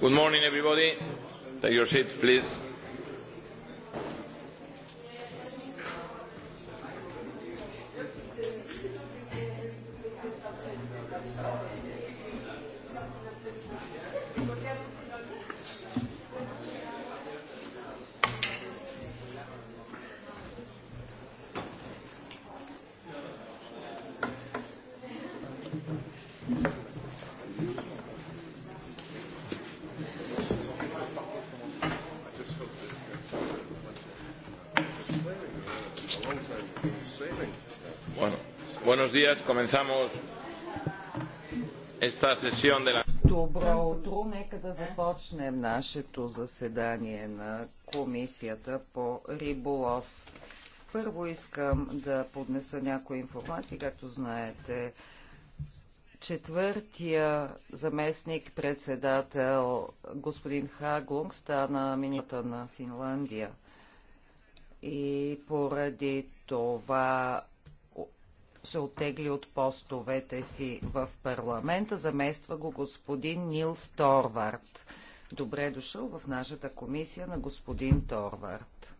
Good morning, everybody. Take your seats, please. buenos días. Comenzamos esta sesión de la... Добро утро! Нека да започнем нашето заседание на Комисията по риболов. Първо искам да поднеса някои информации. Както знаете, четвъртия заместник председател господин Хаглунг стана министър на Финландия. И поради това се оттегли от постовете си в парламента. Замества го господин Нил Торвард. Добре е дошъл в нашата комисия на господин Торвард.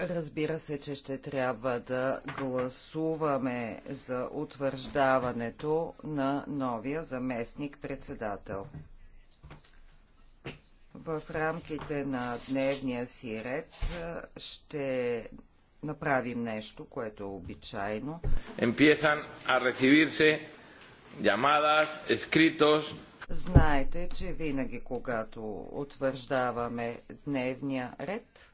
Разбира се, че ще трябва да гласуваме за утвърждаването на новия заместник-председател. В рамките на дневния си ред ще направим нещо, което е обичайно. Empiezan a recibirse llamadas, escritos. Знаете, че винаги, когато утвърждаваме дневния ред,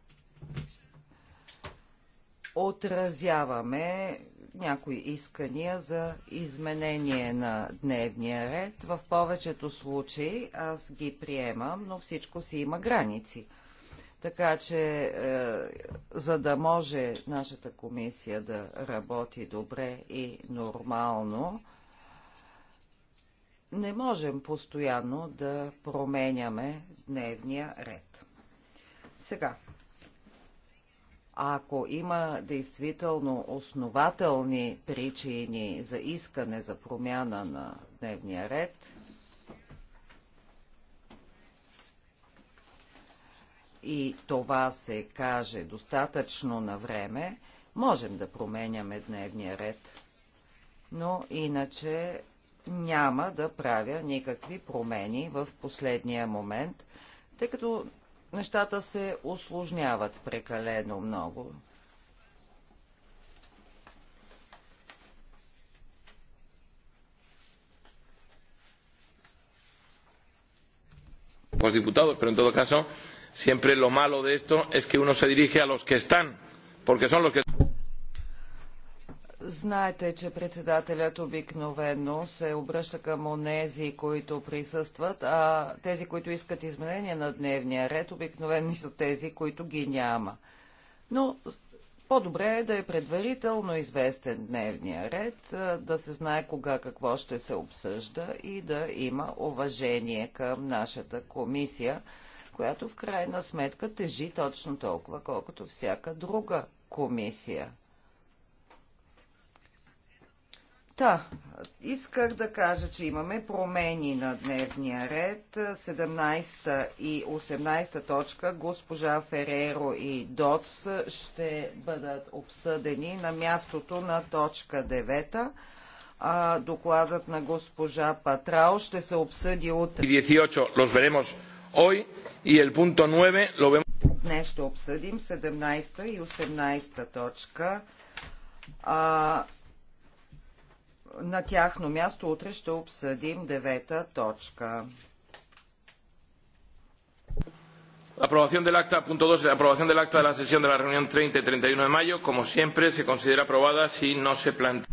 отразяваме някои искания за изменение на дневния ред. В повечето случаи аз ги приемам, но всичко си има граници. Така че, е, за да може нашата комисия да работи добре и нормално, не можем постоянно да променяме дневния ред. Сега, ако има действително основателни причини за искане за промяна на дневния ред, и това се каже достатъчно на време, можем да променяме дневния ред. Но иначе няма да правя никакви промени в последния момент, тъй като нещата се осложняват прекалено много. Pues diputados, pero en todo caso, siempre lo malo de esto es que uno se dirige a los que están, porque son los que Знаете, че председателят обикновено се обръща към онези, които присъстват, а тези, които искат изменения на дневния ред, обикновени са тези, които ги няма. Но по-добре е да е предварително известен дневния ред, да се знае кога какво ще се обсъжда и да има уважение към нашата комисия, която в крайна сметка тежи точно толкова, колкото всяка друга комисия. Та, исках да кажа, че имаме промени на дневния ред. 17 и 18 точка, госпожа Фереро и Доц ще бъдат обсъдени на мястото на точка 9. А докладът на госпожа Патрао ще се обсъди утре. 18 los veremos hoy y el punto 9 lo vemos... Днес ще обсъдим 17 и 18 точка. А, на тяхно място утре ще обсъдим девета точка. Aprobación del acta, punto 2, aprobación del acta de la sesión de la reunión 30 y 31 de mayo. Como siempre, se considera aprobada si no se plantea.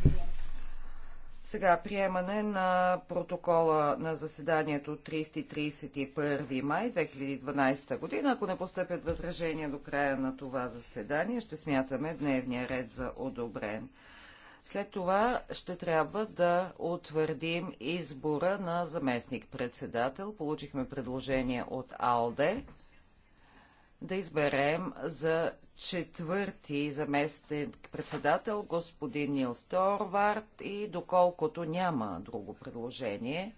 Сега приемане на протокола на заседанието 30-31 май 2012 година. Ако не постъпят възражения до края на това заседание, ще смятаме дневния ред за одобрен. След това ще трябва да утвърдим избора на заместник-председател. Получихме предложение от АЛДЕ да изберем за четвърти заместник председател господин Нилс Торвард и доколкото няма друго предложение,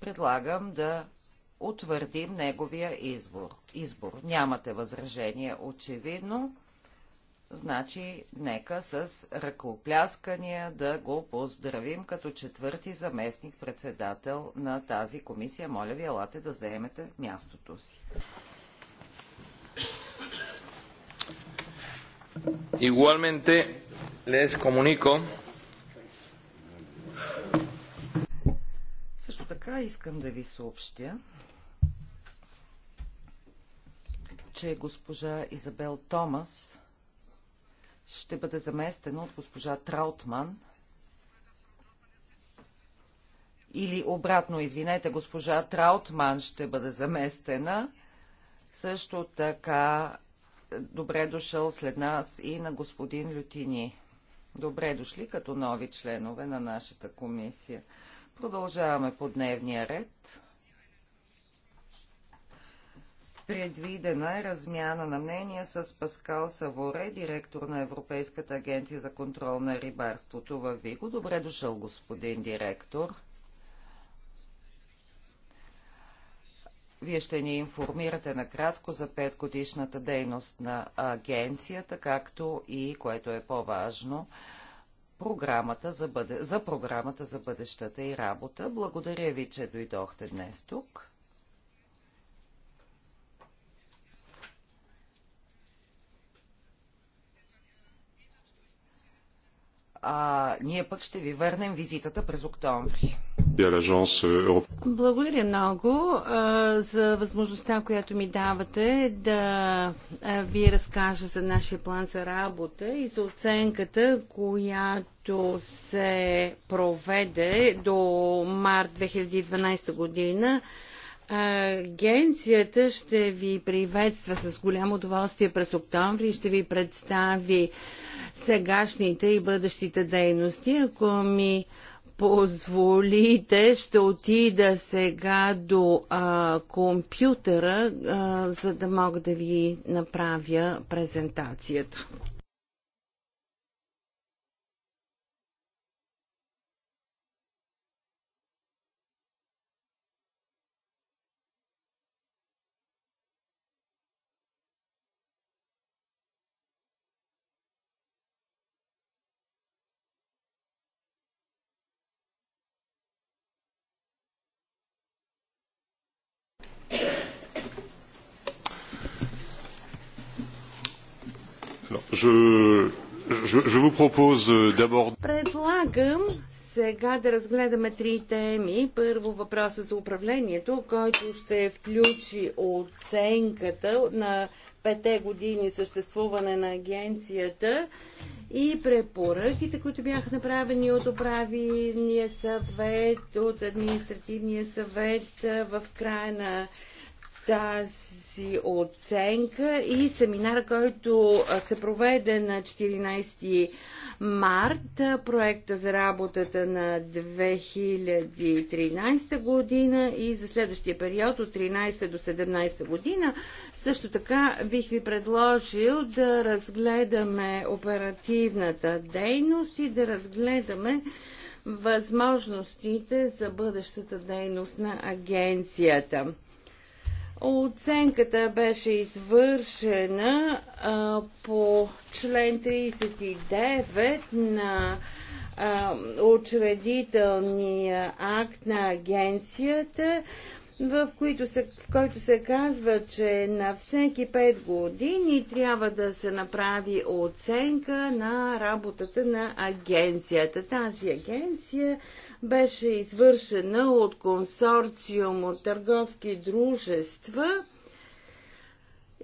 предлагам да утвърдим неговия избор. избор. Нямате възражение, очевидно. Значи, нека с ръкопляскания да го поздравим като четвърти заместник председател на тази комисия. Моля ви, елате да заемете мястото си. Igualmente les comunico. Също така искам да ви съобщя, че госпожа Изабел Томас ще бъде заместена от госпожа Траутман. Или обратно, извинете, госпожа Траутман ще бъде заместена. Също така добре дошъл след нас и на господин Лютини. Добре дошли като нови членове на нашата комисия. Продължаваме по дневния ред. Предвидена е размяна на мнения с Паскал Саворе, директор на Европейската агенция за контрол на рибарството в Виго. Добре дошъл, господин директор. Вие ще ни информирате накратко за петгодишната дейност на агенцията, както и, което е по-важно, програмата за, бъде... за програмата за бъдещата и работа. Благодаря ви, че дойдохте днес тук. а, ние пък ще ви върнем визитата през октомври. Euh, Благодаря много а, за възможността, която ми давате да а, ви разкажа за нашия план за работа и за оценката, която се проведе до март 2012 година. Агенцията ще ви приветства с голямо удоволствие през октомври и ще ви представи сегашните и бъдещите дейности. Ако ми позволите, ще отида сега до а, компютъра, а, за да мога да ви направя презентацията. Euh, Предлагам сега да разгледаме три теми. Първо въпроса за управлението, който ще включи оценката на пете години съществуване на агенцията и препоръките, които бяха направени от управилния съвет, от административния съвет в края на тази оценка и семинара, който се проведе на 14 март, проекта за работата на 2013 година и за следващия период от 13 до 17 година. Също така бих ви предложил да разгледаме оперативната дейност и да разгледаме възможностите за бъдещата дейност на агенцията. Оценката беше извършена а, по член 39 на а, учредителния акт на агенцията, в, които се, в който се казва, че на всеки 5 години трябва да се направи оценка на работата на агенцията. Тази агенция беше извършена от консорциум от търговски дружества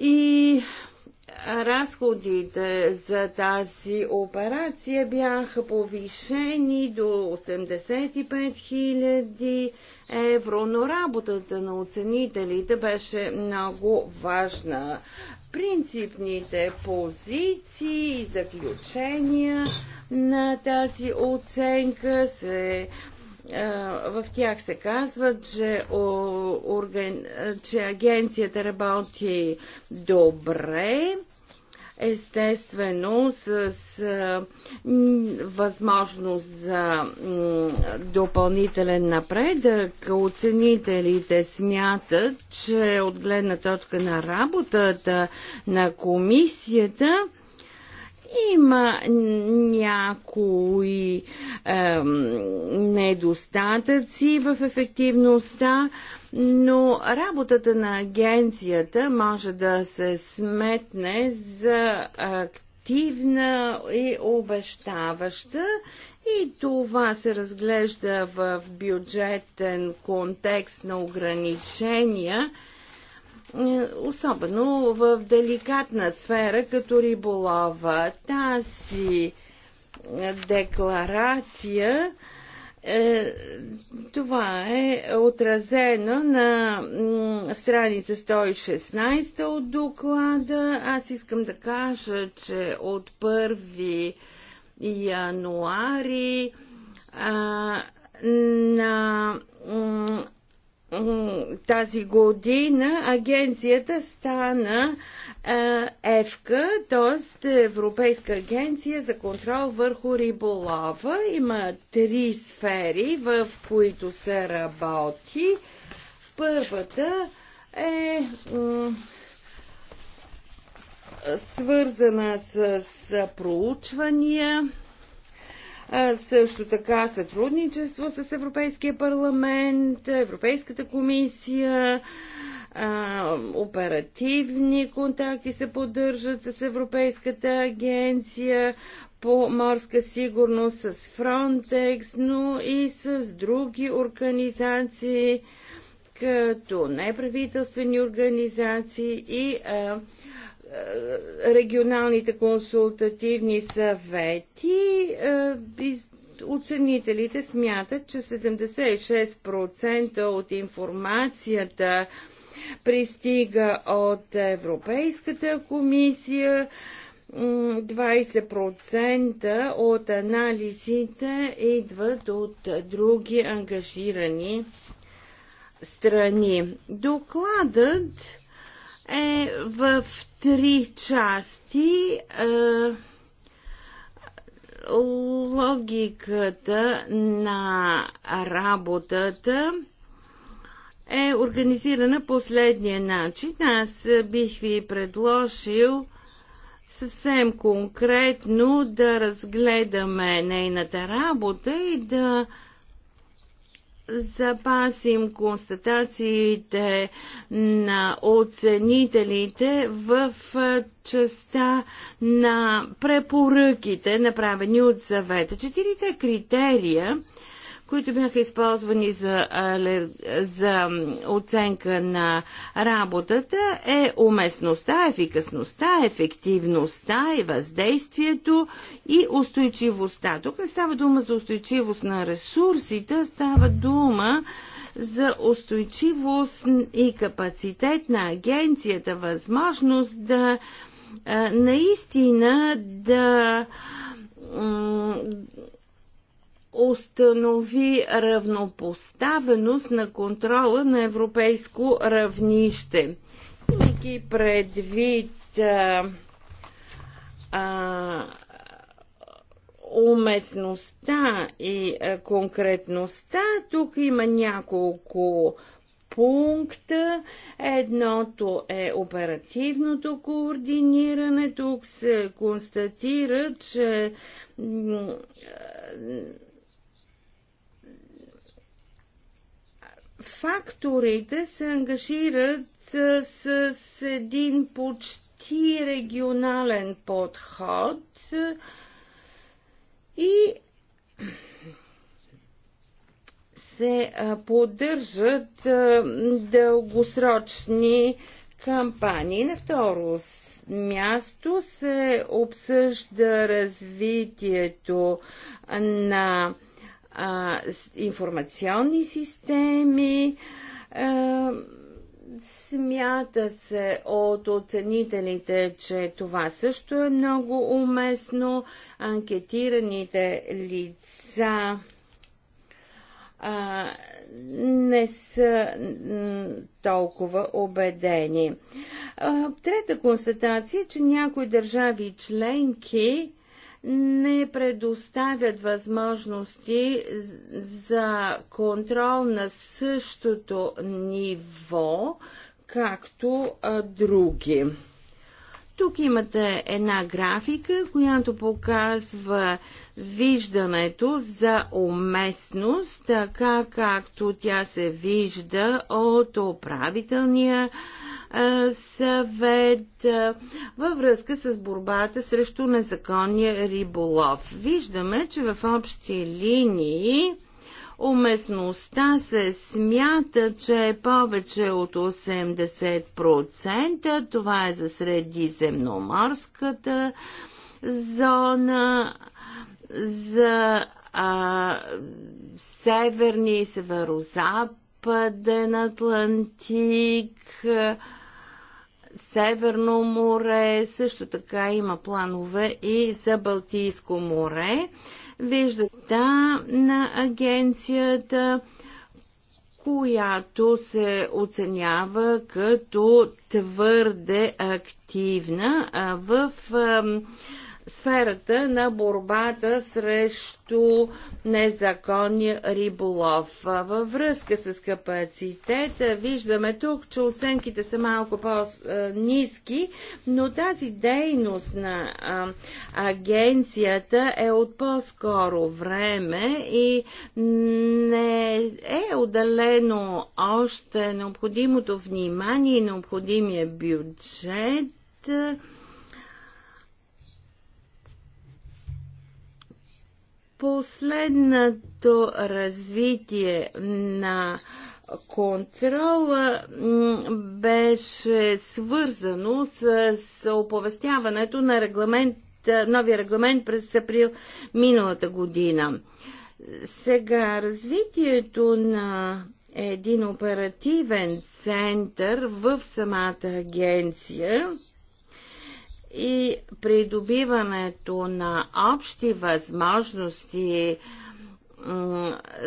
и разходите за тази операция бяха повишени до 85 000 евро, но работата на оценителите беше много важна принципните позиции и заключения на тази оценка се в тях се казва, че, орган... че агенцията работи добре, естествено с, с възможност за допълнителен напредък. Оценителите смятат, че от гледна точка на работата на комисията има някои е, недостатъци в ефективността, но работата на агенцията може да се сметне за активна и обещаваща и това се разглежда в бюджетен контекст на ограничения – е, особено в деликатна сфера като риболова. Тази е, декларация е, това е отразено на страница 116 от доклада. Аз искам да кажа, че от 1 януари а, на тази година агенцията стана ЕФКА, т.е. Европейска агенция за контрол върху риболова. Има три сфери, в които се работи. Първата е свързана с проучвания също така сътрудничество с Европейския парламент, Европейската комисия, оперативни контакти се поддържат с Европейската агенция по морска сигурност, с Frontex, но и с други организации, като неправителствени организации и а, е, регионалните консултативни съвети е, оценителите смятат, че 76% от информацията пристига от Европейската комисия, 20% от анализите идват от други ангажирани страни. Докладът е в три части. Е, логиката на работата е организирана последния начин. Аз бих ви предложил съвсем конкретно да разгледаме нейната работа и да запасим констатациите на оценителите в частта на препоръките, направени от съвета. Четирите критерия които бяха използвани за, за оценка на работата, е уместността, ефикасността, ефективността и въздействието и устойчивостта. Тук не става дума за устойчивост на ресурсите, става дума за устойчивост и капацитет на агенцията, възможност да наистина да установи равнопоставеност на контрола на европейско равнище. Имайки предвид а, а, уместността и а, конкретността, тук има няколко пункта. Едното е оперативното координиране. Тук се констатира, че факторите се ангажират с, с един почти регионален подход и се поддържат дългосрочни кампании. На второ място се обсъжда развитието на а, информационни системи. А, Смята се от оценителите, че това също е много уместно. Анкетираните лица а, не са толкова убедени. А, трета констатация е, че някои държави членки не предоставят възможности за контрол на същото ниво, както а, други. Тук имате една графика, която показва виждането за уместност, така както тя се вижда от управителния съвет във връзка с борбата срещу незаконния риболов. Виждаме, че в общи линии Уместността се смята, че е повече от 80%. Това е за средиземноморската зона, за а, северния и северо-западен Атлантик. А, Северно море, също така има планове и за Балтийско море. Виждате на агенцията, която се оценява като твърде активна в сферата на борбата срещу незаконния риболов. Във връзка с капацитета виждаме тук, че оценките са малко по-низки, но тази дейност на агенцията е от по-скоро време и не е отдалено още необходимото внимание и необходимия бюджет Последното развитие на контрола беше свързано с оповестяването на регламент, новия регламент през април миналата година. Сега развитието на един оперативен център в самата агенция и придобиването на общи възможности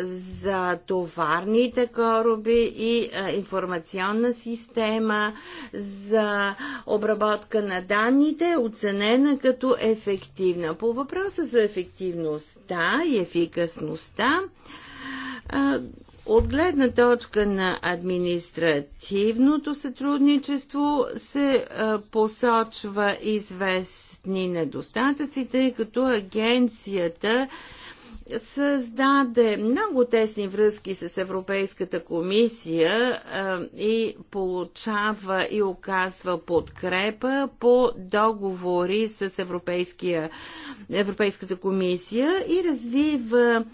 за товарните кораби и информационна система за обработка на данните е оценена като ефективна. По въпроса за ефективността и ефикасността, от гледна точка на административното сътрудничество се посочва известни недостатъци, тъй като агенцията създаде много тесни връзки с Европейската комисия и получава и оказва подкрепа по договори с Европейския, Европейската комисия и развива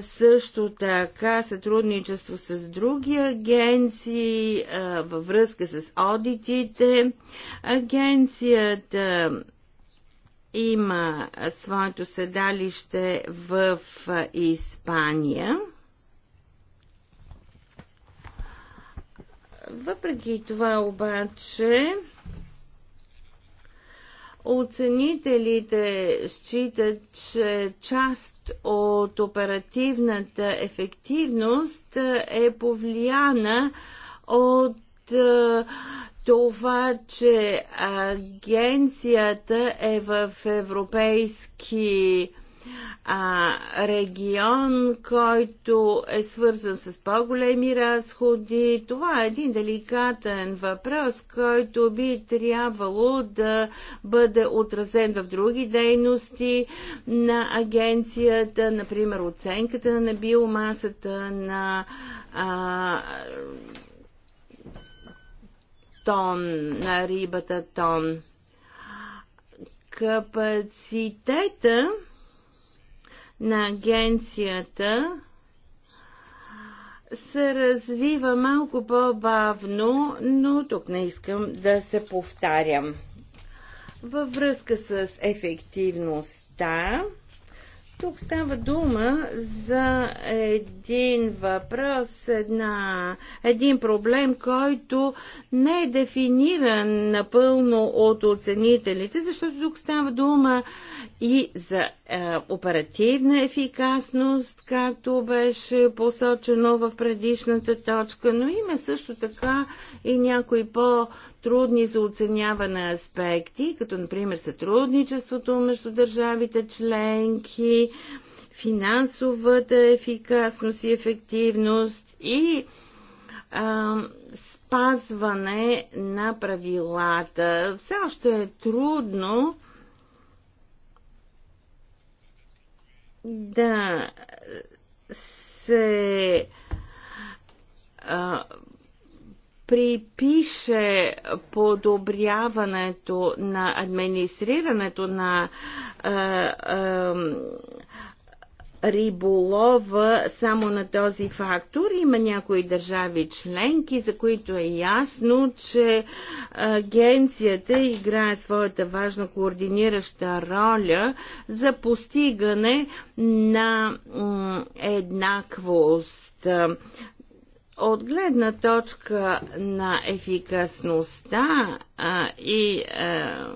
също така сътрудничество с други агенции във връзка с одитите. Агенцията има своето седалище в Испания. Въпреки това обаче Оценителите считат, че част от оперативната ефективност е повлияна от е, това, че агенцията е в европейски а, регион, който е свързан с по-големи разходи. Това е един деликатен въпрос, който би трябвало да бъде отразен в други дейности на агенцията, например оценката на биомасата, на а, тон, на рибата тон. Капацитета на агенцията се развива малко по-бавно, но тук не искам да се повтарям. Във връзка с ефективността, тук става дума за един въпрос, една, един проблем, който не е дефиниран напълно от оценителите, защото тук става дума и за е, оперативна ефикасност, както беше посочено в предишната точка, но има също така и някои по-трудни за оценяване аспекти, като например сътрудничеството между държавите членки, финансовата ефикасност и ефективност и а, спазване на правилата. Все още е трудно да се а, припише подобряването на администрирането на а, а, риболова само на този фактор. Има някои държави членки, за които е ясно, че агенцията играе своята важна координираща роля за постигане на еднаквост. От гледна точка на ефикасността а, и а,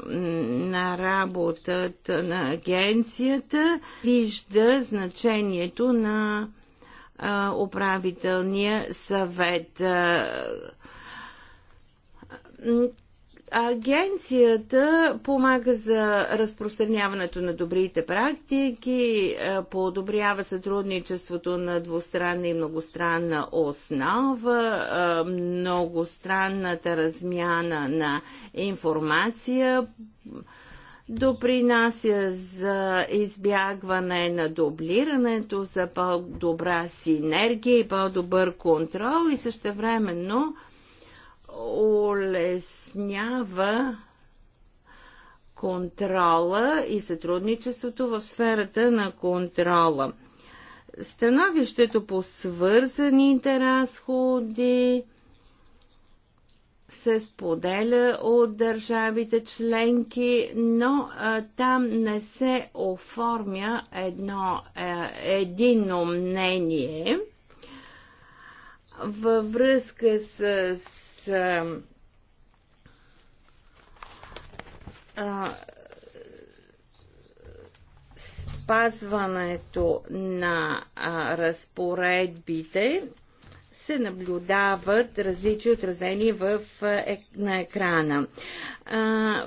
на работата на агенцията, вижда значението на а, управителния съвет. А, Агенцията помага за разпространяването на добрите практики, е, подобрява сътрудничеството на двустранна и многостранна основа, е, многостранната размяна на информация, допринася за избягване на дублирането, за по-добра синергия и по-добър контрол и също времено улеснява контрола и сътрудничеството в сферата на контрола. Становището по свързаните разходи се споделя от държавите членки, но а, там не се оформя едно а, е, единно мнение във връзка с, с а, спазването на а, разпоредбите се наблюдават различни отразени в, е, на екрана. А,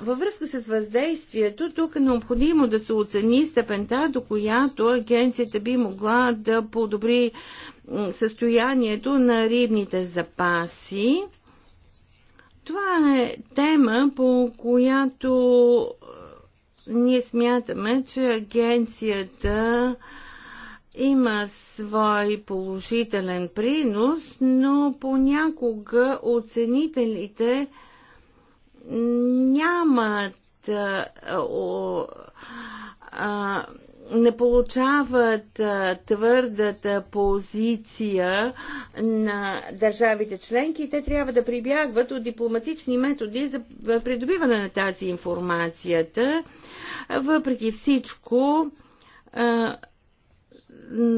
във връзка с въздействието, тук е необходимо да се оцени степента, до която агенцията би могла да подобри състоянието на рибните запаси това е тема, по която е, ние смятаме, че агенцията има свой положителен принос, но понякога оценителите нямат е, а, а, не получават твърдата позиция на държавите членки и те трябва да прибягват от дипломатични методи за придобиване на тази информацията. Въпреки всичко,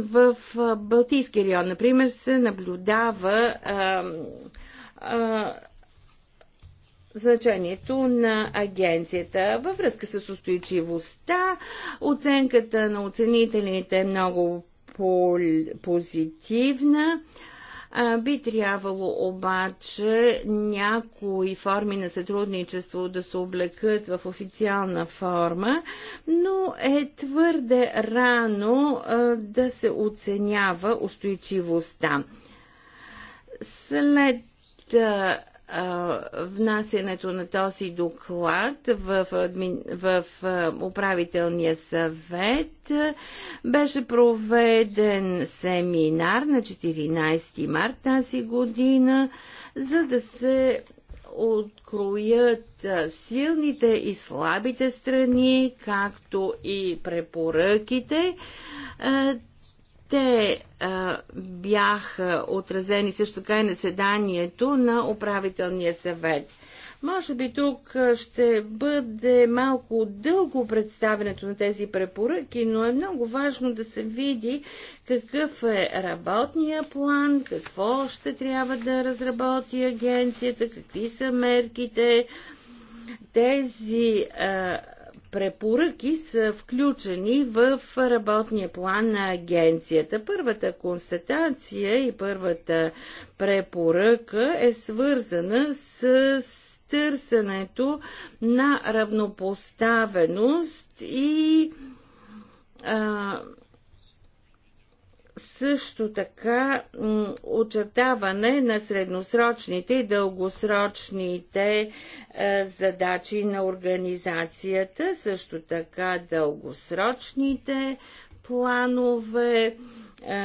в Балтийския район, например, се наблюдава значението на агенцията във връзка с устойчивостта. Оценката на оценителите е много позитивна. би трябвало обаче някои форми на сътрудничество да се облекат в официална форма, но е твърде рано да се оценява устойчивостта. След внасянето на този доклад в, адми... в управителния съвет беше проведен семинар на 14 март тази година, за да се откроят силните и слабите страни, както и препоръките. Те а, бяха отразени също така и на седанието на управителния съвет. Може би тук ще бъде малко дълго представенето на тези препоръки, но е много важно да се види какъв е работния план, какво ще трябва да разработи агенцията, какви са мерките. Тези а, препоръки са включени в работния план на агенцията. Първата констатация и първата препоръка е свързана с търсенето на равнопоставеност и а, също така очертаване на средносрочните и дългосрочните е, задачи на организацията, също така дългосрочните планове, е,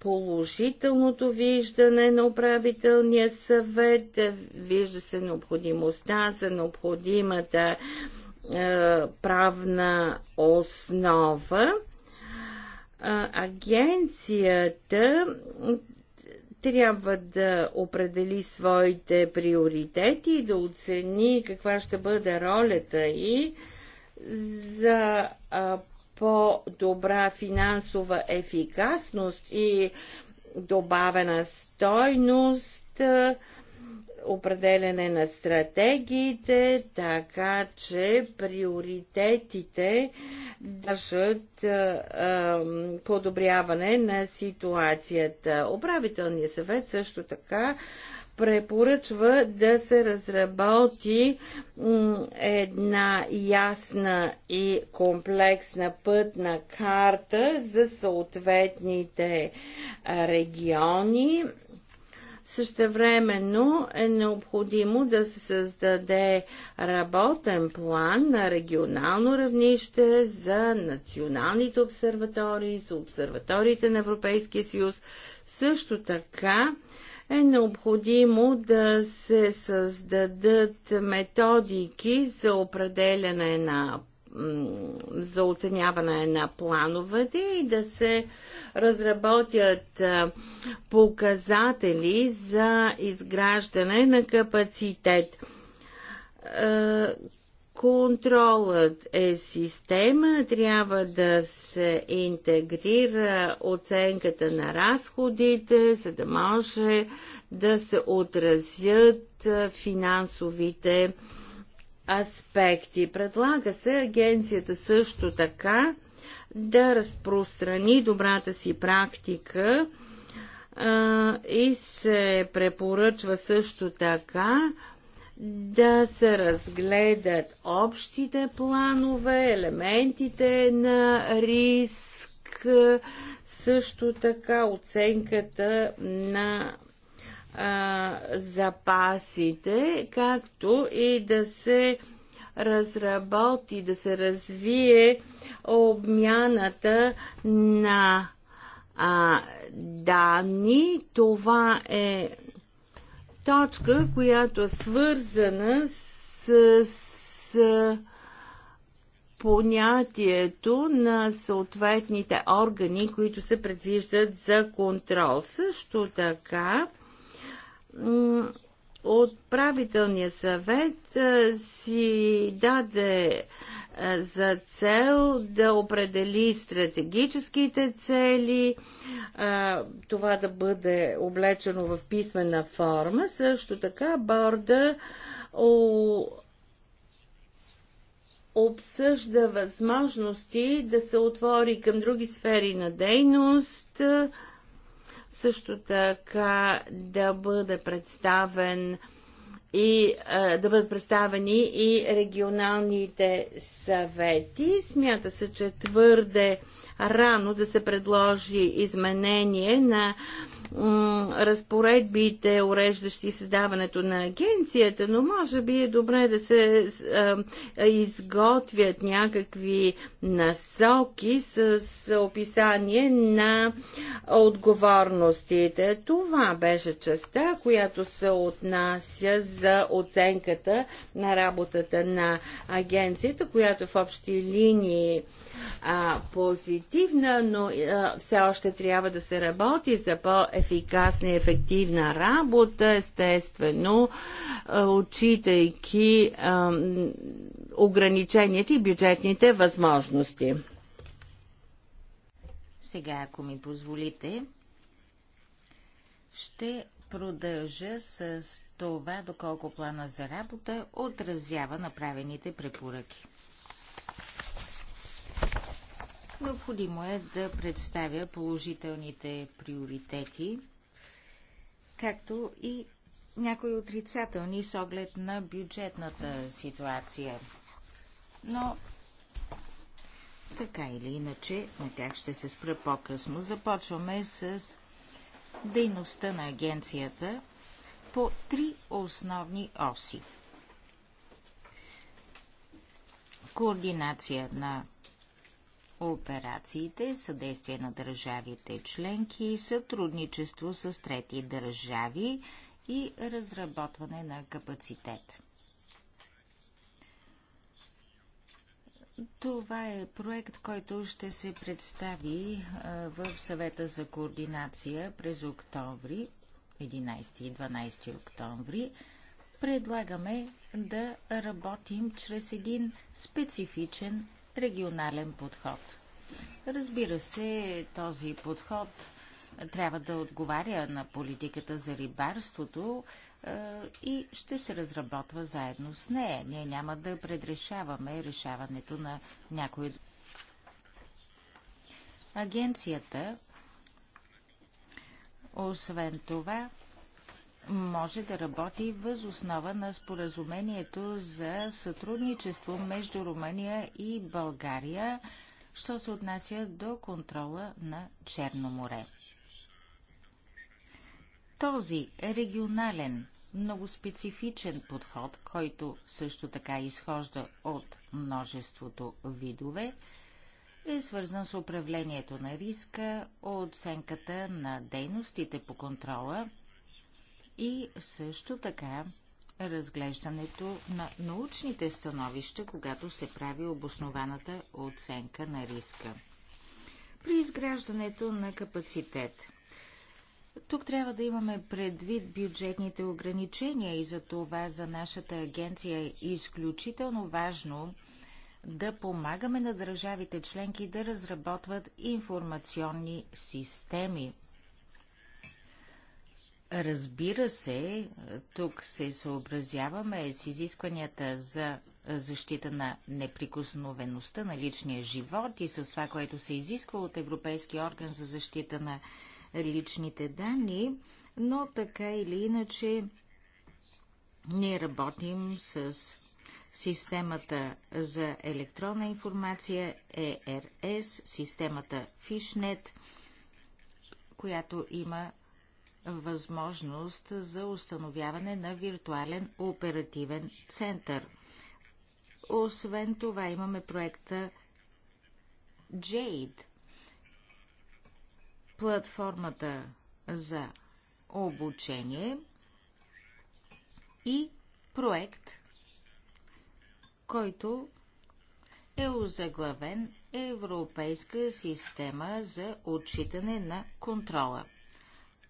положителното виждане на управителния съвет, вижда се необходимостта за необходимата е, правна основа агенцията трябва да определи своите приоритети и да оцени каква ще бъде ролята и за по-добра финансова ефикасност и добавена стойност определене на стратегиите, така че приоритетите държат подобряване на ситуацията. Управителният съвет също така препоръчва да се разработи една ясна и комплексна пътна карта за съответните региони Същевременно е необходимо да се създаде работен план на регионално равнище за националните обсерватории, за обсерваториите на Европейския съюз. Също така е необходимо да се създадат методики за определяне на за оценяване на плановете и да се разработят показатели за изграждане на капацитет. Контролът е система, трябва да се интегрира оценката на разходите, за да може да се отразят финансовите аспекти. Предлага се агенцията също така да разпространи добрата си практика а, и се препоръчва също така да се разгледат общите планове, елементите на риск, също така оценката на а, запасите, както и да се а, разработи, да се развие обмяната на а, данни. Това е точка, която е свързана с, с понятието на съответните органи, които се предвиждат за контрол. Също така Отправителният съвет си даде за цел да определи стратегическите цели, това да бъде облечено в писмена форма. Също така борда обсъжда възможности да се отвори към други сфери на дейност, също така да бъде представен и а, да бъдат представени и регионалните съвети. Смята се, че твърде рано да се предложи изменение на разпоредбите, уреждащи създаването на агенцията, но може би е добре да се изготвят някакви насоки с описание на отговорностите. Това беше частта, която се отнася за оценката на работата на агенцията, която в общи линии позитивна ефективна, но а, е, все още трябва да се работи за по-ефикасна и ефективна работа, естествено, а, е, отчитайки а, е, ограниченията и бюджетните възможности. Сега, ако ми позволите, ще продължа с това, доколко плана за работа отразява направените препоръки. Необходимо е да представя положителните приоритети, както и някои отрицателни с оглед на бюджетната ситуация. Но така или иначе, на тях ще се спра по-късно. Започваме с дейността на агенцията по три основни оси. Координация на операциите, съдействие на държавите членки, сътрудничество с трети държави и разработване на капацитет. Това е проект, който ще се представи в съвета за координация през октомври, 11 и 12 октомври. Предлагаме да работим чрез един специфичен регионален подход. Разбира се, този подход трябва да отговаря на политиката за рибарството е, и ще се разработва заедно с нея. Ние няма да предрешаваме решаването на някои. Агенцията, освен това, може да работи въз основа на споразумението за сътрудничество между Румъния и България, що се отнася до контрола на Черно море. Този регионален, много специфичен подход, който също така изхожда от множеството видове, е свързан с управлението на риска, оценката на дейностите по контрола – и също така разглеждането на научните становища, когато се прави обоснованата оценка на риска. При изграждането на капацитет. Тук трябва да имаме предвид бюджетните ограничения и за това за нашата агенция е изключително важно да помагаме на държавите членки да разработват информационни системи Разбира се, тук се съобразяваме с изискванията за защита на неприкосновеността на личния живот и с това, което се изисква от Европейския орган за защита на личните данни, но така или иначе ние работим с системата за електронна информация ERS, системата Fishnet, която има възможност за установяване на виртуален оперативен център. Освен това имаме проекта Jade, платформата за обучение и проект, който е озаглавен Европейска система за отчитане на контрола.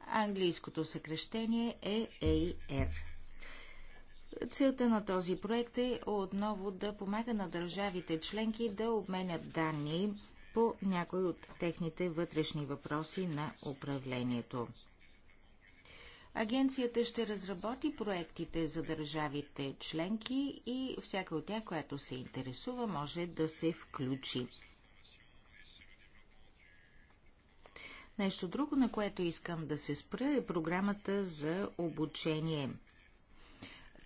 Английското съкрещение е AR. Целта на този проект е отново да помага на държавите членки да обменят данни по някои от техните вътрешни въпроси на управлението. Агенцията ще разработи проектите за държавите членки и всяка от тях, която се интересува, може да се включи. Нещо друго, на което искам да се спра е програмата за обучение.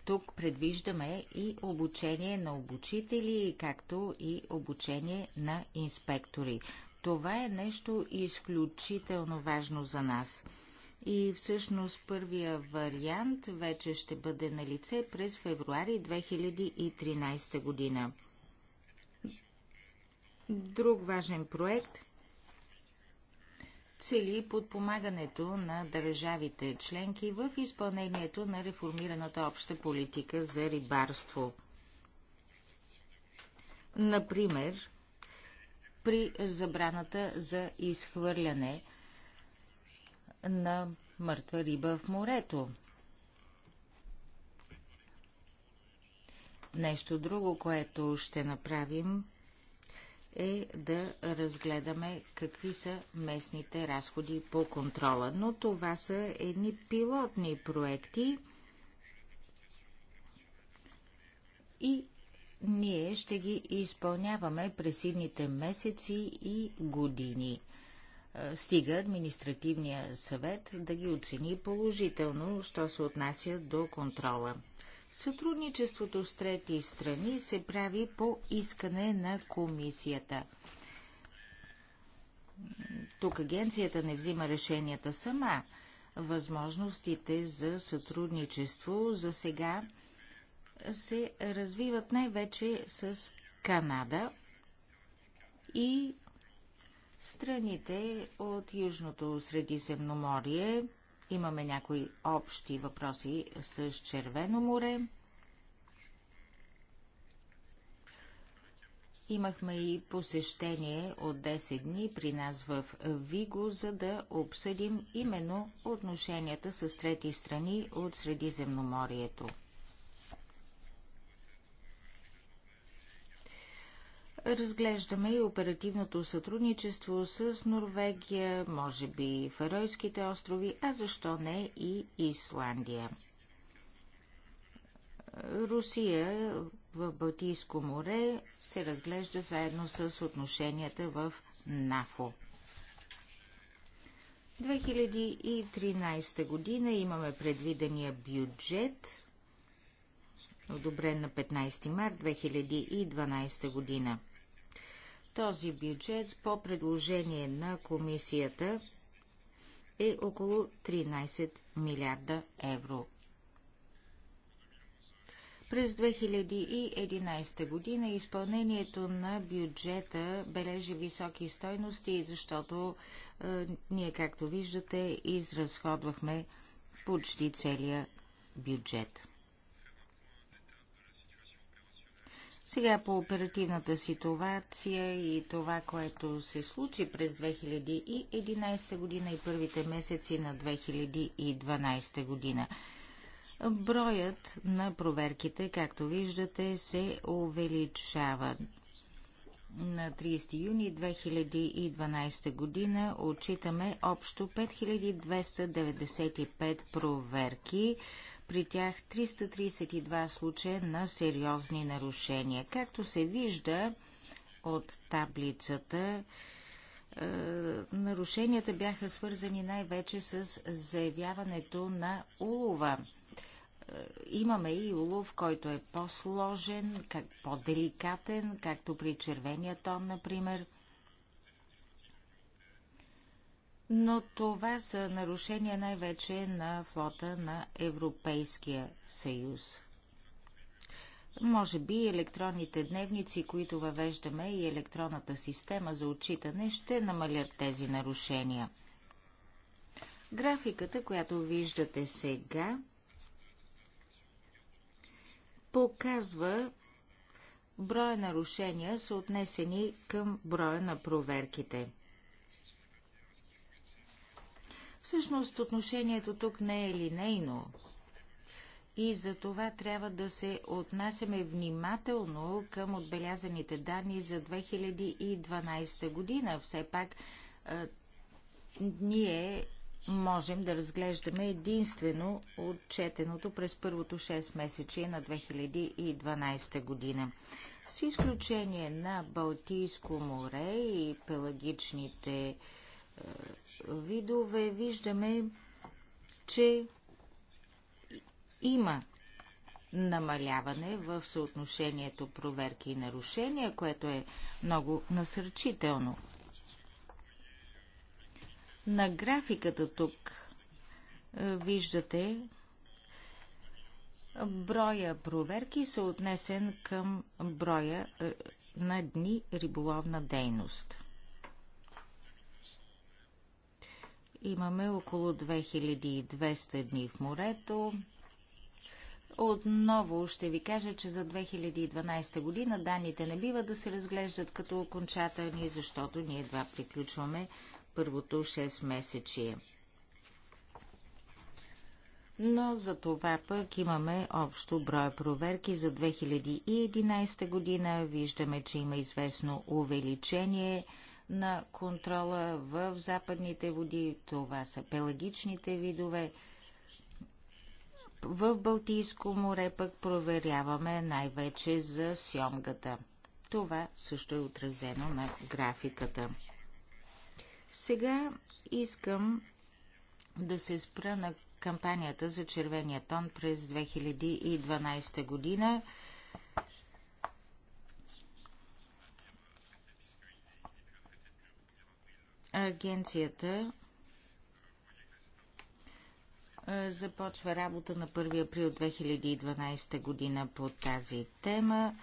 Тук предвиждаме и обучение на обучители, както и обучение на инспектори. Това е нещо изключително важно за нас. И всъщност първия вариант вече ще бъде на лице през февруари 2013 година. Друг важен проект – цели подпомагането на държавите членки в изпълнението на реформираната обща политика за рибарство. Например, при забраната за изхвърляне на мъртва риба в морето. Нещо друго, което ще направим е да разгледаме какви са местните разходи по контрола. Но това са едни пилотни проекти и ние ще ги изпълняваме през идните месеци и години. Стига административния съвет да ги оцени положително, що се отнася до контрола. Сътрудничеството с трети страни се прави по искане на комисията. Тук агенцията не взима решенията сама. Възможностите за сътрудничество за сега се развиват най-вече с Канада и страните от Южното Средиземноморие – Имаме някои общи въпроси с Червено море. Имахме и посещение от 10 дни при нас в Виго, за да обсъдим именно отношенията с трети страни от Средиземноморието. Разглеждаме и оперативното сътрудничество с Норвегия, може би Фаройските острови, а защо не и Исландия. Русия в Балтийско море се разглежда заедно с отношенията в НАФО. 2013 година имаме предвидения бюджет, одобрен на 15 март 2012 година. Този бюджет по предложение на комисията е около 13 милиарда евро. През 2011 година изпълнението на бюджета бележи високи стойности, защото е, ние, както виждате, изразходвахме почти целия бюджет. Сега по оперативната ситуация и това, което се случи през 2011 година и първите месеци на 2012 година. Броят на проверките, както виждате, се увеличава. На 30 юни 2012 година отчитаме общо 5295 проверки, при тях 332 случая на сериозни нарушения. Както се вижда от таблицата, е, нарушенията бяха свързани най-вече с заявяването на улова. Е, имаме и улов, който е по-сложен, по-деликатен, както при червения тон, например – но това са нарушения най-вече на флота на Европейския съюз. Може би електронните дневници, които въвеждаме и електронната система за отчитане ще намалят тези нарушения. Графиката, която виждате сега, показва броя нарушения са отнесени към броя на проверките. Всъщност отношението тук не е линейно. И за това трябва да се отнасяме внимателно към отбелязаните данни за 2012 година. Все пак а, ние можем да разглеждаме единствено отчетеното през първото 6 месече на 2012 година. С изключение на Балтийско море и пелагичните видове, виждаме, че има намаляване в съотношението проверки и нарушения, което е много насърчително. На графиката тук е, виждате броя проверки съотнесен към броя е, на дни риболовна дейност. Имаме около 2200 дни в морето. Отново ще ви кажа, че за 2012 година данните не бива да се разглеждат като окончателни, защото ние едва приключваме първото 6 месечие. Но за това пък имаме общо броя проверки за 2011 година. Виждаме, че има известно увеличение – на контрола в западните води. Това са пелагичните видове. В Балтийско море пък проверяваме най-вече за сьомгата. Това също е отразено на графиката. Сега искам да се спра на кампанията за червения тон през 2012 година. Агенцията започва работа на 1 април 2012 година по тази тема.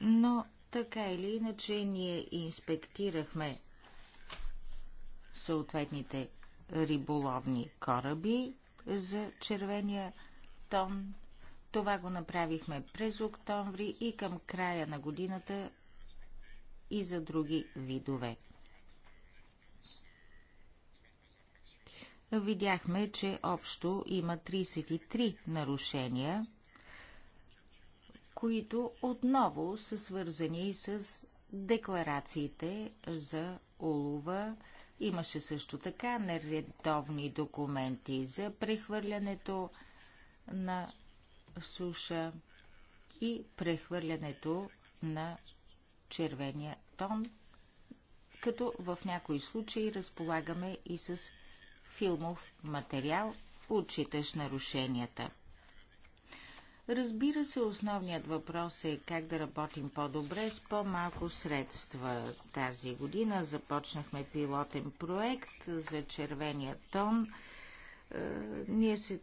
Но така или иначе ние инспектирахме съответните риболовни кораби за червения тон. Това го направихме през октомври и към края на годината и за други видове. Видяхме, че общо има 33 нарушения, които отново са свързани с декларациите за улова. Имаше също така нередовни документи за прехвърлянето на суша и прехвърлянето на червения тон, като в някои случаи разполагаме и с филмов материал, отчиташ нарушенията. Разбира се, основният въпрос е как да работим по-добре с по-малко средства. Тази година започнахме пилотен проект за червения тон. Е, ние се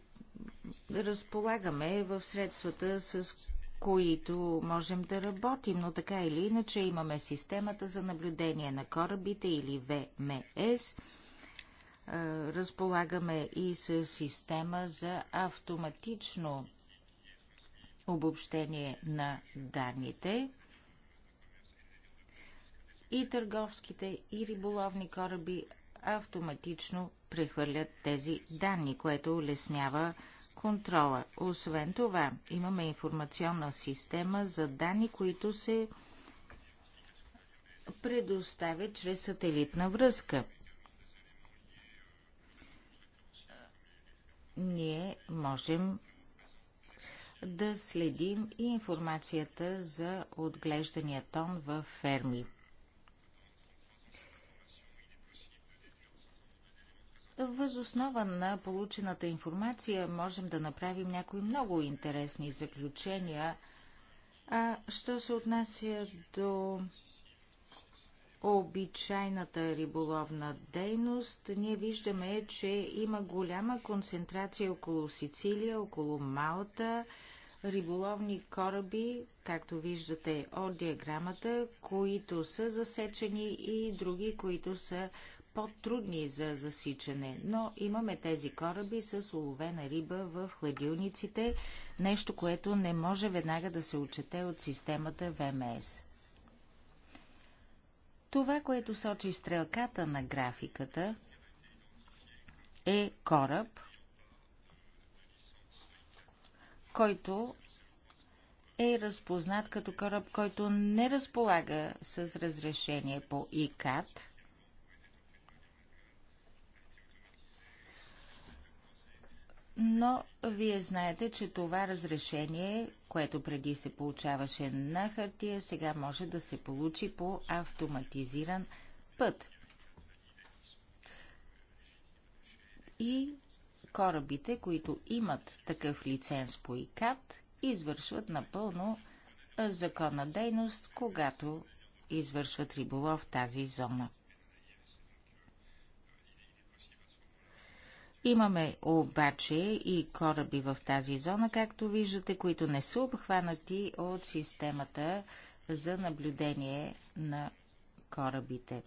разполагаме в средствата, с които можем да работим, но така или иначе имаме системата за наблюдение на корабите или ВМС. Разполагаме и с система за автоматично обобщение на данните. И търговските и риболовни кораби автоматично прехвърлят тези данни, което улеснява контрола. Освен това, имаме информационна система за данни, които се предоставят чрез сателитна връзка. Ние можем да следим и информацията за отглеждания тон в ферми. Възоснова на получената информация можем да направим някои много интересни заключения. А що се отнася до обичайната риболовна дейност, ние виждаме, че има голяма концентрация около Сицилия, около Малта, риболовни кораби, както виждате от диаграмата, които са засечени и други, които са по-трудни за засичане, но имаме тези кораби с уловена риба в хладилниците, нещо, което не може веднага да се отчете от системата ВМС. Това, което сочи стрелката на графиката, е кораб, който е разпознат като кораб, който не разполага с разрешение по ИКАТ – но вие знаете, че това разрешение, което преди се получаваше на хартия, сега може да се получи по автоматизиран път. И корабите, които имат такъв лиценз по ИКАТ, извършват напълно законна дейност, когато извършват риболов в тази зона. Имаме обаче и кораби в тази зона, както виждате, които не са обхванати от системата за наблюдение на корабите.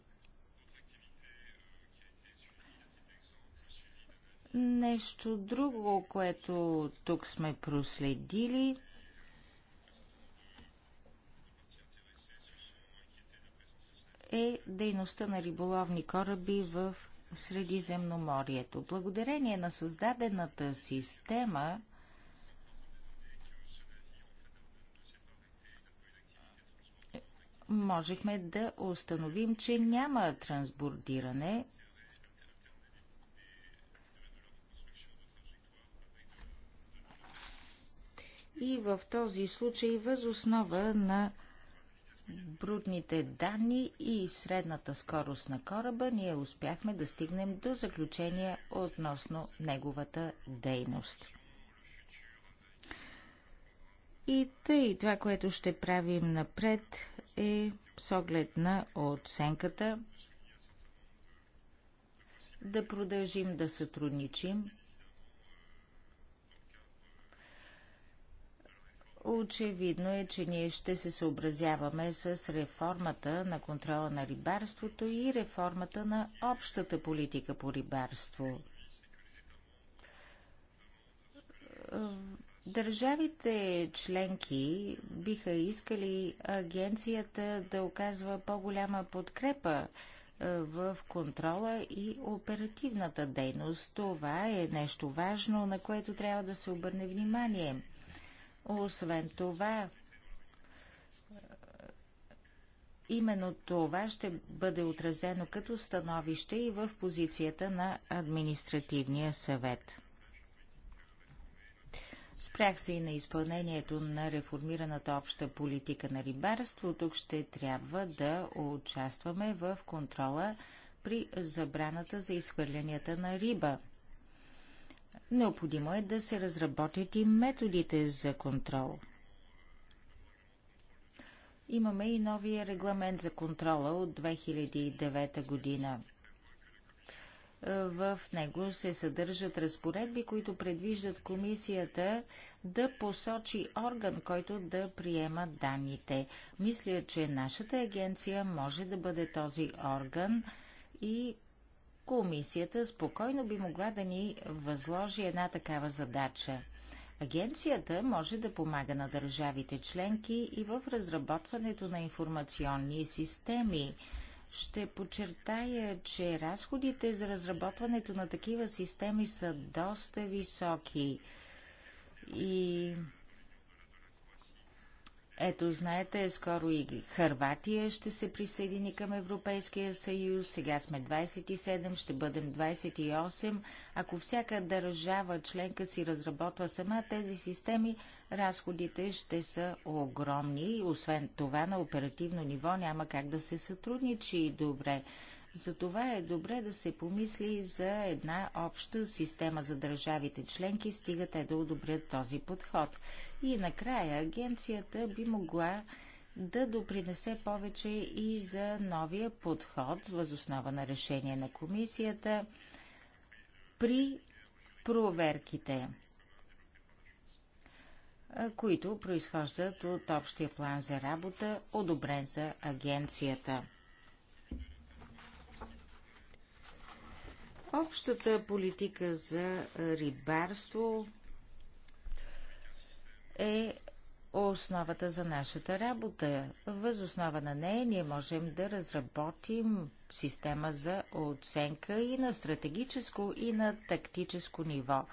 Нещо друго, което тук сме проследили. е дейността на риболовни кораби в Средиземноморието. Благодарение на създадената система, можехме да установим, че няма трансбордиране. И в този случай възоснова на брудните данни и средната скорост на кораба, ние успяхме да стигнем до заключение относно неговата дейност. И тъй това, което ще правим напред е с оглед на оценката да продължим да сътрудничим Очевидно е, че ние ще се съобразяваме с реформата на контрола на рибарството и реформата на общата политика по рибарство. Държавите членки биха искали агенцията да оказва по-голяма подкрепа е, в контрола и оперативната дейност. Това е нещо важно, на което трябва да се обърне внимание – освен това, Именно това ще бъде отразено като становище и в позицията на административния съвет. Спрях се и на изпълнението на реформираната обща политика на рибарство. Тук ще трябва да участваме в контрола при забраната за изхвърлянията на риба. Необходимо е да се разработят и методите за контрол. Имаме и новия регламент за контрола от 2009 година. В него се съдържат разпоредби, които предвиждат комисията да посочи орган, който да приема данните. Мисля, че нашата агенция може да бъде този орган и комисията спокойно би могла да ни възложи една такава задача. Агенцията може да помага на държавите членки и в разработването на информационни системи. Ще подчертая, че разходите за разработването на такива системи са доста високи и ето, знаете, скоро и Харватия ще се присъедини към Европейския съюз. Сега сме 27, ще бъдем 28. Ако всяка държава членка си разработва сама тези системи, разходите ще са огромни. Освен това, на оперативно ниво няма как да се сътрудничи добре. Затова е добре да се помисли за една обща система за държавите членки, стига те да одобрят този подход. И накрая агенцията би могла да допринесе повече и за новия подход, възоснова на решение на комисията, при проверките, които произхождат от общия план за работа, одобрен за агенцията. Общата политика за рибарство е основата за нашата работа. Въз основа на нея ние можем да разработим система за оценка и на стратегическо, и на тактическо ниво.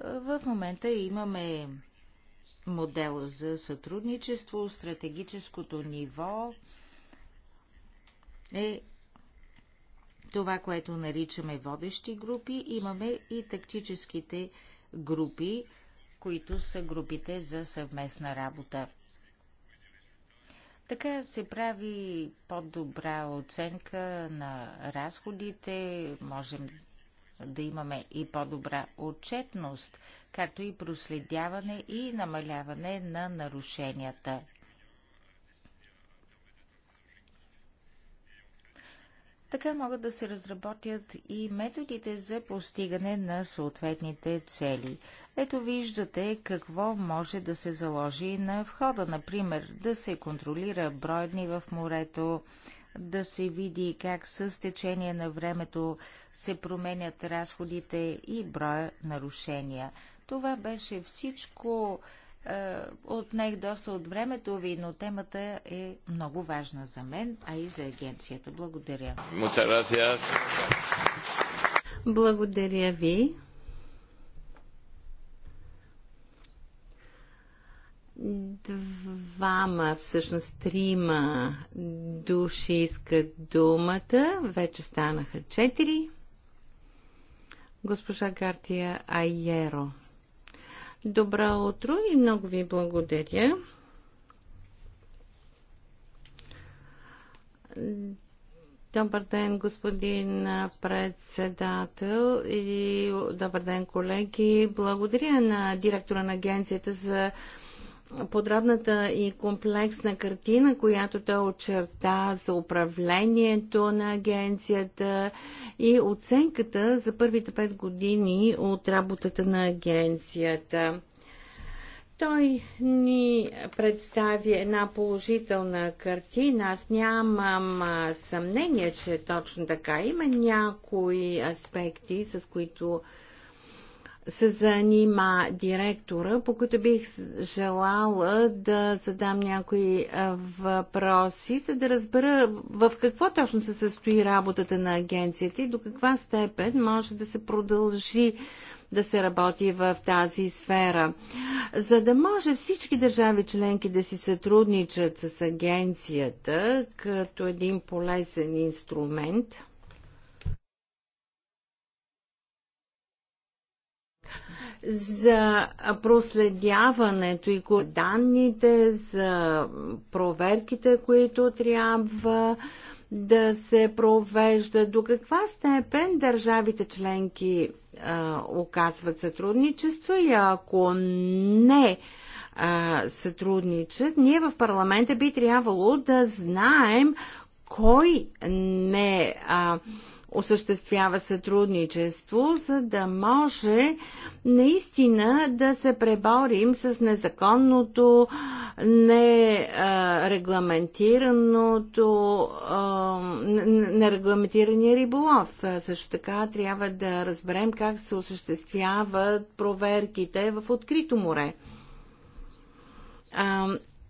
В момента имаме модела за сътрудничество. Стратегическото ниво е това, което наричаме водещи групи, имаме и тактическите групи, които са групите за съвместна работа. Така се прави по-добра оценка на разходите, можем да имаме и по-добра отчетност, както и проследяване и намаляване на нарушенията. Така могат да се разработят и методите за постигане на съответните цели. Ето виждате какво може да се заложи на входа, например, да се контролира брой дни в морето, да се види как с течение на времето се променят разходите и броя нарушения. Това беше всичко е, отнех доста от времето ви, но темата е много важна за мен, а и за агенцията. Благодаря. Благодаря ви. Двама, всъщност трима души искат думата. Вече станаха четири. Госпожа Гартия Айеро. Добро утро и много ви благодаря. Добър ден, господин председател и добър ден, колеги. Благодаря на директора на агенцията за подробната и комплексна картина, която той очерта за управлението на агенцията и оценката за първите пет години от работата на агенцията. Той ни представи една положителна картина. Аз нямам съмнение, че е точно така. Има някои аспекти, с които се занима директора, по който бих желала да задам някои въпроси, за да разбера в какво точно се състои работата на агенцията и до каква степен може да се продължи да се работи в тази сфера. За да може всички държави членки да си сътрудничат с агенцията като един полезен инструмент – за проследяването и данните, за проверките, които трябва да се провежда, до каква степен държавите членки а, оказват сътрудничество и ако не а, сътрудничат, ние в парламента би трябвало да знаем кой не а, осъществява сътрудничество, за да може наистина да се преборим с незаконното, нерегламентираното, нерегламентирания риболов. Също така трябва да разберем как се осъществяват проверките в открито море.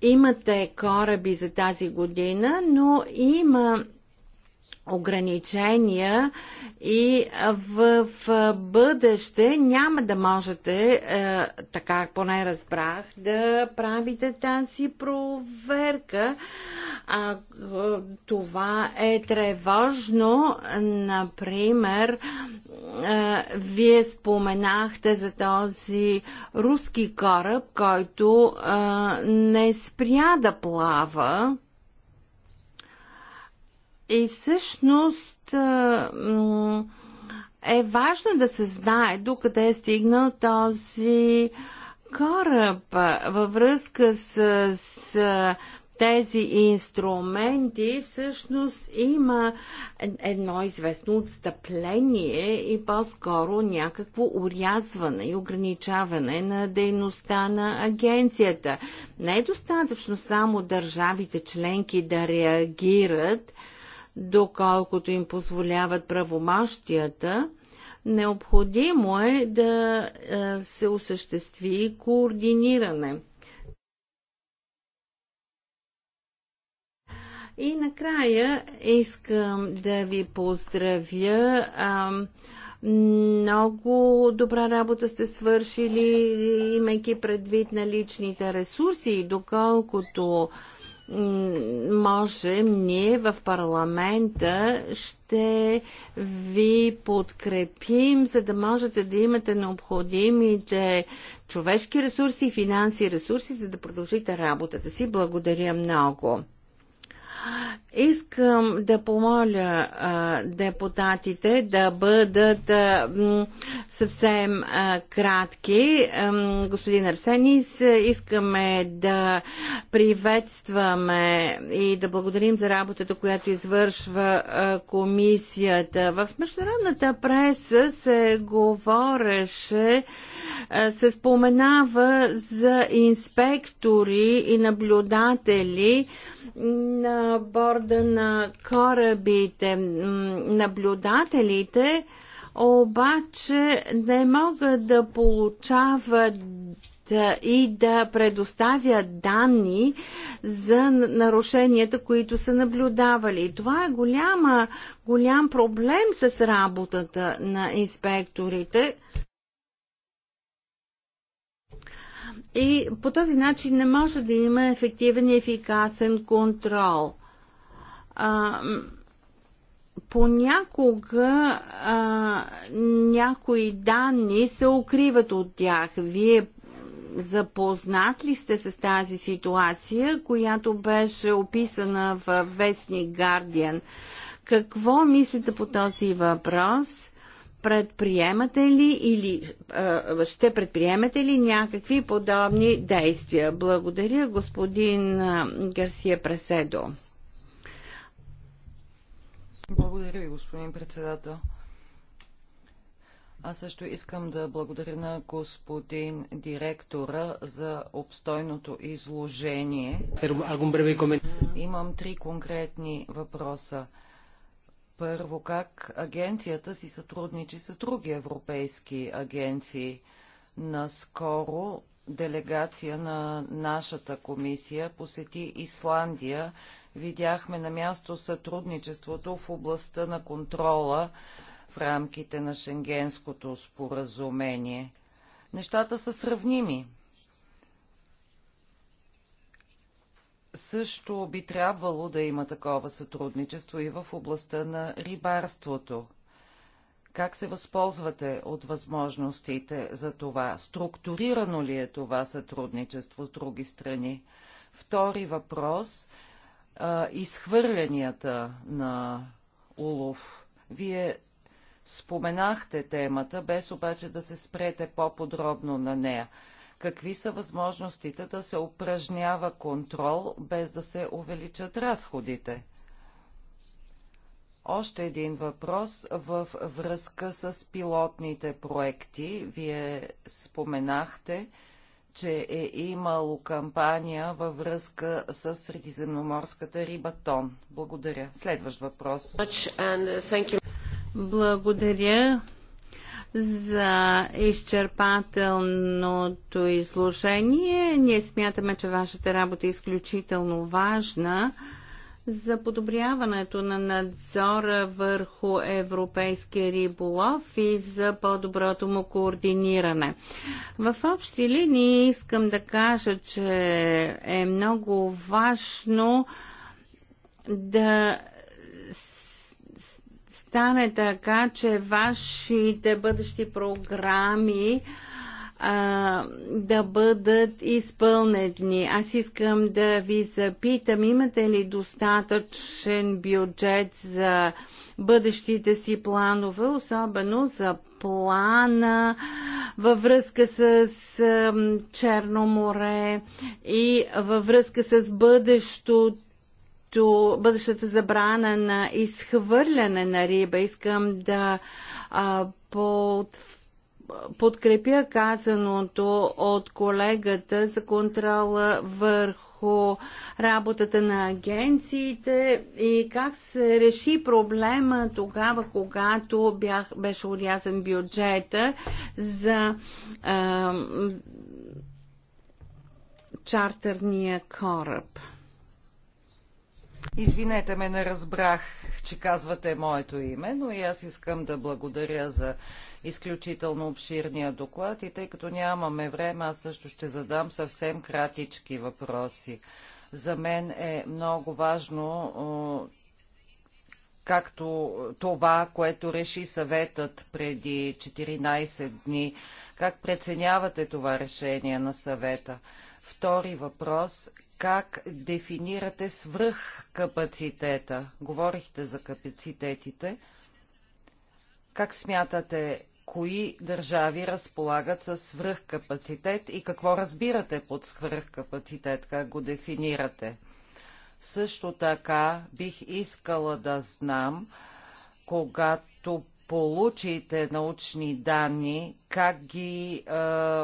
Имате кораби за тази година, но има ограничения и в, в бъдеще няма да можете, е, така поне разбрах, да правите тази проверка. А, е, това е тревожно. Например, е, вие споменахте за този руски кораб, който е, не спря да плава и всъщност е важно да се знае докъде е стигнал този кораб във връзка с, с тези инструменти всъщност има едно известно отстъпление и по-скоро някакво урязване и ограничаване на дейността на агенцията. Не е достатъчно само държавите членки да реагират, доколкото им позволяват правомащията, необходимо е да е, се осъществи координиране. И накрая искам да ви поздравя. много добра работа сте свършили, имайки предвид на личните ресурси и доколкото може, ние в парламента ще ви подкрепим, за да можете да имате необходимите човешки ресурси, финанси ресурси, за да продължите работата си. Благодаря много. Искам да помоля а, депутатите да бъдат а, м, съвсем а, кратки. А, господин Арсенис, искаме да приветстваме и да благодарим за работата, която извършва а, комисията. В международната преса се говореше, а, се споменава за инспектори и наблюдатели, а, на борда на корабите, наблюдателите, обаче не могат да получават и да предоставят данни за нарушенията, които са наблюдавали. Това е голяма, голям проблем с работата на инспекторите. И по този начин не може да има ефективен и ефикасен контрол. А, понякога а, някои данни се укриват от тях. Вие запознат ли сте с тази ситуация, която беше описана в вестник Гардиан? Какво мислите по този въпрос? предприемате ли или а, ще предприемете ли някакви подобни действия? Благодаря, господин Гарсия Преседо. Благодаря ви, господин председател. Аз също искам да благодаря на господин директора за обстойното изложение. Имам три конкретни въпроса. Първо, как агенцията си сътрудничи с други европейски агенции. Наскоро делегация на нашата комисия посети Исландия. Видяхме на място сътрудничеството в областта на контрола в рамките на Шенгенското споразумение. Нещата са сравними. също би трябвало да има такова сътрудничество и в областта на рибарството. Как се възползвате от възможностите за това? Структурирано ли е това сътрудничество с други страни? Втори въпрос а, изхвърлянията на улов. Вие споменахте темата, без обаче да се спрете по-подробно на нея. Какви са възможностите да се упражнява контрол, без да се увеличат разходите? Още един въпрос в връзка с пилотните проекти. Вие споменахте, че е имало кампания във връзка с средиземноморската риба Тон. Благодаря. Следващ въпрос. Благодаря за изчерпателното изложение. Ние смятаме, че вашата работа е изключително важна за подобряването на надзора върху европейския риболов и за по-доброто му координиране. В общи линии искам да кажа, че е много важно да стане така, че вашите бъдещи програми а, да бъдат изпълнени. Аз искам да ви запитам, имате ли достатъчен бюджет за бъдещите си планове, особено за плана във връзка с Черно море и във връзка с бъдещото бъдещето, бъдещата забрана на изхвърляне на риба. Искам да а, под, подкрепя казаното от колегата за контрола върху работата на агенциите и как се реши проблема тогава, когато бях, беше урязан бюджета за а, чартерния кораб. Извинете ме, не разбрах, че казвате моето име, но и аз искам да благодаря за изключително обширния доклад и тъй като нямаме време, аз също ще задам съвсем кратички въпроси. За мен е много важно както това, което реши съветът преди 14 дни. Как преценявате това решение на съвета? Втори въпрос как дефинирате капацитета? Говорихте за капацитетите. Как смятате, кои държави разполагат с свръхкапацитет и какво разбирате под свръхкапацитет, как го дефинирате? Също така бих искала да знам, когато получите научни данни, как ги е,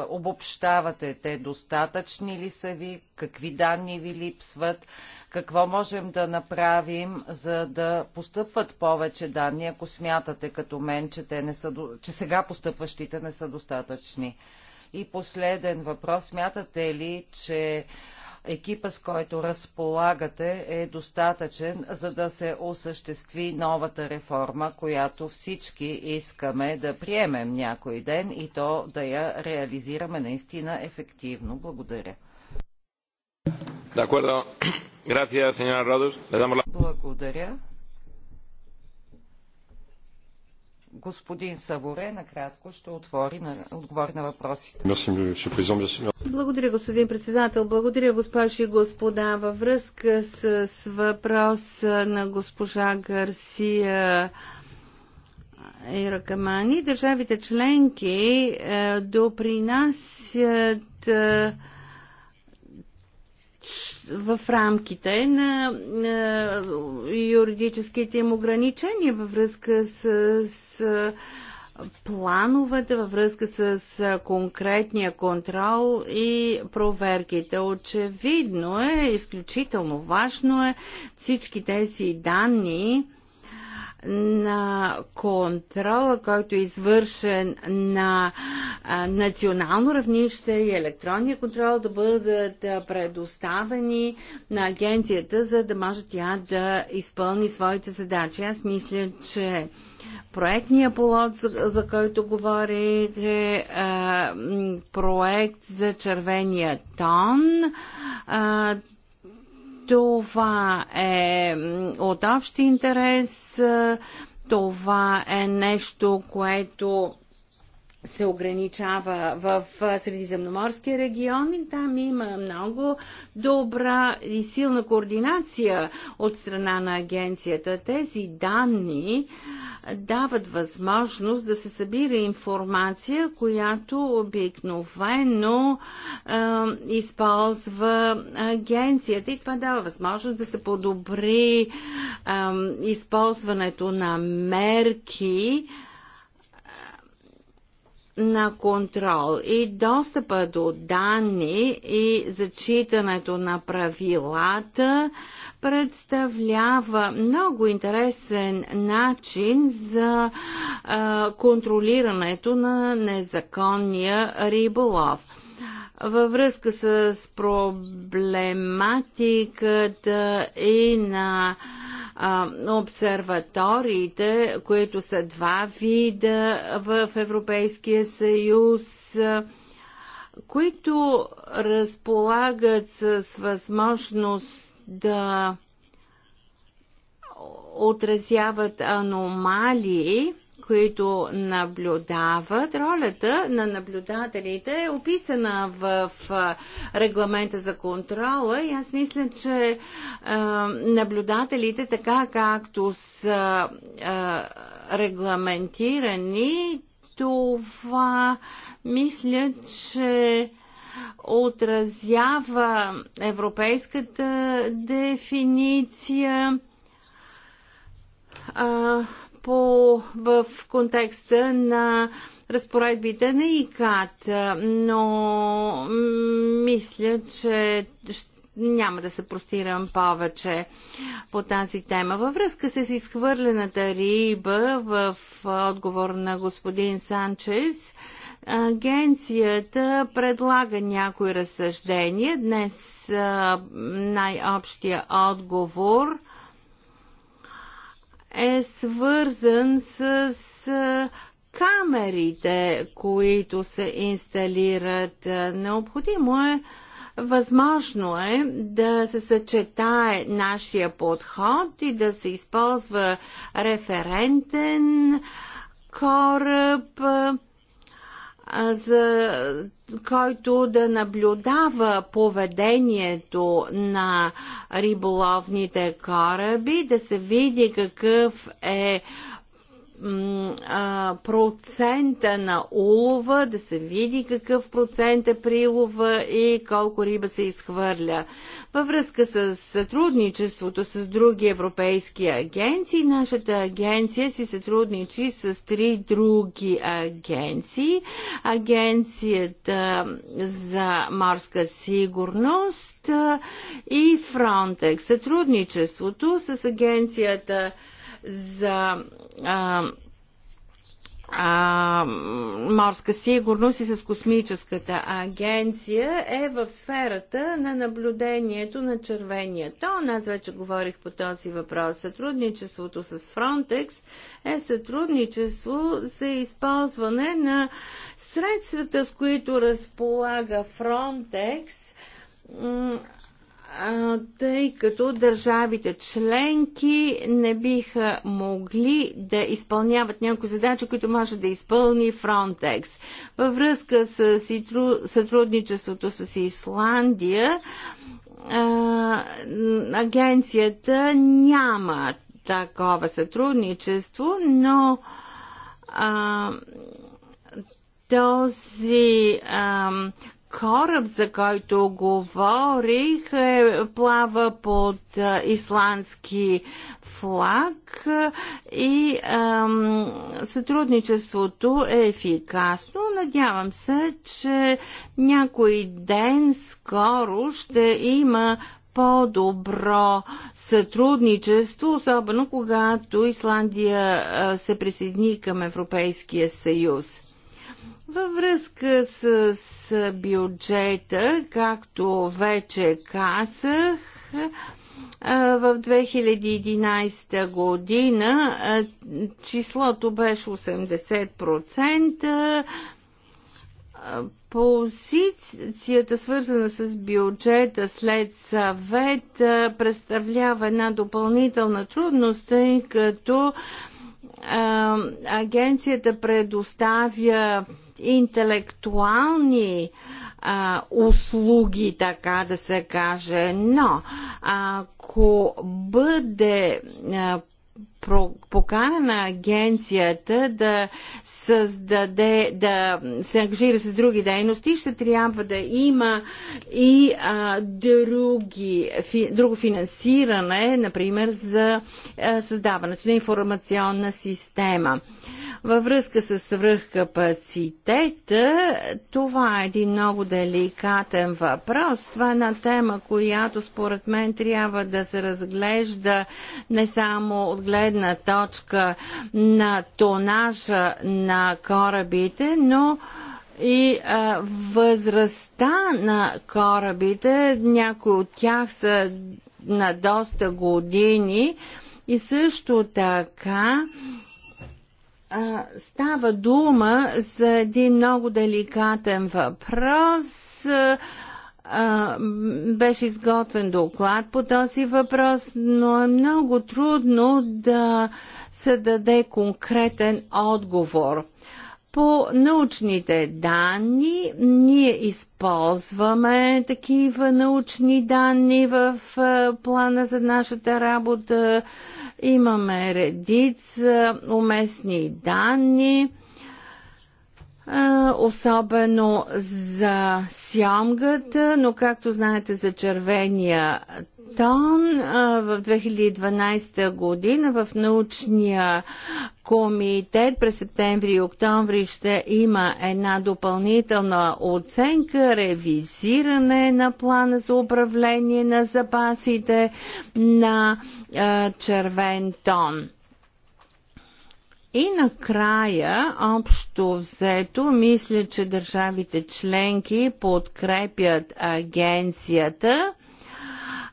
обобщавате? Те достатъчни ли са ви? Какви данни ви липсват? Какво можем да направим, за да постъпват повече данни, ако смятате като мен, че, те не са, че сега постъпващите не са достатъчни? И последен въпрос. Смятате ли, че екипа, с който разполагате, е достатъчен, за да се осъществи новата реформа, която всички искаме да приемем някой ден и то да я реализираме наистина ефективно. Благодаря. Благодаря. господин Саворе накратко ще отвори на, отговори на въпросите. Благодаря, господин председател. Благодаря, госпожи и господа. Във връзка с, с въпрос на госпожа Гарсия Иракамани, държавите членки е, допринасят е, в рамките на, юридическите им ограничения във връзка с, с плановете във връзка с конкретния контрол и проверките. Очевидно е, изключително важно е всички тези данни на контрола, който е извършен на национално равнище и електронния контрол да бъдат предоставени на агенцията, за да може тя да изпълни своите задачи. Аз мисля, че проектния полот, за, за който говорих, е проект за червения тон. А, това е от общ интерес. Това е нещо, което се ограничава в Средиземноморския регион и там има много добра и силна координация от страна на агенцията. Тези данни дават възможност да се събира информация, която обикновено е, използва агенцията и това дава възможност да се подобри е, използването на мерки, на контрол и достъпа до данни и зачитането на правилата представлява много интересен начин за а, контролирането на незаконния риболов. Във връзка с проблематиката и на а, обсерваториите, които са два вида в Европейския съюз, които разполагат с възможност да отразяват аномалии, които наблюдават. Ролята на наблюдателите е описана в регламента за контрола и аз мисля, че е, наблюдателите, така както са е, регламентирани, това мисля, че отразява европейската дефиниция. А, по, в контекста на разпоредбите на ИКАТ, но мисля, че няма да се простирам повече по тази тема. Във връзка с изхвърлената риба в отговор на господин Санчес, агенцията предлага някои разсъждения. Днес най-общия отговор – е свързан с камерите, които се инсталират. Необходимо е Възможно е да се съчетае нашия подход и да се използва референтен кораб, за който да наблюдава поведението на риболовните кораби, да се види какъв е а, процента на улова, да се види какъв процент е прилова и колко риба се изхвърля. Във връзка с сътрудничеството с други европейски агенции, нашата агенция си сътрудничи с три други агенции. Агенцията за морска сигурност и Frontex. Сътрудничеството с агенцията за а, а, морска сигурност и с космическата агенция е в сферата на наблюдението на червения тон. Аз вече говорих по този въпрос. Сътрудничеството с Frontex е сътрудничество за използване на средствата, с които разполага Frontex тъй като държавите членки не биха могли да изпълняват някои задачи, които може да изпълни Frontex. Във връзка с сътрудничеството с Исландия, агенцията няма такова сътрудничество, но този кораб, за който говорих, е, плава под а, е, исландски флаг и ам, сътрудничеството е ефикасно. Надявам се, че някой ден скоро ще има по-добро сътрудничество, особено когато Исландия е, се присъедини към Европейския съюз. Във връзка с, с бюджета, както вече казах, в 2011 година числото беше 80%. Позицията, свързана с бюджета след съвет, представлява една допълнителна трудност, тъй като агенцията предоставя интелектуални а, услуги, така да се каже, но ако бъде а, покана на агенцията да създаде, да се ангажира с други дейности, ще трябва да има и а, други, фи, друго финансиране, например, за а, създаването на информационна система. Във връзка с свръхкапацитета, това е един много деликатен въпрос. Това е една тема, която според мен трябва да се разглежда не само от гледа гледна точка на тонажа на корабите, но и а, възрастта на корабите, някои от тях са на доста години и също така а, става дума за един много деликатен въпрос. А, а, беше изготвен доклад по този въпрос, но е много трудно да се даде конкретен отговор. По научните данни ние използваме такива научни данни в плана за нашата работа. Имаме редица уместни данни особено за сямгата, но както знаете за червения тон в 2012 година в научния комитет през септември и октомври ще има една допълнителна оценка, ревизиране на плана за управление на запасите на червен тон. И накрая, общо взето, мисля, че държавите членки подкрепят агенцията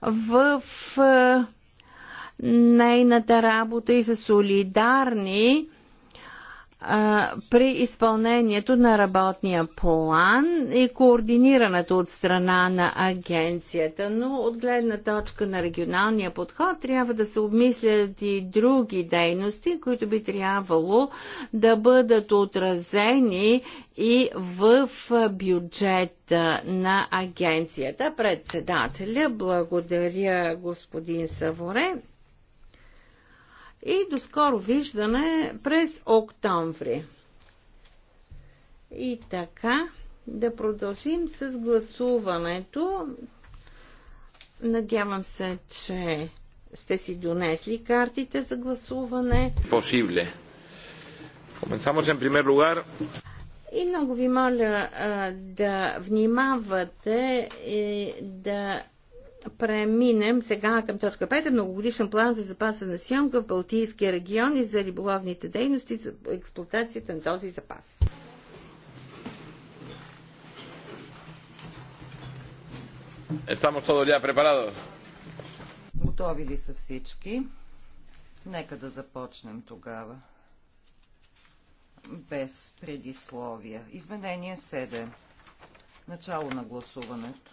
в е, нейната работа и са солидарни а, при изпълнението на работния план и координирането от страна на агенцията. Но от гледна точка на регионалния подход трябва да се обмислят и други дейности, които би трябвало да бъдат отразени и в бюджета на агенцията. Председателя, благодаря господин Саворе и до скоро виждане през октомври. И така, да продължим с гласуването. Надявам се, че сте си донесли картите за гласуване. Посибле. Comenzamos en пример лугар. И много ви моля а, да внимавате и да преминем сега към точка 5. Многогодишен план за запаса на съемка в Балтийския регион и за риболовните дейности за експлуатацията на този запас. Estamos todos ya preparados. Готови ли са всички? Нека да започнем тогава. Без предисловия. Изменение 7. Начало на гласуването.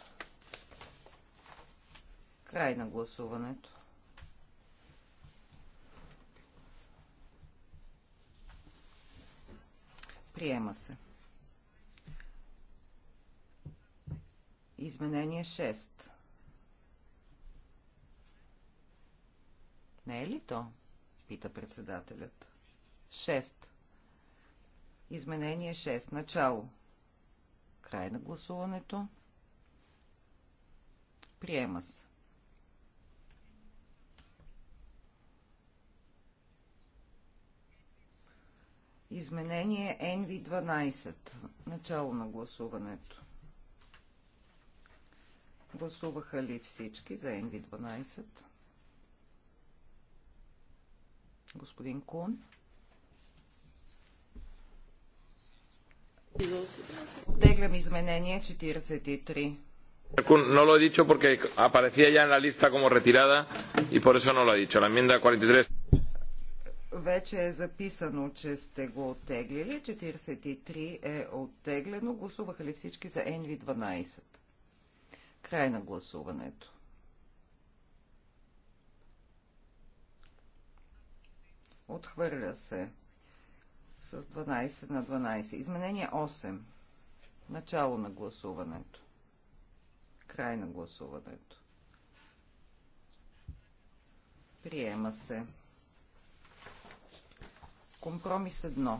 Край на гласуването. Приема се. Изменение 6. Не е ли то? Пита председателят. 6. Изменение 6. Начало. Край на гласуването. Приема се. Изменение NV12. Начало на гласуването. Гласуваха ли всички за NV12? Господин Кун. Оттеглям изменение 43. No lo he dicho porque aparecía ya en la lista como retirada y por eso no lo he dicho. La enmienda 43 вече е записано, че сте го оттеглили. 43 е оттеглено. Гласуваха ли всички за NV12? Край на гласуването. Отхвърля се с 12 на 12. Изменение 8. Начало на гласуването. Край на гласуването. Приема се. Компромис 1.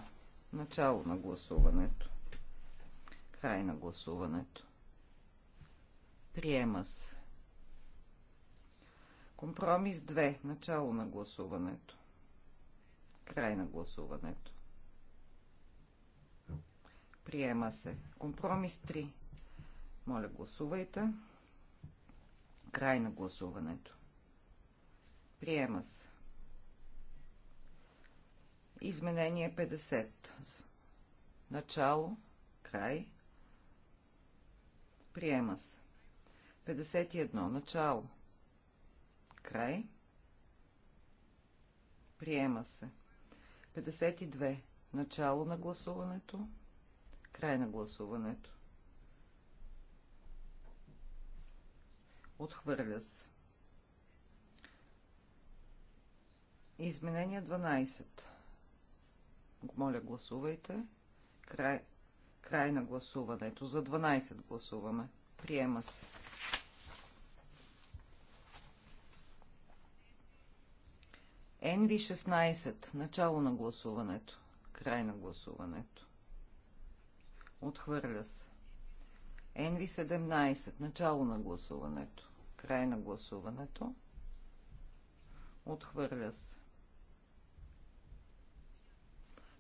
Начало на гласуването. Край на гласуването. Приема се. Компромис 2. Начало на гласуването. Край на гласуването. Приема се. Компромис 3. Моля, гласувайте. Край на гласуването. Приема се. Изменение 50. Начало, край. Приема се. 51. Начало. Край. Приема се. 52. Начало на гласуването. Край на гласуването. Отхвърля се. Изменение 12. Моля, гласувайте. Край, край на гласуването. За 12 гласуваме. Приема се. NV16. Начало на гласуването. Край на гласуването. Отхвърля се. NV17. Начало на гласуването. Край на гласуването. Отхвърля се.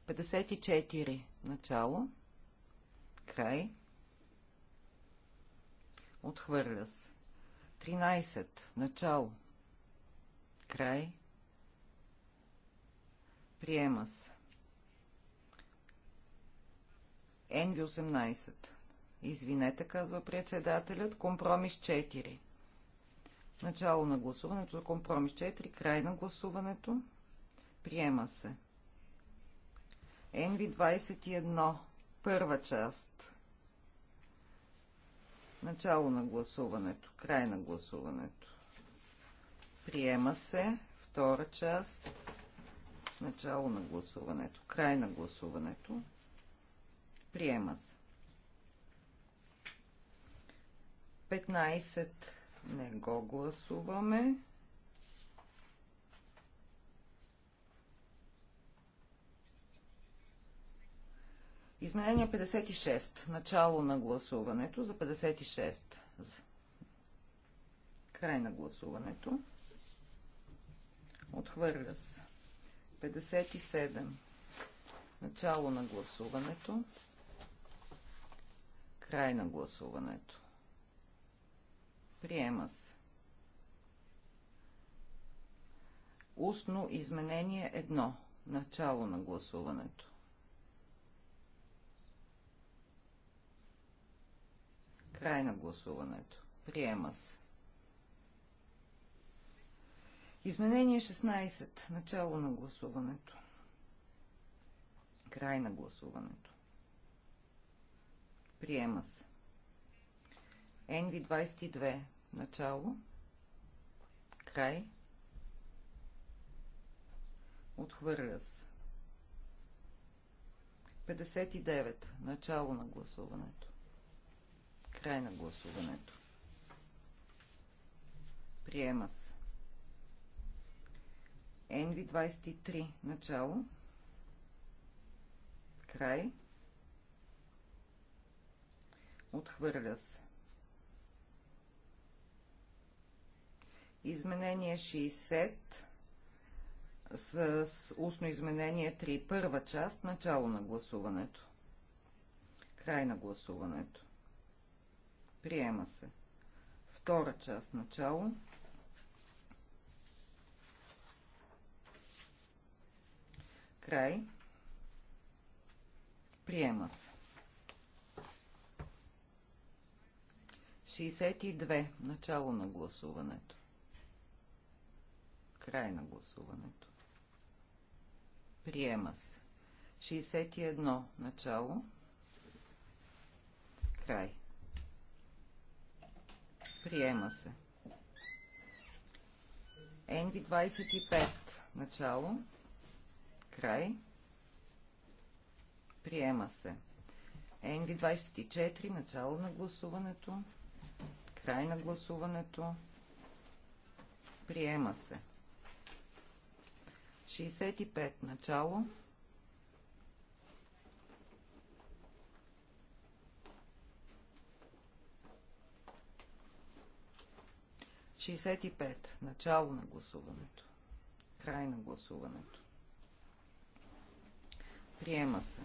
54. Начало. Край. Отхвърля се. 13. Начало. Край. Приема се. Енви 18. Извинете, казва председателят. Компромис 4. Начало на гласуването. Компромис 4. Край на гласуването. Приема се. NV21, първа част. Начало на гласуването, край на гласуването. Приема се втора част. Начало на гласуването, край на гласуването. Приема се. 15 не го гласуваме. Изменение 56. Начало на гласуването за 56. Край на гласуването. Отхвърля се. 57. Начало на гласуването. Край на гласуването. Приема се. Устно изменение 1. Начало на гласуването. Край на гласуването. Приема се. Изменение 16. Начало на гласуването. Край на гласуването. Приема се. NV22. Начало. Край. Отхвърля се. 59. Начало на гласуването. Край на гласуването. Приема се. NV 23. Начало. Край. Отхвърля се. Изменение 60 с устно изменение 3. Първа част. Начало на гласуването. Край на гласуването. Приема се. Втора част начало. Край. Приема се. 62. Начало на гласуването. Край на гласуването. Приема се. 61. Начало. Край. Приема се. nv 25. Начало. Край. Приема се. nv 24. Начало на гласуването. Край на гласуването. Приема се. 65. Начало. 65. Начало на гласуването. Край на гласуването. Приема се.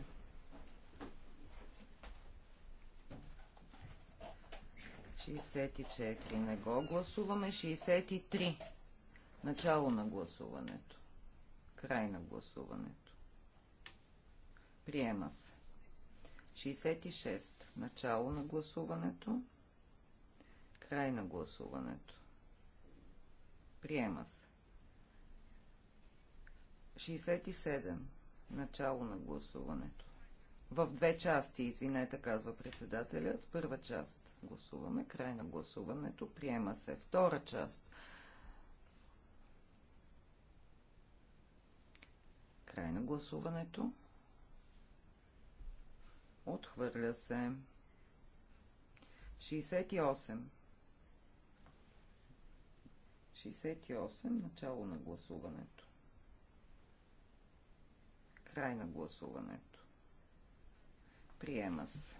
Шестдесет четири. Не го гласуваме. 63. Начало на гласуването. Край на гласуването. Приема се. 66. Начало на гласуването. Край на гласуването. Приема се. 67. Начало на гласуването. В две части, извинете, казва председателят. Първа част гласуваме, край на гласуването, приема се. Втора част. Край на гласуването. Отхвърля се. 68. 68. Начало на гласуването. Край на гласуването. Приема се.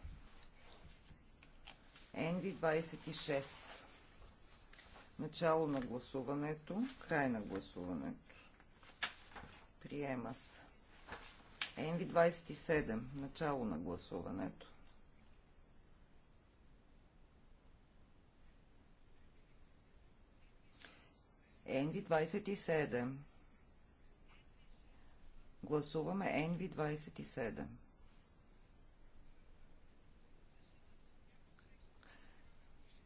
Енви 26. Начало на гласуването. Край на гласуването. Приема се. Енви 27. Начало на гласуването. NV27. Гласуваме NV27.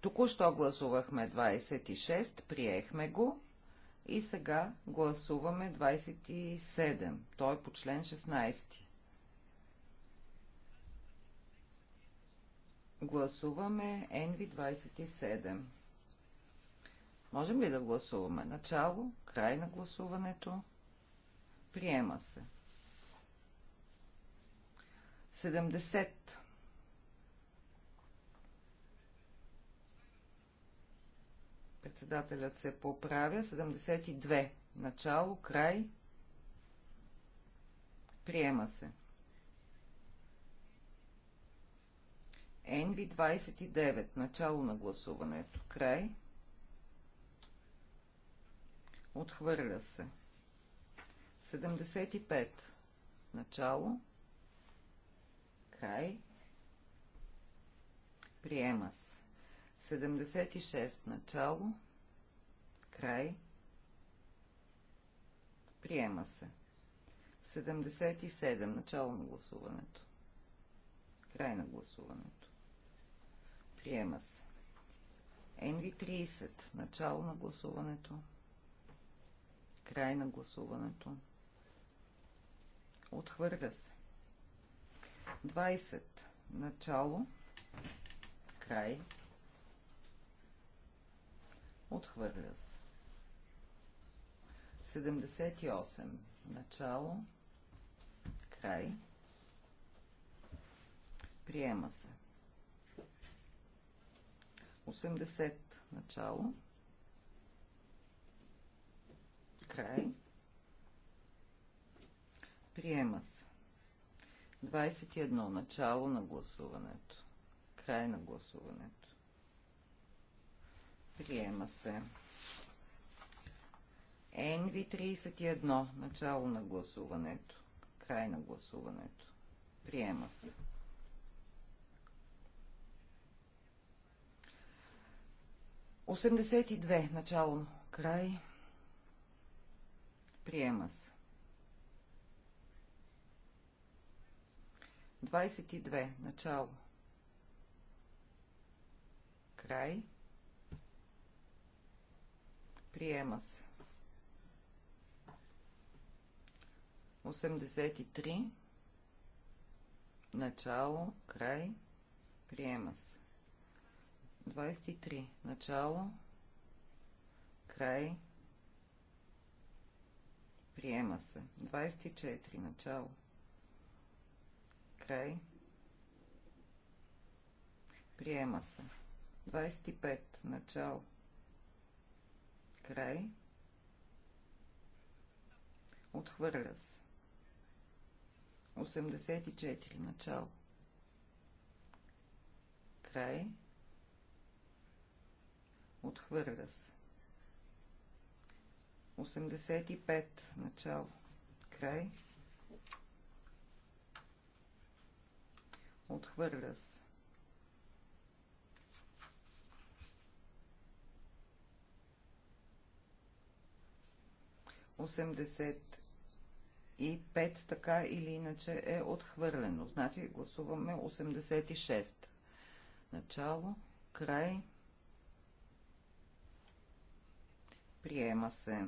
Току-що гласувахме 26, приехме го и сега гласуваме 27. Той е по член 16. Гласуваме NV27. Можем ли да гласуваме? Начало, край на гласуването. Приема се. 70. Председателят се поправя. 72. Начало, край. Приема се. Енви 29 Начало на гласуването. Край. Отхвърля се. 75. Начало. Край. Приема се. 76. Начало. Край. Приема се. 77. Начало на гласуването. Край на гласуването. Приема се. Енви 30 Начало на гласуването. Край на гласуването. Отхвърля се. 20. Начало. Край. Отхвърля се. 78. Начало. Край. Приема се. 80. Начало. Край Край. Приема се. 21. Начало на гласуването. Край на гласуването. Приема се. NV31. Начало на гласуването. Край на гласуването. Приема се. Осемдесет и две. Начало. Край. Приема се. 22. Начало. Край. Приема се. 83. Начало. Край. Приема се. 23. Начало. Край. Приема се. 24. Начало. Край. Приема се. 25. Начало. Край. Отхвърля се. 84. Начало. Край. Отхвърля се. 85 начало, край. Отхвърля се. Осемдесет и пет, така или иначе е отхвърлено. Значи гласуваме 86. Начало, край. Приема се.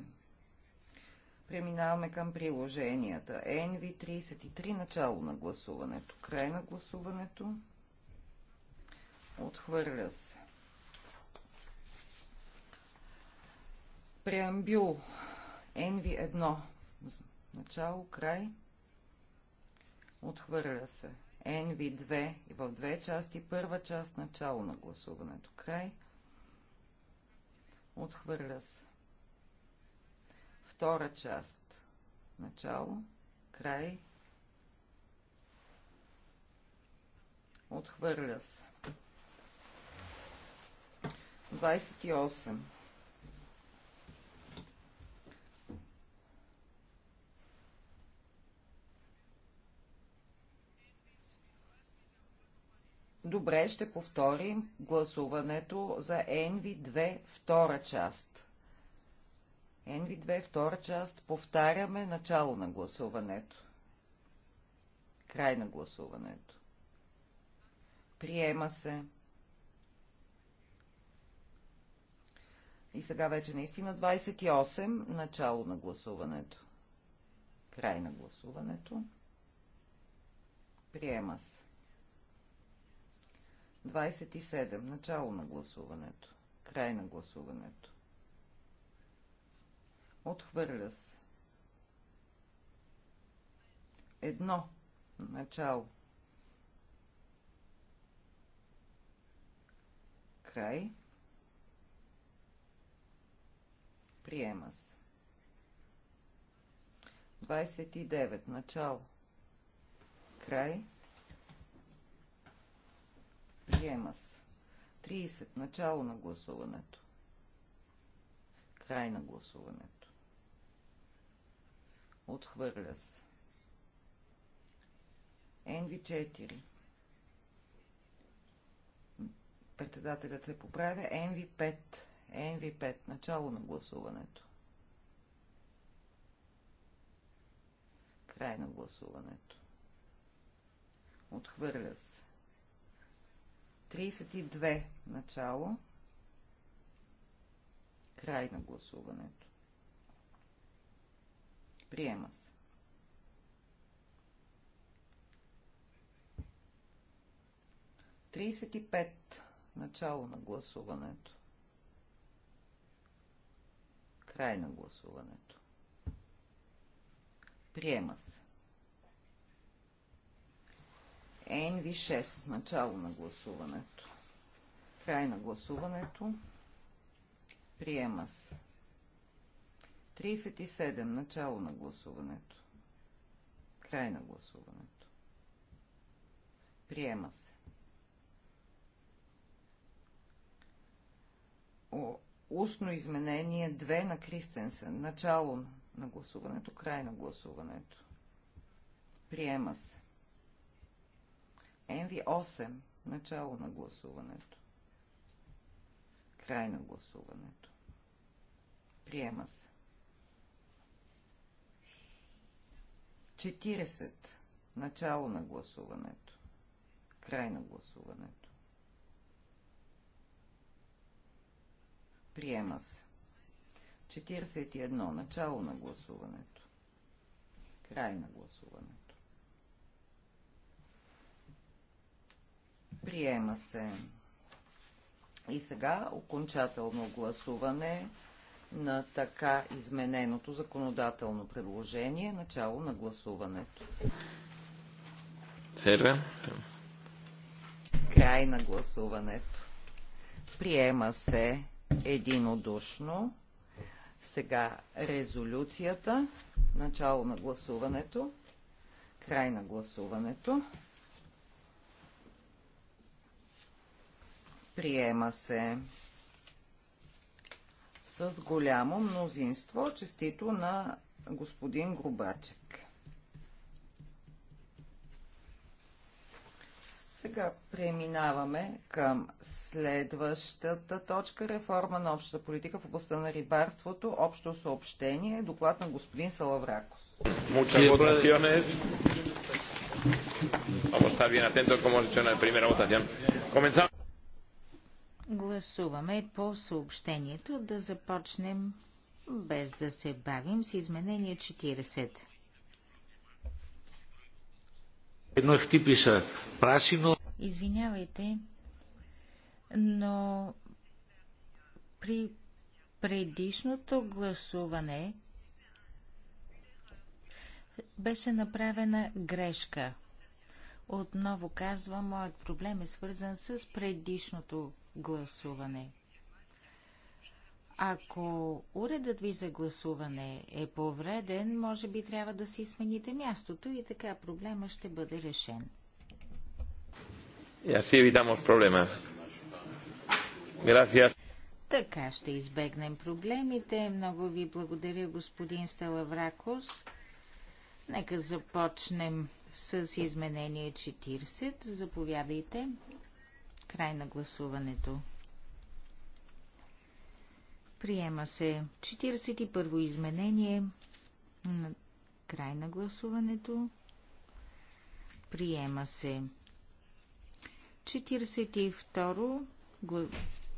Преминаваме към приложенията. NV33, начало на гласуването, край на гласуването. Отхвърля се. Преамбюл. NV1. Начало, край. Отхвърля се. NV2 и в две части. Първа част, начало на гласуването, край. Отхвърля се. Втора част. Начало. Край. Отхвърля се. 28. Добре, ще повторим гласуването за NV2 втора част. Енви 2 втора част, повтаряме начало на гласуването. Край на гласуването. Приема се. И сега вече наистина 28, начало на гласуването. Край на гласуването. Приема се. 27. Начало на гласуването. Край на гласуването. Отхвърля се. Едно. Начало. Край. Приема се. 29. Начало. Край. Приема се. 30. Начало на гласуването. Край на гласуването. Отхвърля се. NV4. Председателят се поправя. Енви 5 Енви 5 Начало на гласуването. Край на гласуването. Отхвърля се. 32. Начало. Край на гласуването. Приема се. Тридесет и пет. Начало на гласуването. Край на гласуването. Приема се. NV6. Начало на гласуването. Край на гласуването. Приема се. 37. Начало на гласуването. Край на гласуването. Приема се. О, устно изменение 2 на Кристенсен. Начало на гласуването, край на гласуването. Приема се. Енви 8 Начало на гласуването. Край на гласуването. Приема се. 40. Начало на гласуването. Край на гласуването. Приема се. 41. Начало на гласуването. Край на гласуването. Приема се. И сега окончателно гласуване на така измененото законодателно предложение. Начало на гласуването. Фера. Край на гласуването. Приема се единодушно. Сега резолюцията. Начало на гласуването. Край на гласуването. Приема се с голямо мнозинство. Честито на господин Грубачек. Сега преминаваме към следващата точка. Реформа на общата политика в областта на рибарството. Общо съобщение. Доклад на господин Салавракос. Vamos a estar bien atentos como hemos hecho en la primera votación. Comenzamos. Гласуваме по съобщението да започнем без да се бавим с изменение 40. Едно е хтиписа прасино. Извинявайте, но при предишното гласуване беше направена грешка. Отново казвам, моят проблем е свързан с предишното гласуване. Ако уредът ви за гласуване е повреден, може би трябва да си смените мястото и така проблема ще бъде решен. Така ще избегнем проблемите. Много ви благодаря, господин Сталавракос. Нека започнем с изменение 40. Заповядайте. Край на гласуването. Приема се 41-во изменение. На край на гласуването. Приема се 42-ро.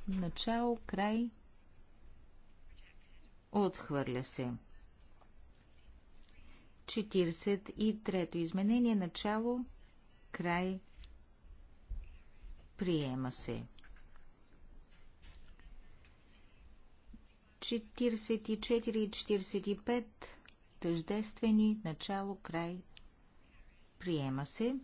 Начало, край. Отхвърля се. 43-то изменение. Начало, край. Приема се. 44 и 45 тъждествени, начало, край. Приема се.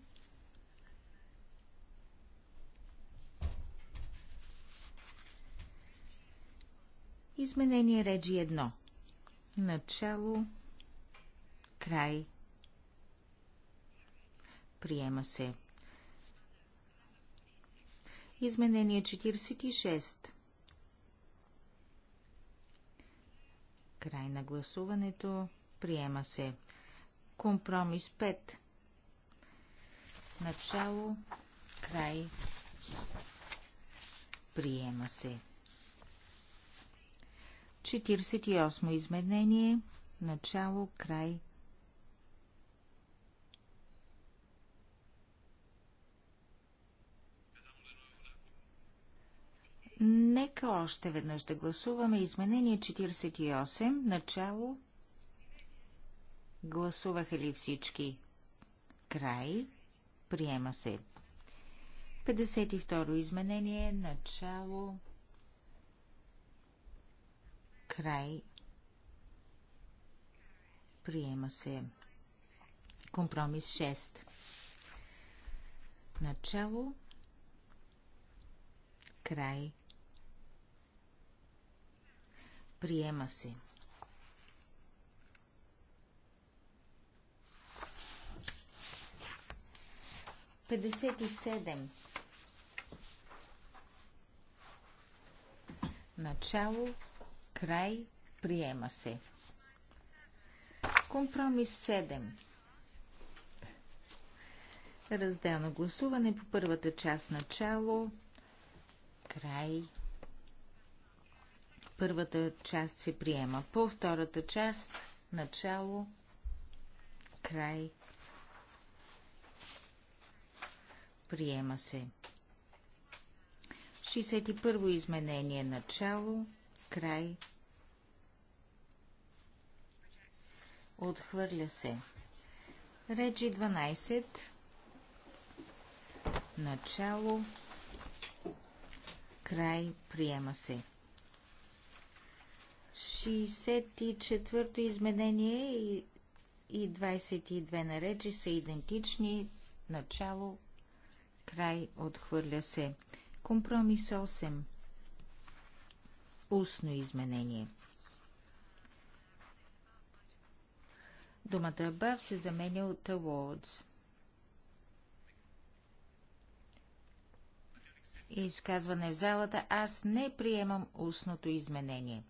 Изменение реджи 1. Начало, край. Приема се. Изменение 46. Край на гласуването. Приема се. Компромис 5. Начало. Край. Приема се. 48 изменение. Начало. Край. Нека още веднъж да гласуваме изменение 48, начало. Гласуваха ли всички? Край. Приема се. 52 изменение, начало. Край. Приема се. Компромис 6. Начало. Край. Приема се. Петдесет и седем. Начало, край, приема се. Компромис 7. Разделно гласуване по първата част начало, край, Първата част се приема. По втората част начало, край, приема се. 61 изменение начало, край, отхвърля се. Речи 12, начало, край, приема се. 64-то изменение и, 22 наречи са идентични. Начало, край, отхвърля се. Компромис 8. Устно изменение. Думата above се заменя от towards. И изказване в залата аз не приемам устното изменение.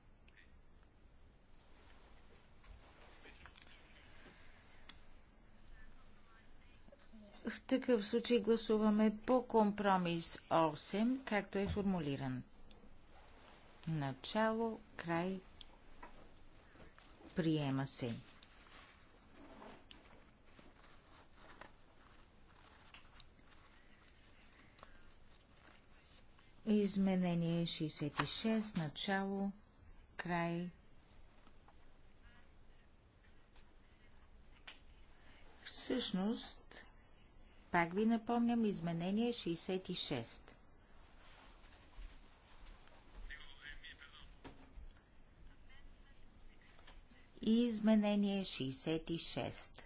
В такъв случай гласуваме по компромис 8, както е формулиран. Начало, край, приема се. Изменение 66, начало, край. Всъщност, пак ви напомням изменение 66. И изменение 66.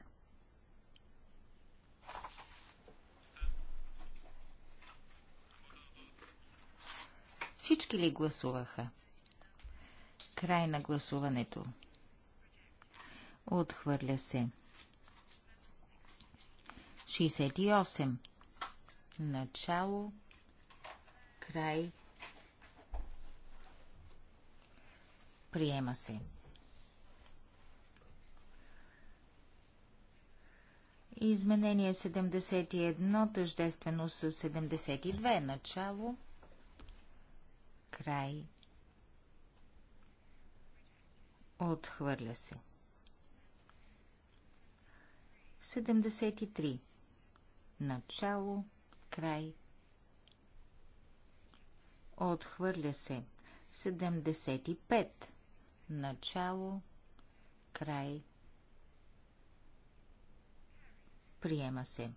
Всички ли гласуваха? Край на гласуването. Отхвърля се. 68. Начало, край, приема се. Изменение 71, тъждествено с 72. Начало, край, отхвърля се. 73 начало, край. Отхвърля се 75. Начало, край. Приема се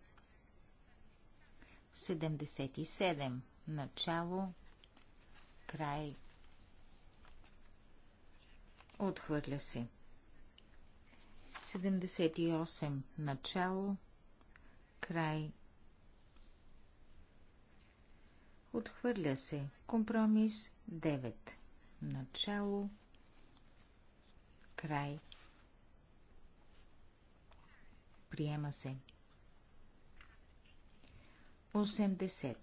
77. Начало, край. Отхвърля се 78. Начало, край Край. Отхвърля се. Компромис 9. Начало. Край. Приема се. 80.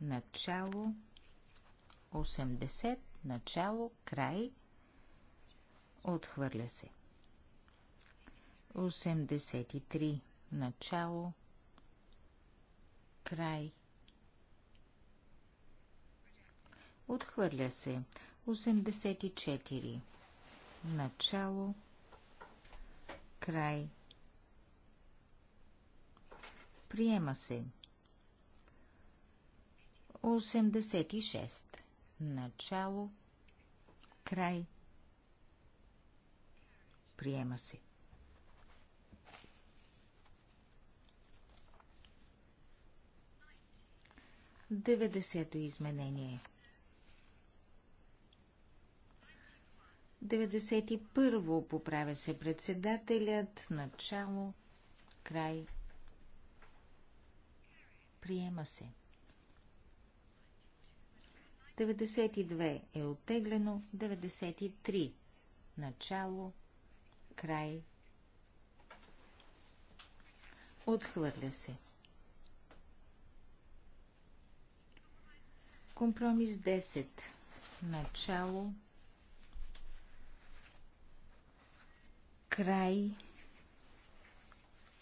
Начало. 80. Начало. Край. Отхвърля се. 83 начало, край. Отхвърля се 84. Начало, край. Приема се 86. Начало, край. Приема се 90-то изменение. 91-во поправя се председателят, начало, край, приема се. 92 е оттеглено, 93 начало, край, отхвърля се. 94 Компромис 10. Начало. Край.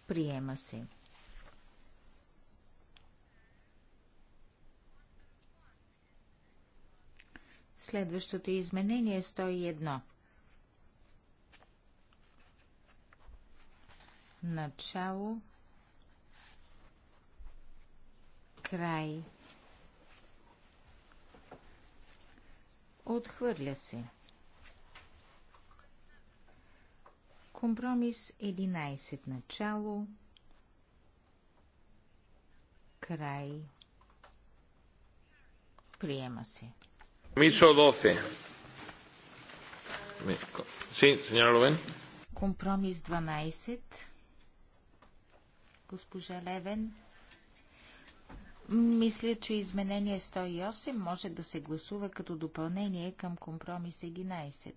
Приема се. Следващото изменение е 101. Начало. Край. Отхвърля се. Компромис 11 начало. Край. Приема се. Мисо 12. Ловен. Компромис 12. Госпожа Левен. Мисля, че изменение 108 може да се гласува като допълнение към компромис 11.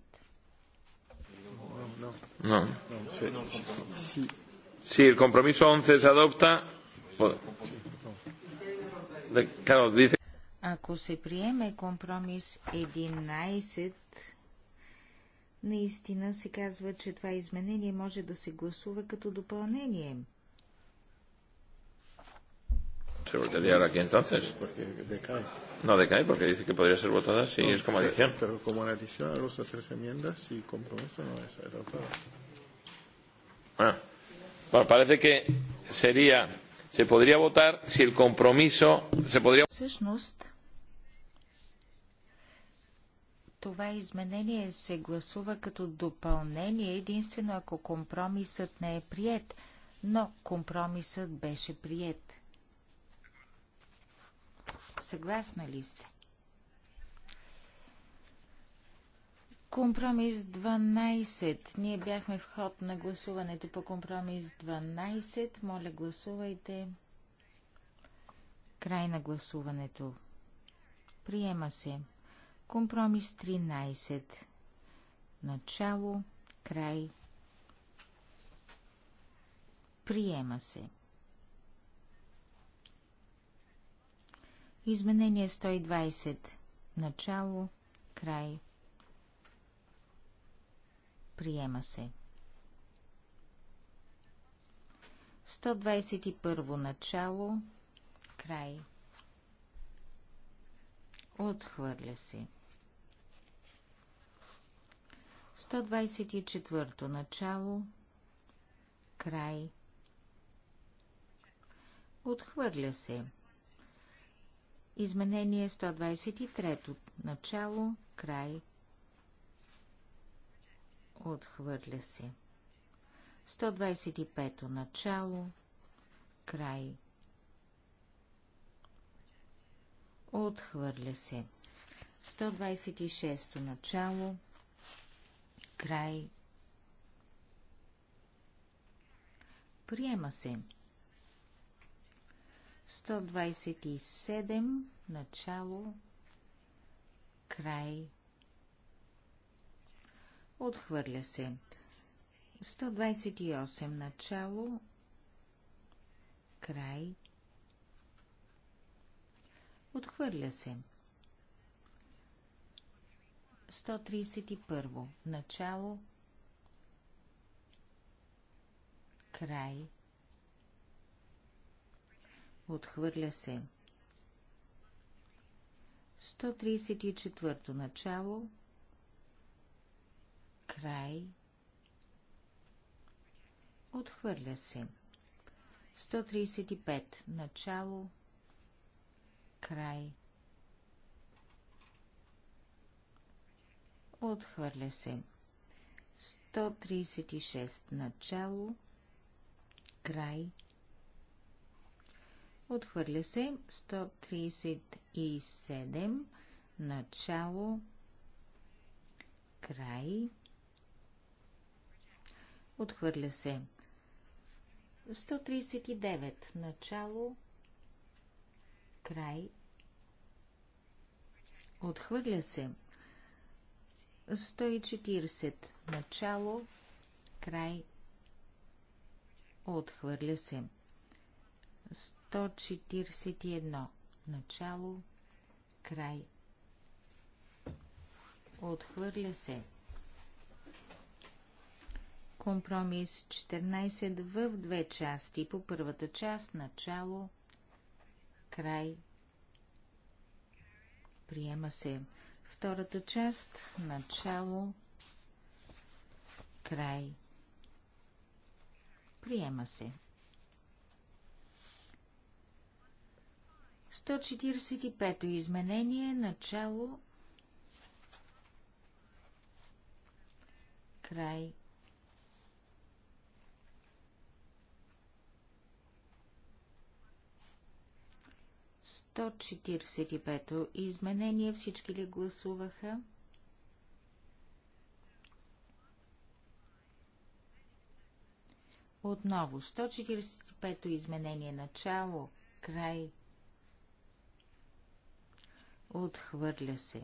No. Si el compromiso 11 se adopta, claro, dice... Ако се приеме компромис 11, наистина се казва, че това изменение може да се гласува като допълнение. Se votaría ahora aquí entonces. Porque decae. No decae porque dice que podría ser votada si no, es como adición. Pero, como en adición a los tres enmiendas y compromiso no es adoptada. Ah. Bueno, parece que sería se podría votar si el compromiso se podría това изменение се гласува като допълнение единствено ако компромисът не е прият, но компромисът беше прият. Съгласна ли сте? Компромис 12. Ние бяхме в ход на гласуването по компромис 12. Моля, гласувайте. Край на гласуването. Приема се. Компромис 13. Начало, край. Приема се. Изменение 120. Начало, край. Приема се. 121. Начало, край. Отхвърля се. 124. Начало, край. Отхвърля се. 125. Изменение 123. Начало, край. Отхвърля се. 125. Начало, край. Отхвърля се. 126. Начало, край. Приема се. 127 начало, край, отхвърля се. 128 начало, край, отхвърля се. 131 начало, край, 132 Отхвърля се. 134 начало. Край. Отхвърля се. 135 начало. Край. Отхвърля се. 136 начало. Край. Отхвърля се 137. Начало. Край. Отхвърля се 139. Начало. Край. Отхвърля се 140. Начало. Край. Отхвърля се 141. Начало, край. Отхвърля се. Компромис 14 в две части. По първата част начало, край. Приема се. Втората част начало, край. Приема се. 145-то изменение, начало, край. Сто изменение. Всички ли гласуваха? Отново 145-то изменение начало, край. Отхвърля се.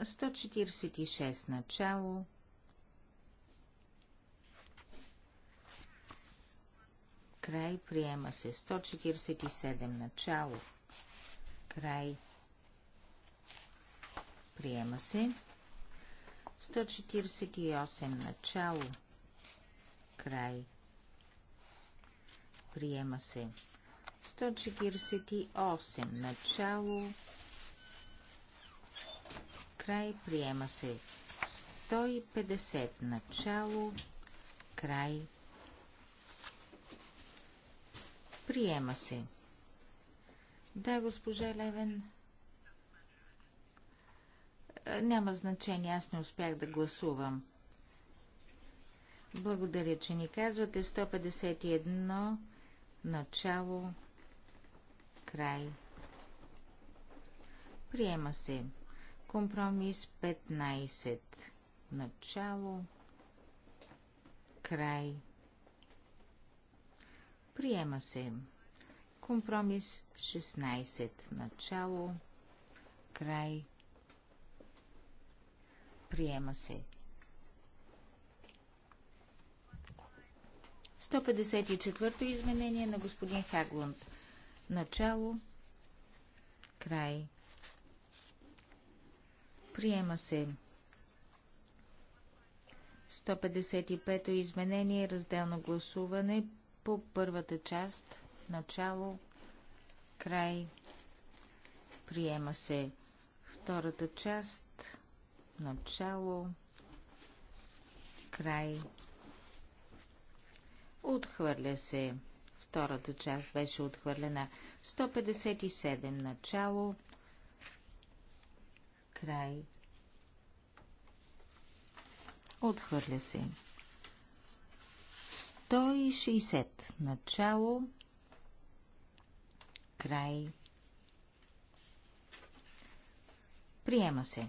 146 начало. Край приема се. 147 начало. Край. Приема се. 148 начало. Край. Приема се. 148. Начало. Край. Приема се. 150. Начало. Край. Приема се. Да, госпожа Левен. Е, няма значение, аз не успях да гласувам. Благодаря, че ни казвате. 151. Начало край. Приема се. Компромис 15. Начало. Край. Приема се. Компромис 16. Начало. Край. Приема се. 154 то изменение на господин Хаглунд. Начало. Край. Приема се. 155-то изменение, разделно гласуване по първата част. Начало. Край. Приема се. Втората част. Начало. Край. Отхвърля се. Втората част беше отхвърлена. 157 начало, край. Отхвърля се. 160 начало, край. Приема се.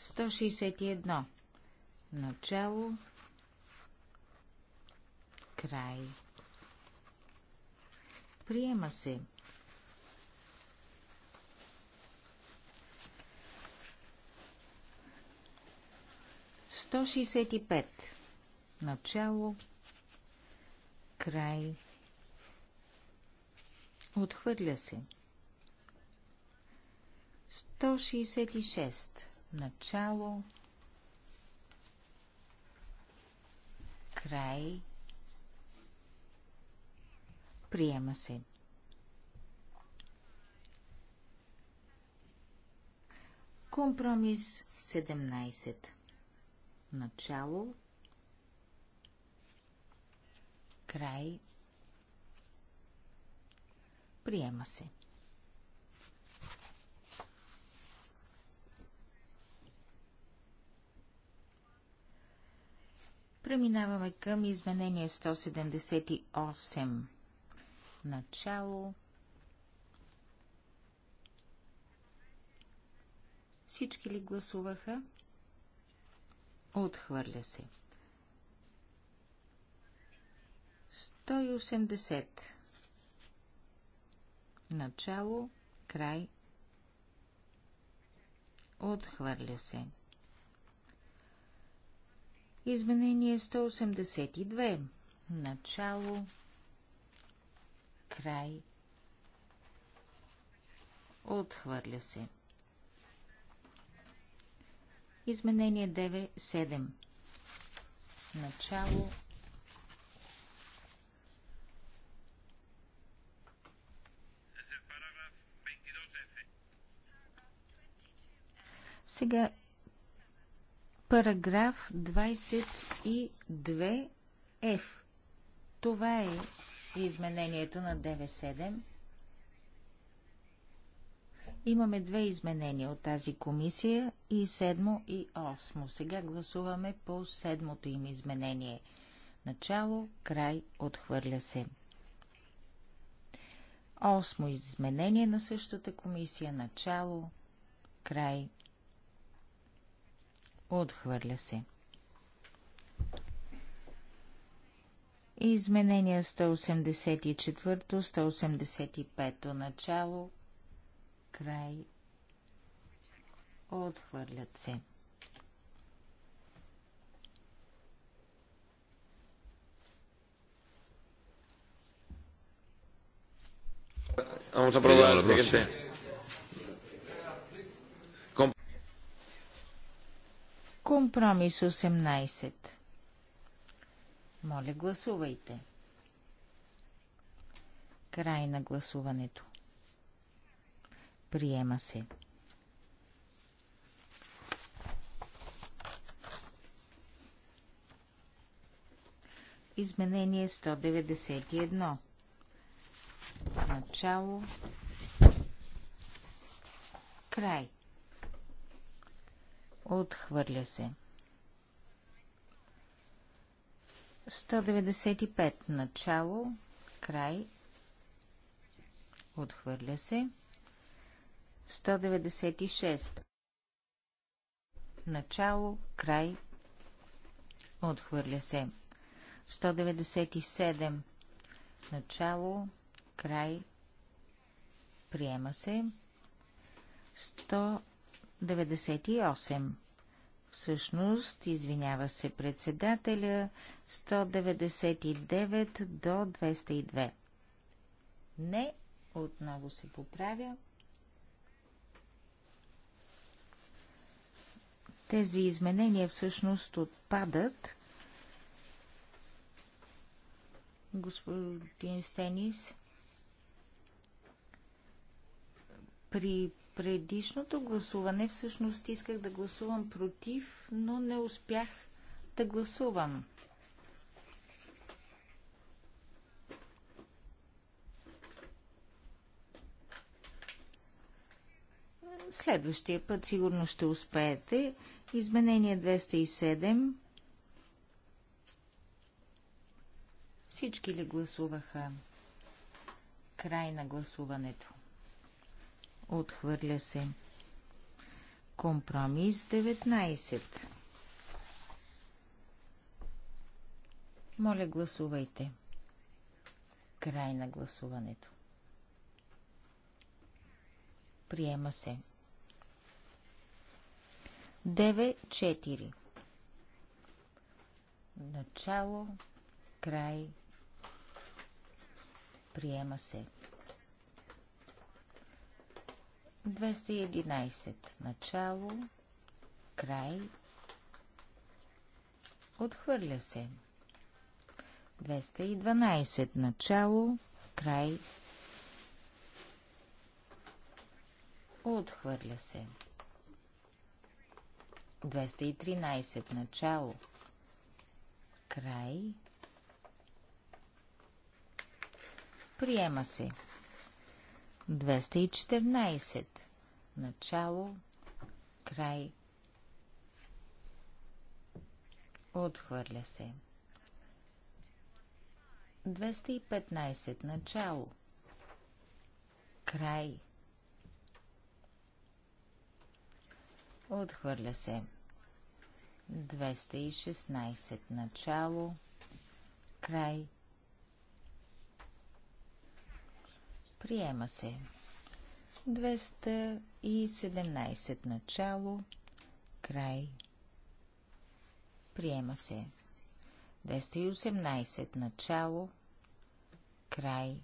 161 начало, край. Приема се. Сто шестдесет и Начало. Край. Отхвърля се. 166. Начало. Край. Приема се. Компромис 17. Начало. Край. Приема се. Преминаваме към изменение 178 начало. Всички ли гласуваха? Отхвърля се. 180. Начало, край. Отхвърля се. Изменение 182. Начало, Край. Отхвърля се. Изменение 9.7. Начало. Сега параграф 22F. Това е и изменението на 9-7. Имаме две изменения от тази комисия и седмо и осмо. Сега гласуваме по седмото им изменение. Начало, край, отхвърля се. Осмо изменение на същата комисия. Начало, край, отхвърля се. Изменения 184-185 начало, край, отхвърлят се. Vamos a probar el siguiente. Компромис 18. Моля, гласувайте. Край на гласуването. Приема се. Изменение 191. Начало. Край. Отхвърля се. 195. Начало, край, отхвърля се. 196. Начало, край, отхвърля се. 197. Начало, край, приема се. 198 всъщност, извинява се председателя, 199 до 202. Не, отново се поправя. Тези изменения всъщност отпадат. Господин Стенис, при предишното гласуване всъщност исках да гласувам против, но не успях да гласувам. Следващия път сигурно ще успеете. Изменение 207. Всички ли гласуваха? Край на гласуването. Отхвърля се. Компромис 19. Моля, гласувайте. Край на гласуването. Приема се. 9-4. Начало, край, приема се. 211. Начало. Край. Отхвърля се. 212. Начало. Край. Отхвърля се. 213. Начало. Край. Приема се. 214. 214. Начало, край. Отхвърля се. 215. Начало. Край. Отхвърля се. 216. Начало. Край. Приема се. 217 начало, край. Приема се. 218 начало, край.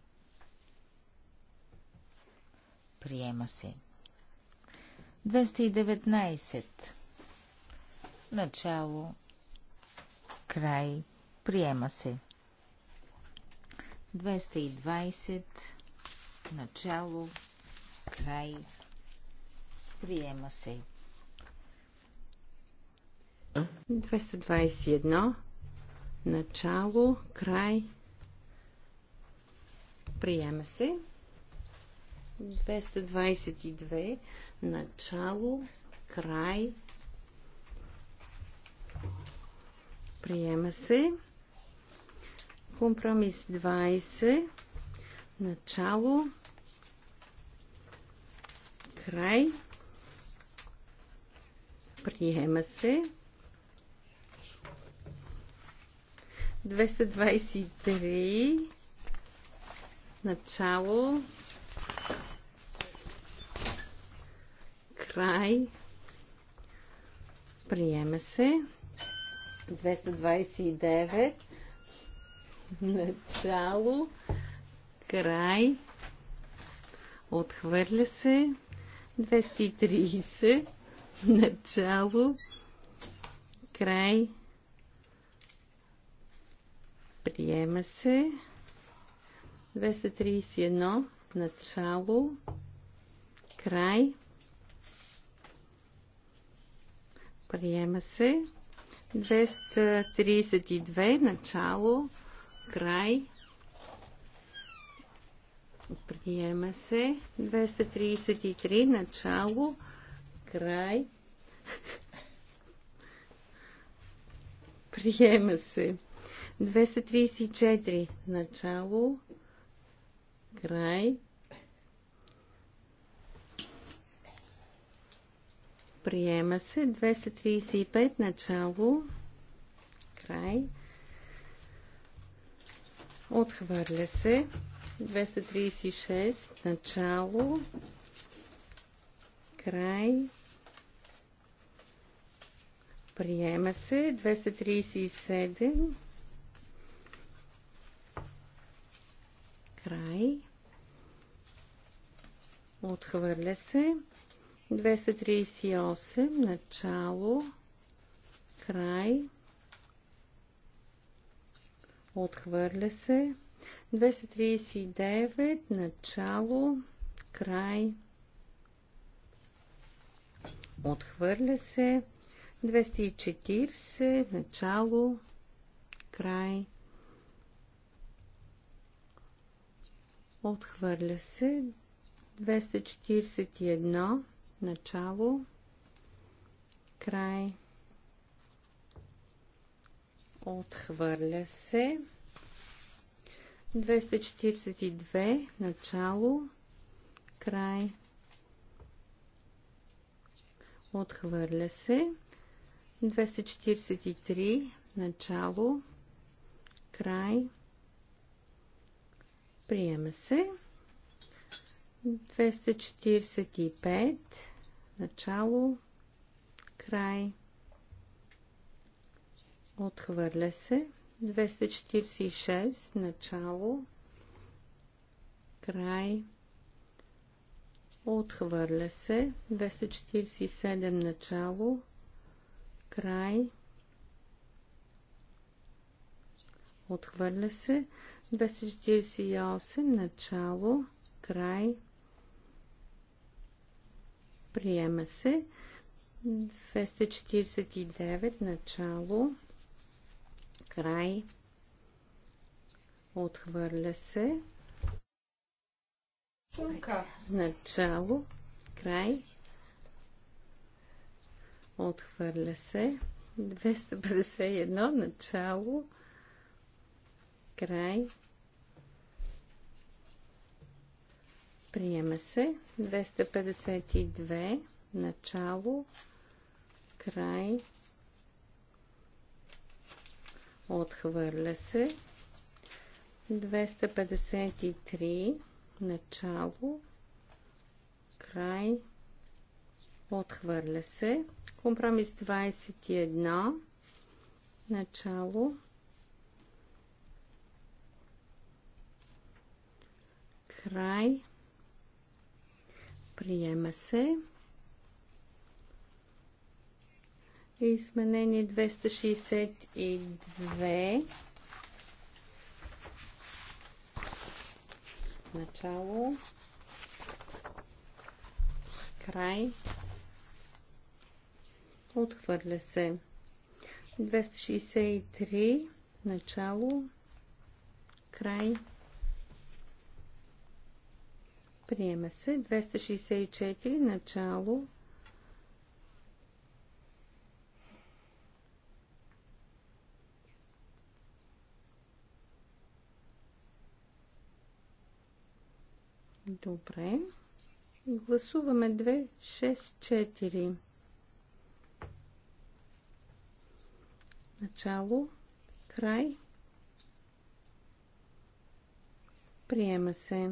Приема се. 219 начало, край. Приема се. 220 начало, край, приема се. 221, начало, край, приема се. 222, начало, край, приема се. Компромис 20, начало, Край. Приема се. 223. Начало. Край. Приема се. 229. Начало. Край. Отхвърля се. 230. Начало. Край. Приема се. 231. Начало. Край. Приема се. 232. Начало. Край. Приема се. 233. Начало. Край. Приема се. 234. Начало. Край. Приема се. 235. Начало. Край. Отхвърля се. 236. Начало. Край. Приема се. 237. Край. Отхвърля се. 238. Начало. Край. Отхвърля се. 239 начало, край, отхвърля се. 240 начало, край, отхвърля се. 241 начало, край, отхвърля се. 242 начало, край, отхвърля се. 243 начало, край, приема се. 245 начало, край, отхвърля се. 246 начало, край, отхвърля се, 247 начало, край, отхвърля се, 248 начало, край, приема се, 249 начало, Край. Отхвърля се. Начало. Край. Отхвърля се. 251. Начало. Край. Приема се. 252. Начало. Край. Отхвърля се. 253 начало, край, отхвърля се. Компромис 21 начало, край, приема се. Изменение 262. Начало. Край. Отхвърля се. 263. Начало. Край. Приема се. 264. Начало. Добре. Гласуваме 264. Начало, край. Приема се.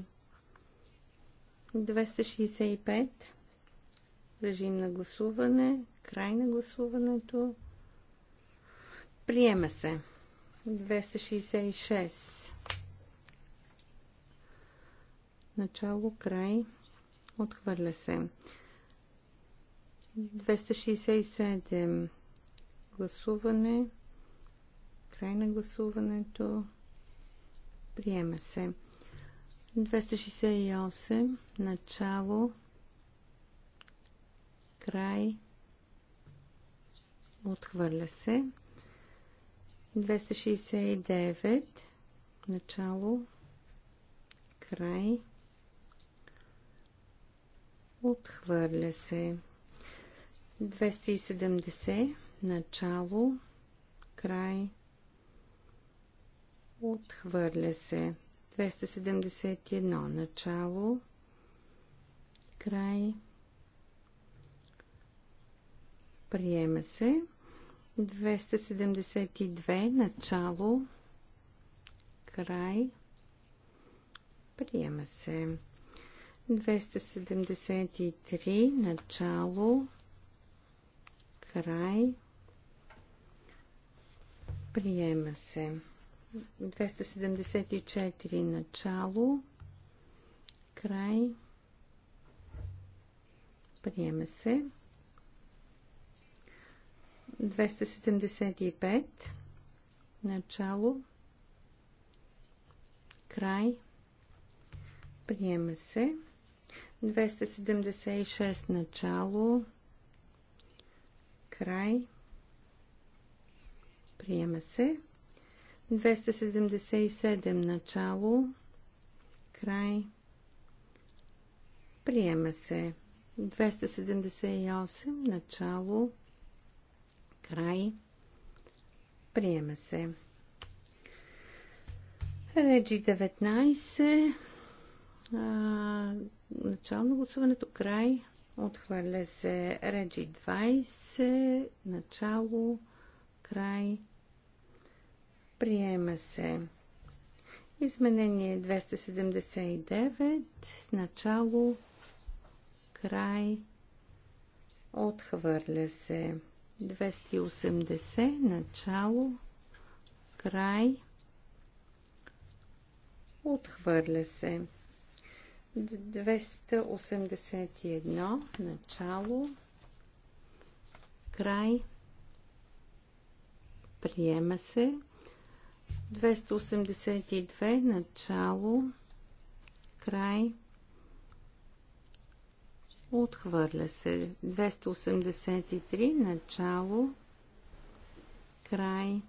265. Режим на гласуване. Край на гласуването. Приема се. 266. начало, край, отхвърля се. 267 гласуване, край на гласуването, приема се. 268 начало, край, отхвърля се. 269 начало, край, Отхвърля се. 270. Начало. Край. Отхвърля се. 271. Начало. Край. Приема се. 272. Начало. Край. Приема се. 273 начало край приема се 274 начало край приема се 275 начало край приема се 276 начало, край, приема се. 277 начало, край, приема се. 278 начало, край, приема се. Реджи 19 Начало на гласуването, край. Отхвърля се Реджи 20. Начало, край. Приема се. Изменение 279. Начало, край. Отхвърля се. 280. Начало, край. Отхвърля се. 281 начало край приема се 282 начало край отхвърля се 283 начало край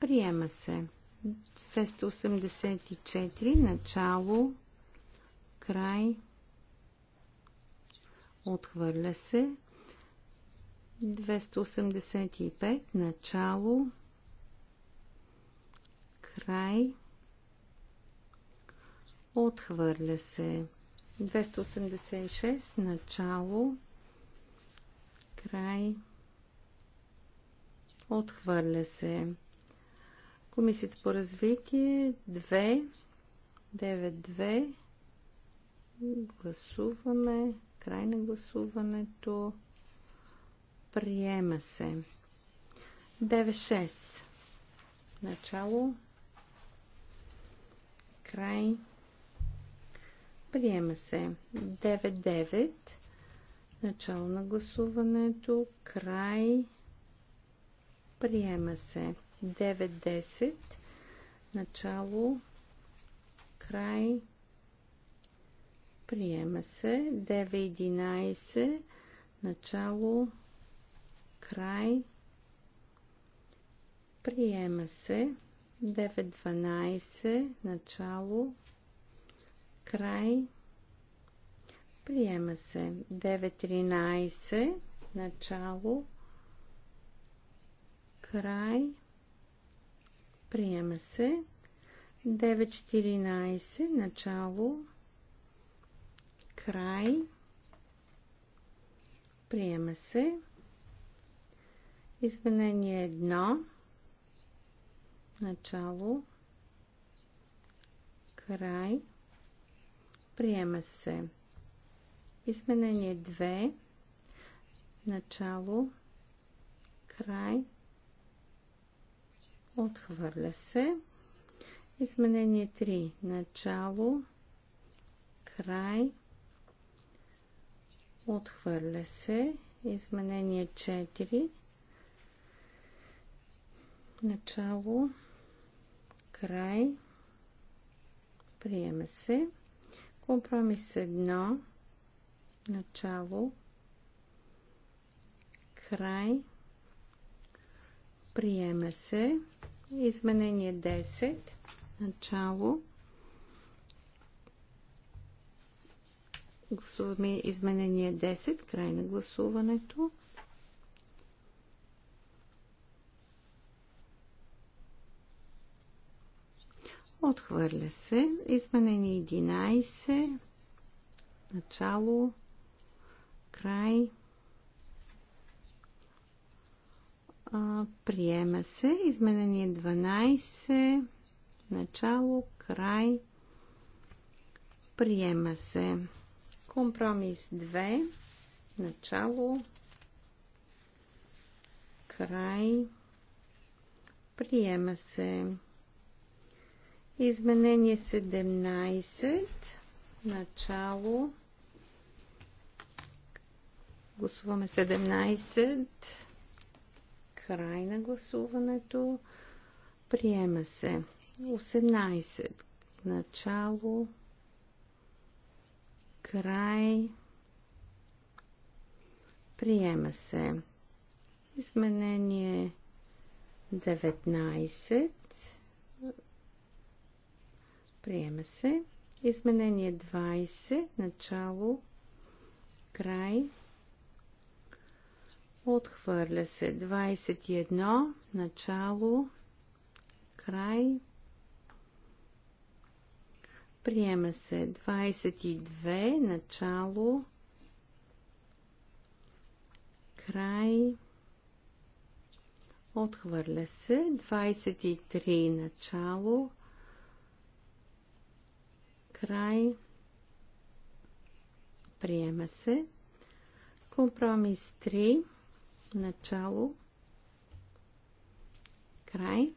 приема се 284 начало, край, отхвърля се. 285 начало, край, отхвърля се. 286 начало, край, отхвърля се. Комисията по развитие 2, 9-2. Гласуваме. Край на гласуването. Приема се. 9-6. Начало. Край. Приема се. 9-9. Начало на гласуването. Край. Приема се. 9-10. Начало, край, приема се. 9-11. Начало, край, приема се. 9-12. Начало, край, приема се. 9-13. Начало, край, Приема се. 9.14. Начало. Край. Приема се. Изменение 1. Начало. Край. Приема се. Изменение 2. Начало. Край. Отхвърля се. Изменение 3. Начало. Край. Отхвърля се. Изменение 4. Начало. Край. Приема се. Компромис 1. Начало. Край. Приема се. Изменение 10. Начало. Гласуваме изменение 10. Край на гласуването. Отхвърля се. Изменение 11. Начало. Край. А, приема се. Изменение 12. Начало, край. Приема се. Компромис 2. Начало. Край. Приема се. Изменение 17. Начало. Гласуваме 17. Край на гласуването. Приема се. 18. Начало. Край. Приема се. Изменение 19. Приема се. Изменение 20. Начало. Край. Отхвърля се 21, начало, край. Приема се 22, начало, край. Отхвърля се 23, начало, край. Приема се. Компромис 3 начало, край,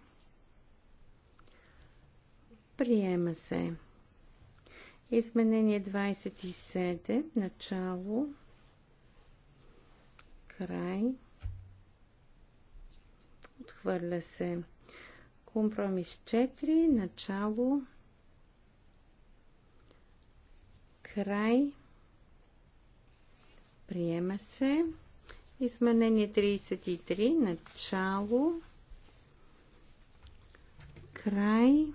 приема се. Изменение 27, начало, край, отхвърля се. Компромис 4, начало, край, приема се. Изменение 33, начало, край.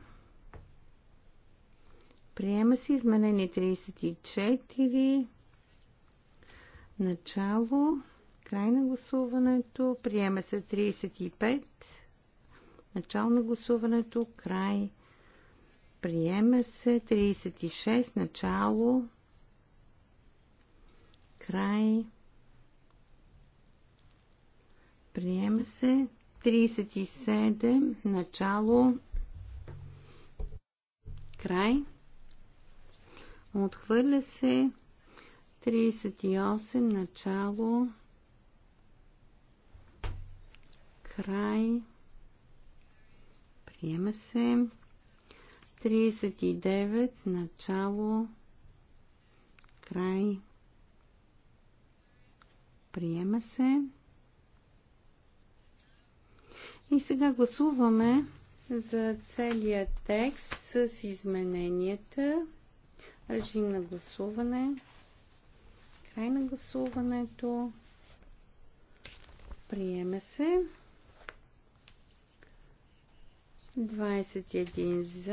Приема се изменение 34, начало, край на гласуването. Приема се 35, начало на гласуването, край. Приема се 36, начало, край. Приема се. 37. Начало. Край. Отхвърля се. 38. Начало. Край. Приема се. 39. Начало. Край. Приема се. И сега гласуваме за целия текст с измененията. Режим на гласуване. Край на гласуването. Приеме се. 21 за,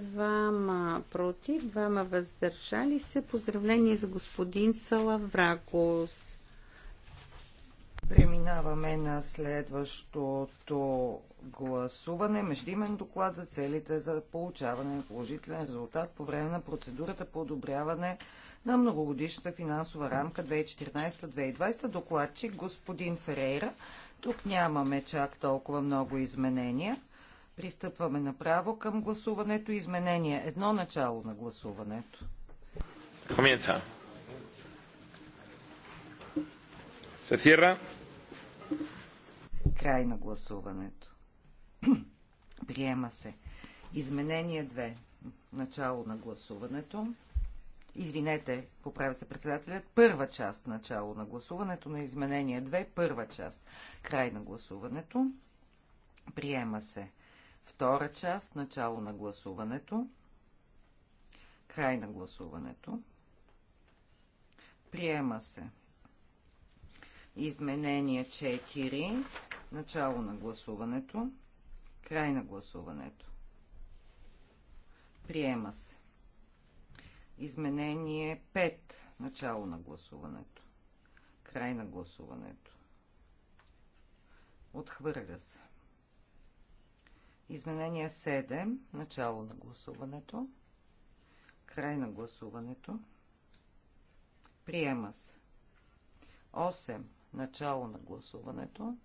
2 против, 2 въздържали се. Поздравление за господин Салаврагос. Преминаваме на следващото гласуване. Междимен доклад за целите за получаване на положителен резултат по време на процедурата по одобряване на многогодишната финансова рамка 2014-2020. Докладчик господин Ферейра. Тук нямаме чак толкова много изменения. Пристъпваме направо към гласуването. Изменение едно начало на гласуването. Комента. Се cierra. Край на гласуването. Приема се. Изменение 2. Начало на гласуването. Извинете, поправя се председателят. Първа част. Начало на гласуването на изменение 2. Първа част. Край на гласуването. Приема се. Втора част. Начало на гласуването. Край на гласуването. Приема се. Изменение 4. Начало на гласуването. Край на гласуването. Приема се. Изменение 5. Начало на гласуването. Край на гласуването. Отхвърля се. Изменение 7. Начало на гласуването. Край на гласуването. Приема се. 8. Начало на гласуването.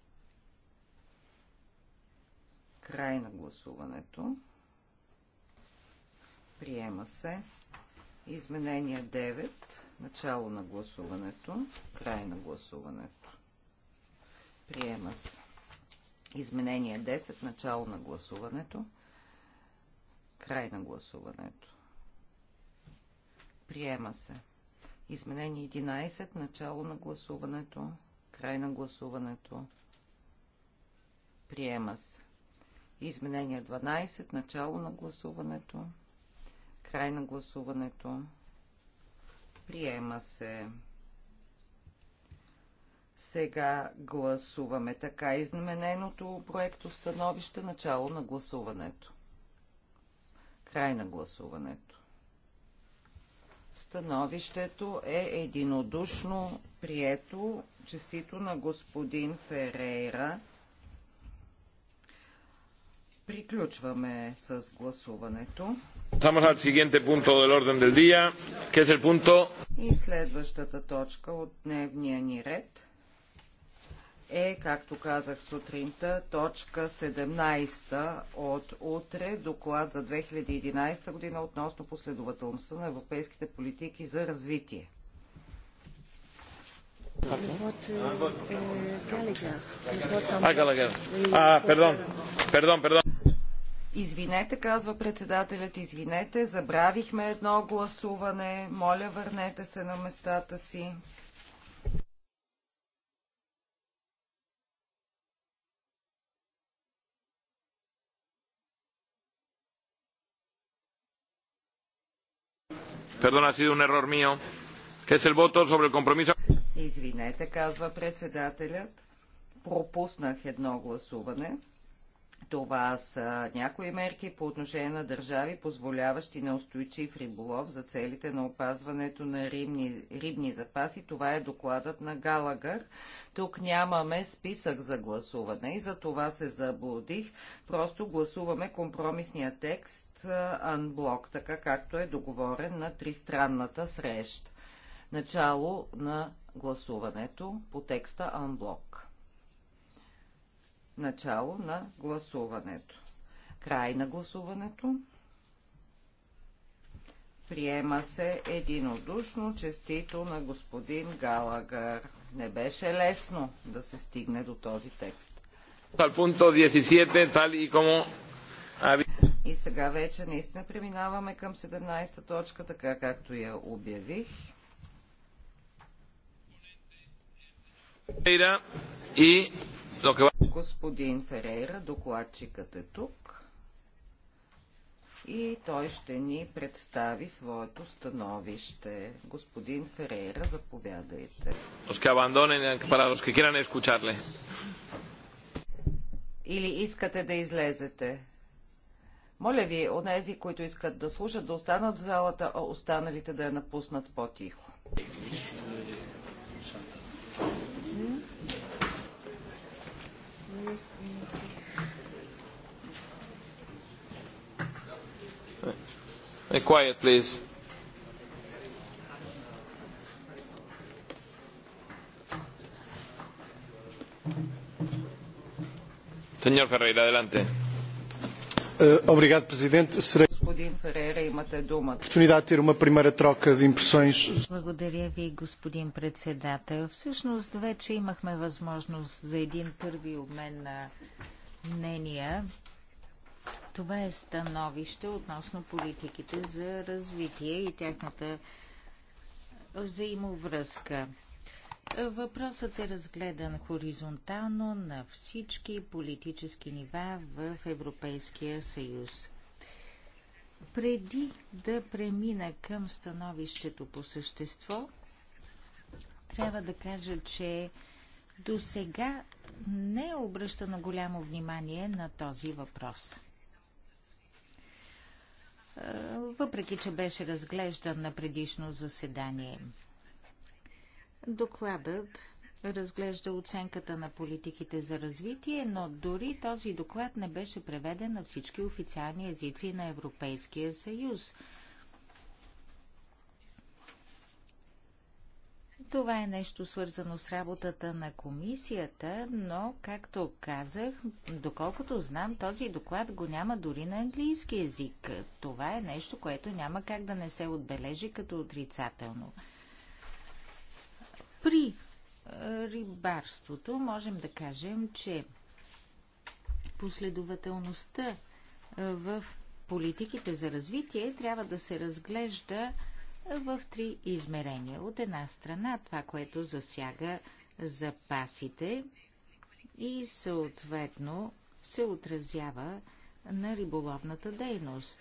Край на гласуването. Приема се. Изменение 9. Начало на гласуването. Край на гласуването. Приема се. Изменение 10. Начало на гласуването. Край на гласуването. Приема се. Изменение 11. Начало на гласуването. Край на гласуването. Приема се. Изменение 12. Начало на гласуването. Край на гласуването. Приема се. Сега гласуваме така измененото проекто становище. Начало на гласуването. Край на гласуването. Становището е единодушно прието. Честито на господин Ферейра. Приключваме с гласуването. И следващата точка от дневния ни ред е, както казах сутринта, точка 17 от утре, доклад за 2011 година относно последователността на европейските политики за развитие. Uh, uh, um, ah, Галагер. А, пардон, пардон, пардон. Извинете, казва председателят, извинете, забравихме едно гласуване. Моля, върнете се на местата си. Perdón, ha sido un error mío, es el voto sobre el compromiso. Извинете, казва председателят. Пропуснах едно гласуване. Това са някои мерки по отношение на държави, позволяващи на устойчив риболов за целите на опазването на рибни, рибни запаси. Това е докладът на Галагър. Тук нямаме списък за гласуване и за това се заблудих. Просто гласуваме компромисния текст анблок, така както е договорен на тристранната среща. Начало на гласуването по текста анблок. Начало на гласуването. Край на гласуването. Приема се единодушно честито на господин Галагър. Не беше лесно да се стигне до този текст. И сега вече наистина преминаваме към 17-та точка, така както я обявих. И Господин Ферейра, докладчикът е тук и той ще ни представи своето становище. Господин Ферейра, заповядайте. Eh, Или искате да излезете? Моля ви, онези, които искат да слушат, да останат в залата, а останалите да я напуснат по-тихо. quiet, please. Señor Ferreira, adelante. Eh, obrigado, Presidente. Serei... Господин Ферейра, имате думата. Благодаря ви, господин председател. Всъщност вече имахме възможност за един първи обмен на мнения това е становище относно политиките за развитие и тяхната взаимовръзка. Въпросът е разгледан хоризонтално на всички политически нива в Европейския съюз. Преди да премина към становището по същество, трябва да кажа, че до сега не е обръщано голямо внимание на този въпрос въпреки че беше разглеждан на предишно заседание. Докладът разглежда оценката на политиките за развитие, но дори този доклад не беше преведен на всички официални езици на Европейския съюз – Това е нещо свързано с работата на комисията, но, както казах, доколкото знам, този доклад го няма дори на английски язик. Това е нещо, което няма как да не се отбележи като отрицателно. При е, рибарството можем да кажем, че последователността е, в политиките за развитие трябва да се разглежда в три измерения. От една страна това, което засяга запасите и съответно се отразява на риболовната дейност.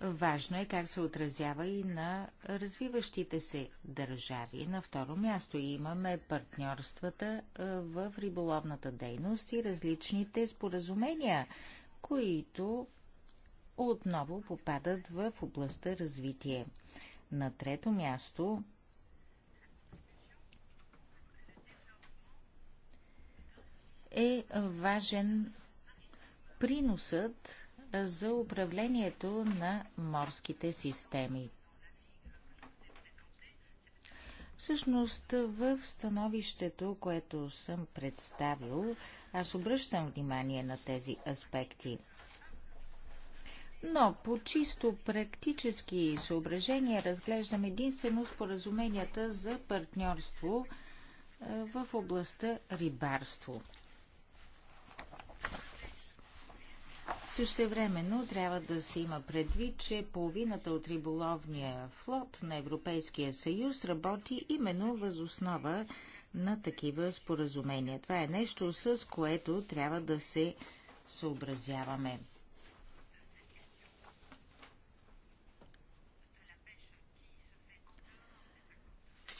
Важно е как се отразява и на развиващите се държави. На второ място имаме партньорствата в риболовната дейност и различните споразумения, които отново попадат в областта развитие. На трето място е важен приносът за управлението на морските системи. Всъщност, в становището, което съм представил, аз обръщам внимание на тези аспекти – но по чисто практически съображения разглеждам единствено споразуменията за партньорство е, в областта рибарство. Същевременно трябва да се има предвид, че половината от риболовния флот на Европейския съюз работи именно възоснова на такива споразумения. Това е нещо, с което трябва да се съобразяваме.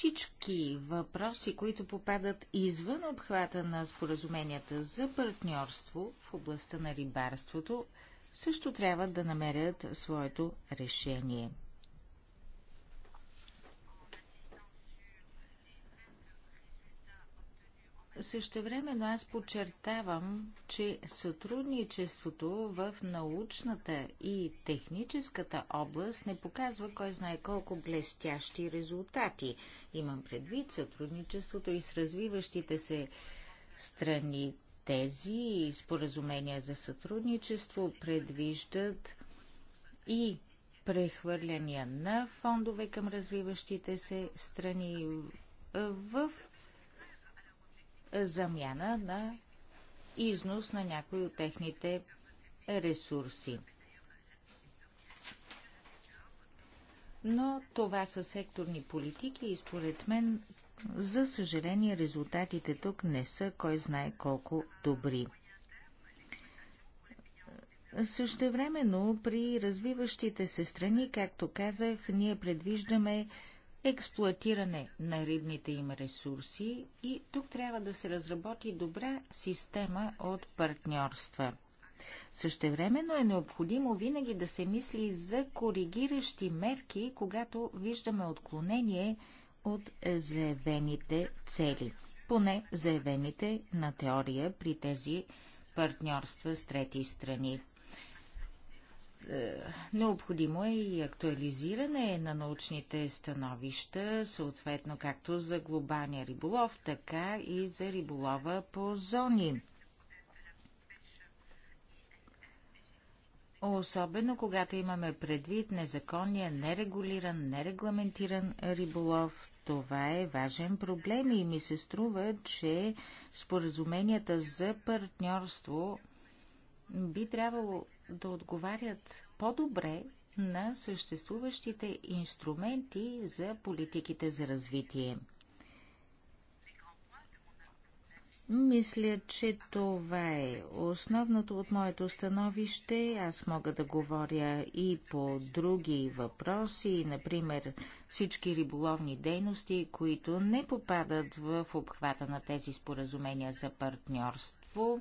всички въпроси, които попадат извън обхвата на споразуменията за партньорство в областта на рибарството, също трябва да намерят своето решение – Също но аз подчертавам, че сътрудничеството в научната и техническата област не показва кой знае колко блестящи резултати. Имам предвид сътрудничеството и с развиващите се страни. Тези споразумения за сътрудничество предвиждат и прехвърляния на фондове към развиващите се страни в замяна на износ на някои от техните ресурси. Но това са секторни политики и според мен, за съжаление, резултатите тук не са кой знае колко добри. Същевременно при развиващите се страни, както казах, ние предвиждаме експлуатиране на рибните им ресурси и тук трябва да се разработи добра система от партньорства. Същевременно е необходимо винаги да се мисли за коригиращи мерки, когато виждаме отклонение от заявените цели, поне заявените на теория при тези партньорства с трети страни. Е, необходимо е и актуализиране на научните становища, съответно както за глобалния риболов, така и за риболова по зони. Особено когато имаме предвид незаконния, нерегулиран, нерегламентиран риболов, това е важен проблем и ми се струва, че споразуменията за партньорство би трябвало да отговарят по-добре на съществуващите инструменти за политиките за развитие. Мисля, че това е основното от моето становище. Аз мога да говоря и по други въпроси, например всички риболовни дейности, които не попадат в обхвата на тези споразумения за партньорство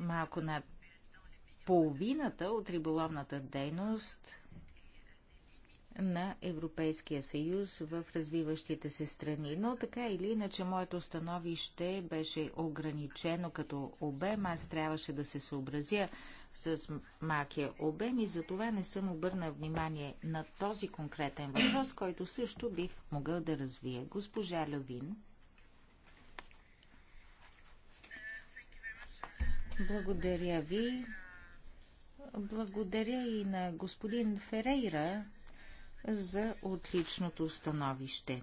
малко над половината от риболовната дейност на Европейския съюз в развиващите се страни. Но така или иначе, моето становище беше ограничено като обем. Аз трябваше да се съобразя с малкия обем и за това не съм обърна внимание на този конкретен въпрос, който също бих могъл да развия. Госпожа Левин. Благодаря ви. Благодаря и на господин Ферейра за отличното становище.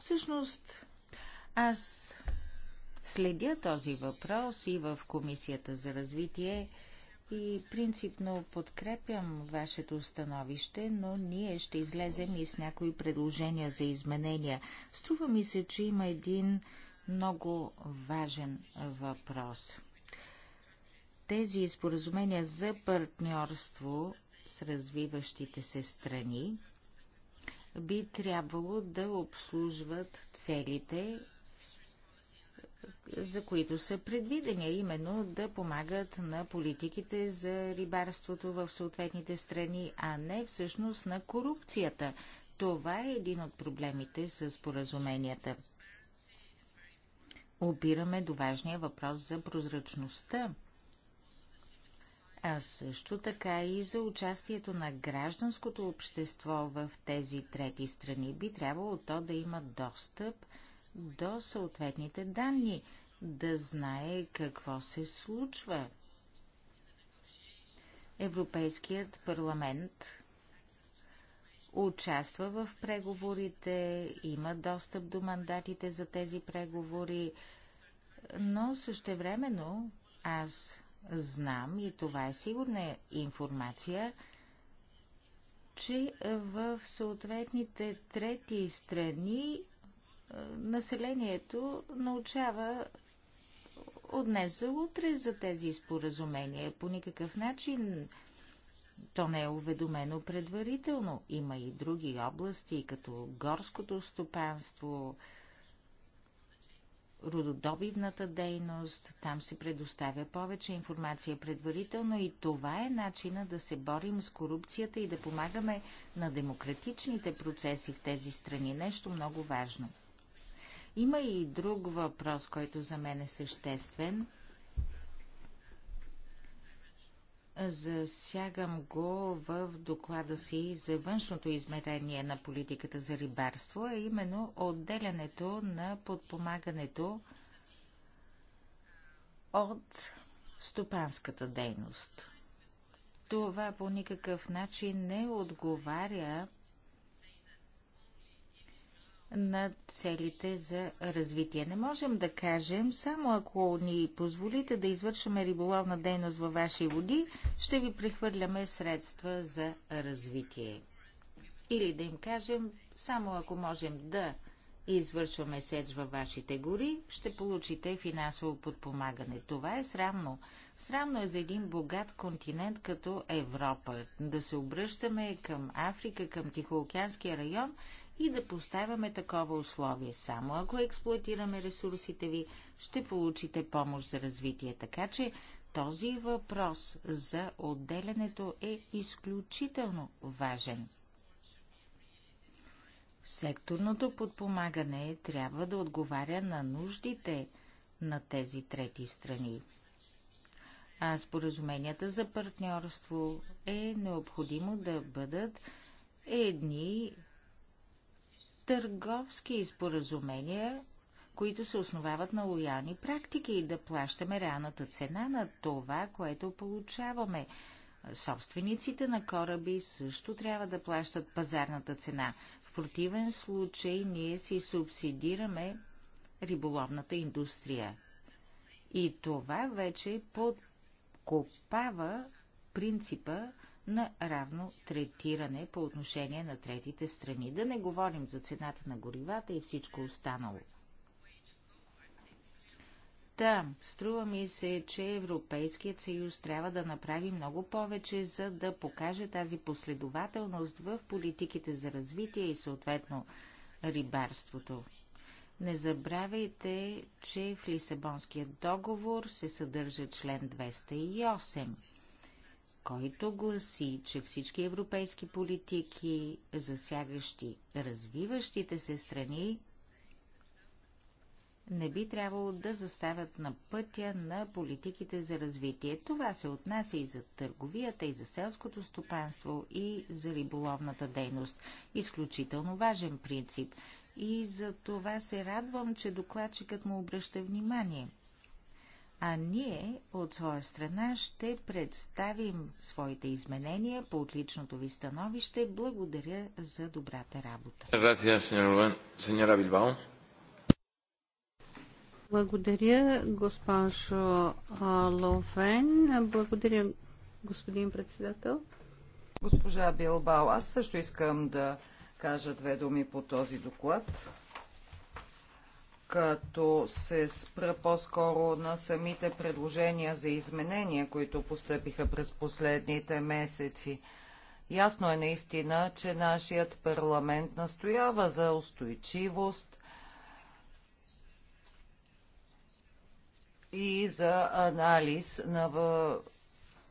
Всъщност, аз следя този въпрос и в Комисията за развитие и принципно подкрепям вашето становище, но ние ще излезем и с някои предложения за изменения. Струва ми се, че има един много важен въпрос. Тези споразумения за партньорство с развиващите се страни би трябвало да обслужват целите, за които са предвидени, именно да помагат на политиките за рибарството в съответните страни, а не всъщност на корупцията. Това е един от проблемите с споразуменията опираме до важния въпрос за прозрачността, а също така и за участието на гражданското общество в тези трети страни. Би трябвало то да има достъп до съответните данни, да знае какво се случва. Европейският парламент участва в преговорите, има достъп до мандатите за тези преговори, но същевременно аз знам, и това е сигурна информация, че в съответните трети страни населението научава от днес за утре за тези споразумения. По никакъв начин то не е уведомено предварително. Има и други области, като горското стопанство, рододобивната дейност, там се предоставя повече информация предварително и това е начина да се борим с корупцията и да помагаме на демократичните процеси в тези страни. Нещо много важно. Има и друг въпрос, който за мен е съществен – Засягам го в доклада си за външното измерение на политиката за рибарство, а именно отделянето на подпомагането от стопанската дейност. Това по никакъв начин не отговаря на целите за развитие. Не можем да кажем, само ако ни позволите да извършваме риболовна дейност във ваши води, ще ви прехвърляме средства за развитие. Или да им кажем, само ако можем да извършваме сеч във вашите гори, ще получите финансово подпомагане. Това е срамно. Срамно е за един богат континент като Европа. Да се обръщаме към Африка, към Тихоокеанския район и да поставяме такова условие. Само ако експлуатираме ресурсите ви, ще получите помощ за развитие. Така че този въпрос за отделянето е изключително важен. Секторното подпомагане трябва да отговаря на нуждите на тези трети страни. А споразуменията за партньорство е необходимо да бъдат едни търговски споразумения, които се основават на лоялни практики и да плащаме реалната цена на това, което получаваме. Собствениците на кораби също трябва да плащат пазарната цена. В противен случай ние си субсидираме риболовната индустрия. И това вече подкопава принципа на равно третиране по отношение на третите страни. Да не говорим за цената на горивата и всичко останало. Та, да, струва ми се, че Европейският съюз трябва да направи много повече, за да покаже тази последователност в политиките за развитие и съответно рибарството. Не забравяйте, че в Лисабонския договор се съдържа член 208 който гласи, че всички европейски политики, засягащи развиващите се страни, не би трябвало да заставят на пътя на политиките за развитие. Това се отнася и за търговията, и за селското стопанство, и за риболовната дейност. Изключително важен принцип. И за това се радвам, че докладчикът му обръща внимание – а ние от своя страна ще представим своите изменения по отличното ви становище. Благодаря за добрата работа. Благодаря, госпожо Ловен. Благодаря, господин председател. Госпожа Билбао, аз също искам да кажа две думи по този доклад като се спра по-скоро на самите предложения за изменения, които постъпиха през последните месеци. Ясно е наистина, че нашият парламент настоява за устойчивост и за анализ на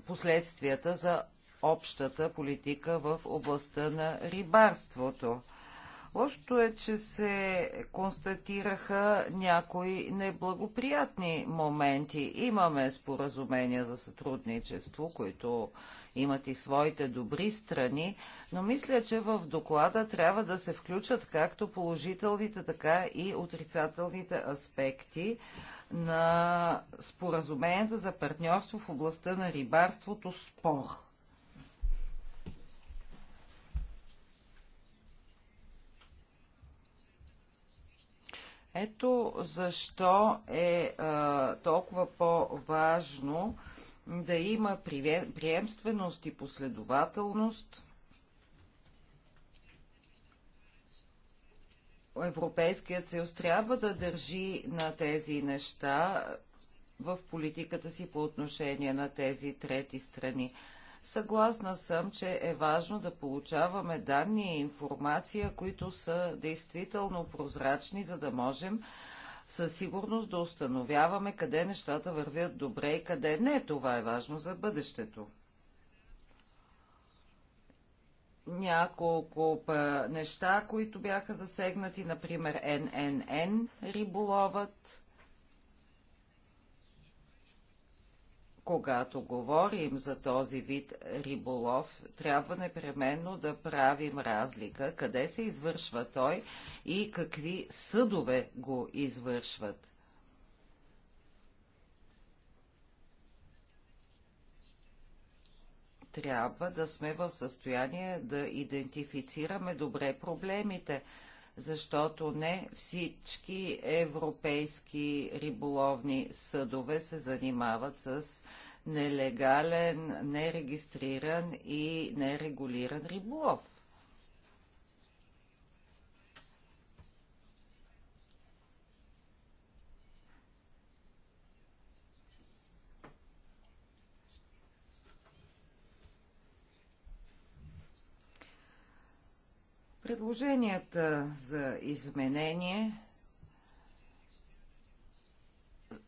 последствията за общата политика в областта на рибарството. Лошото е, че се констатираха някои неблагоприятни моменти. Имаме споразумения за сътрудничество, които имат и своите добри страни, но мисля, че в доклада трябва да се включат както положителните, така и отрицателните аспекти на споразуменията за партньорство в областта на рибарството спор. Ето защо е а, толкова по-важно да има приемственост и последователност. Европейският съюз трябва да държи на тези неща в политиката си по отношение на тези трети страни. Съгласна съм, че е важно да получаваме данни и информация, които са действително прозрачни, за да можем със сигурност да установяваме къде нещата вървят добре и къде не. Това е важно за бъдещето. Няколко неща, които бяха засегнати, например ННН, риболовът, когато говорим за този вид риболов, трябва непременно да правим разлика къде се извършва той и какви съдове го извършват. Трябва да сме в състояние да идентифицираме добре проблемите защото не всички европейски риболовни съдове се занимават с нелегален, нерегистриран и нерегулиран риболов. Предложенията за изменение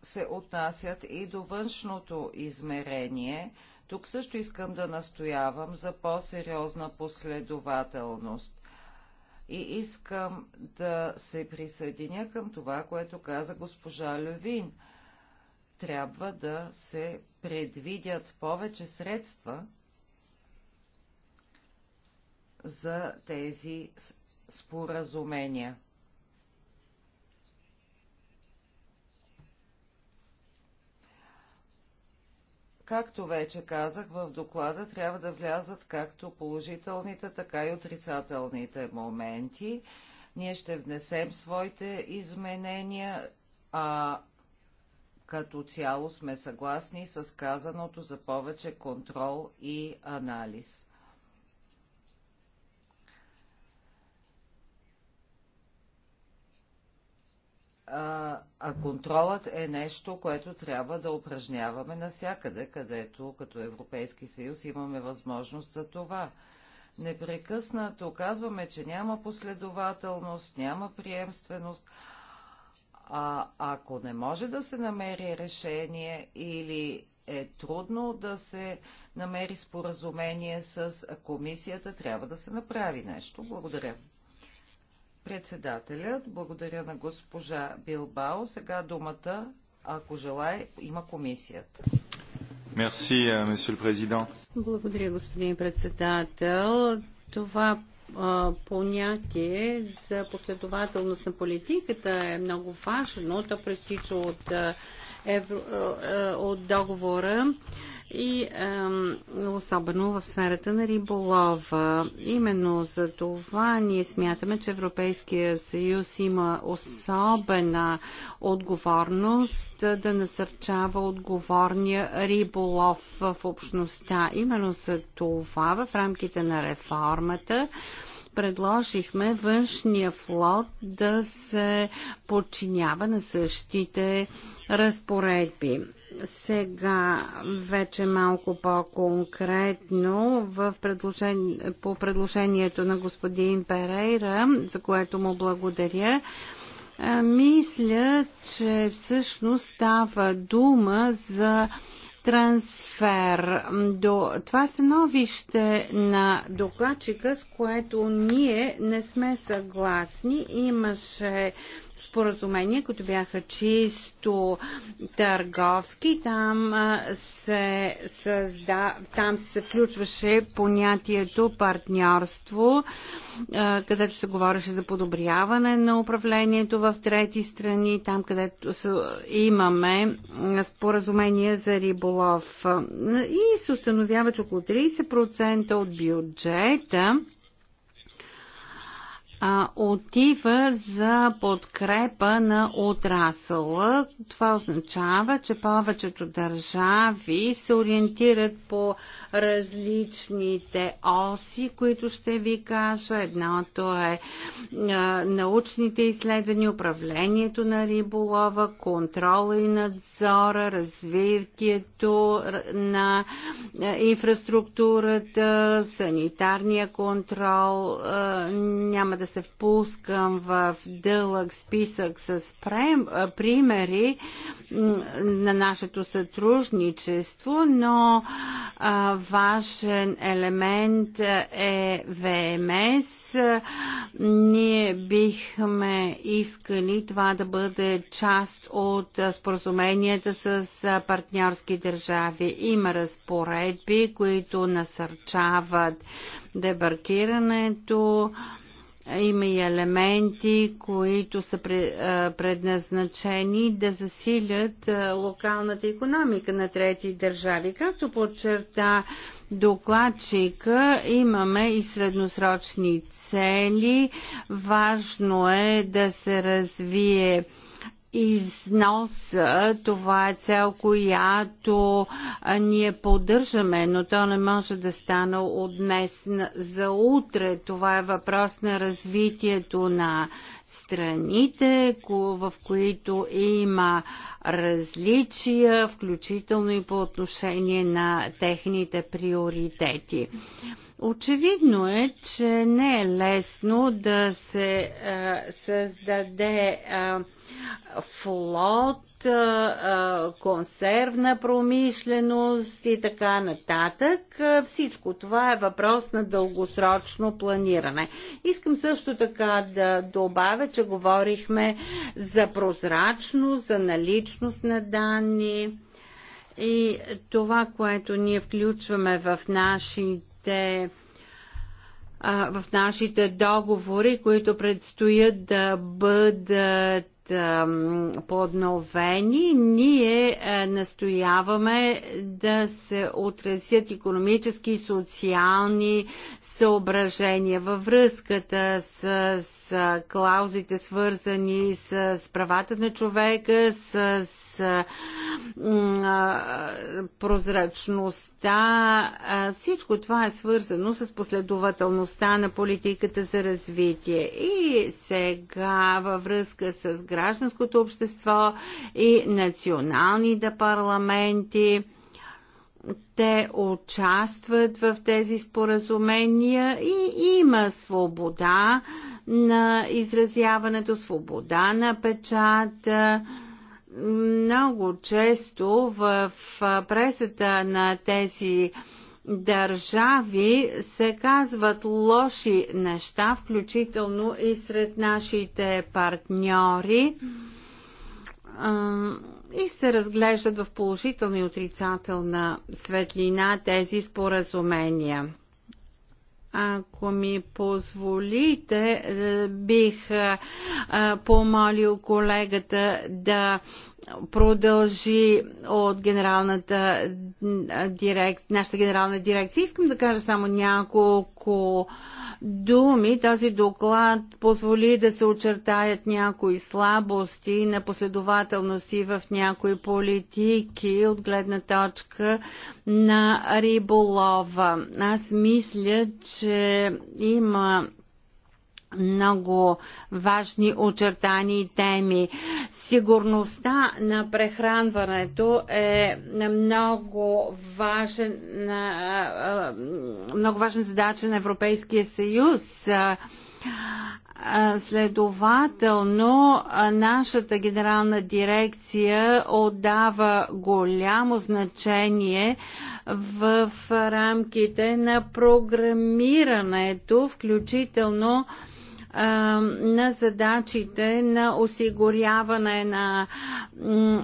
се отнасят и до външното измерение. Тук също искам да настоявам за по-сериозна последователност. И искам да се присъединя към това, което каза госпожа Левин. Трябва да се предвидят повече средства за тези споразумения. Както вече казах, в доклада трябва да влязат както положителните, така и отрицателните моменти. Ние ще внесем своите изменения, а като цяло сме съгласни с казаното за повече контрол и анализ. а, а контролът е нещо, което трябва да упражняваме навсякъде, където като Европейски съюз имаме възможност за това. Непрекъснато казваме, че няма последователност, няма приемственост, а ако не може да се намери решение или е трудно да се намери споразумение с комисията, трябва да се направи нещо. Благодаря. Председателят, благодаря на госпожа Билбао. Сега думата, ако желая, има комисията. Мерси, е, месье президент. Благодаря, господин председател. Това понятие за последователност на политиката е много важно. То престича от евро, е, е, от договора и е, особено в сферата на риболова. Именно за това ние смятаме, че Европейския съюз има особена отговорност да насърчава отговорния риболов в общността. Именно за това в рамките на реформата предложихме външния флот да се подчинява на същите разпоредби. Сега вече малко по-конкретно в предложен... по предложението на господин Перейра, за което му благодаря. Мисля, че всъщност става дума за трансфер до това становище на докладчика, с което ние не сме съгласни. Имаше споразумения, които бяха чисто търговски. Там се, създа, там се включваше понятието партньорство, където се говореше за подобряване на управлението в трети страни, там където имаме споразумения за риболов. И се установява, че около 30% от бюджета а, отива за подкрепа на отрасъла. Това означава, че повечето държави се ориентират по различните оси, които ще ви кажа. Едното е а, научните изследвания, управлението на риболова, контрола и надзора, развитието на инфраструктурата, санитарния контрол. А, няма да се впускам в дълъг списък с примери на нашето сътрудничество, но важен елемент е ВМС. Ние бихме искали това да бъде част от споразуменията с партньорски държави. Има разпоредби, които насърчават дебаркирането, има и елементи, които са предназначени да засилят локалната економика на трети държави. Както подчерта докладчика, имаме и средносрочни цели. Важно е да се развие износ. Това е цел, която ние поддържаме, но то не може да стане от днес за утре. Това е въпрос на развитието на страните, в които има различия, включително и по отношение на техните приоритети. Очевидно е, че не е лесно да се а, създаде а, флот, а, консервна промишленост и така нататък. Всичко това е въпрос на дългосрочно планиране. Искам също така да добавя, че говорихме за прозрачност, за наличност на данни. И това, което ние включваме в нашите нашите а, в нашите договори, които предстоят да бъдат подновени, ние е, настояваме да се отразят економически и социални съображения във връзката с, с с клаузите свързани с правата на човека, с прозрачността. Всичко това е свързано с последователността на политиката за развитие. И сега във връзка с гражданското общество и националните парламенти те участват в тези споразумения и има свобода на изразяването, свобода на печата. Много често в пресата на тези държави се казват лоши неща, включително и сред нашите партньори и се разглеждат в положителна и отрицателна светлина тези споразумения. Ако ми позволите, е, бих е, е, помолил колегата да продължи от генералната дирекция, нашата генерална дирекция. Искам да кажа само няколко думи този доклад позволи да се очертаят някои слабости, последователности в някои политики от гледна точка на риболова. Аз мисля, че има много важни очертани и теми. Сигурността на прехранването е много важен, много важен задача на Европейския съюз. Следователно, нашата генерална дирекция отдава голямо значение в рамките на програмирането, включително на задачите на осигуряване на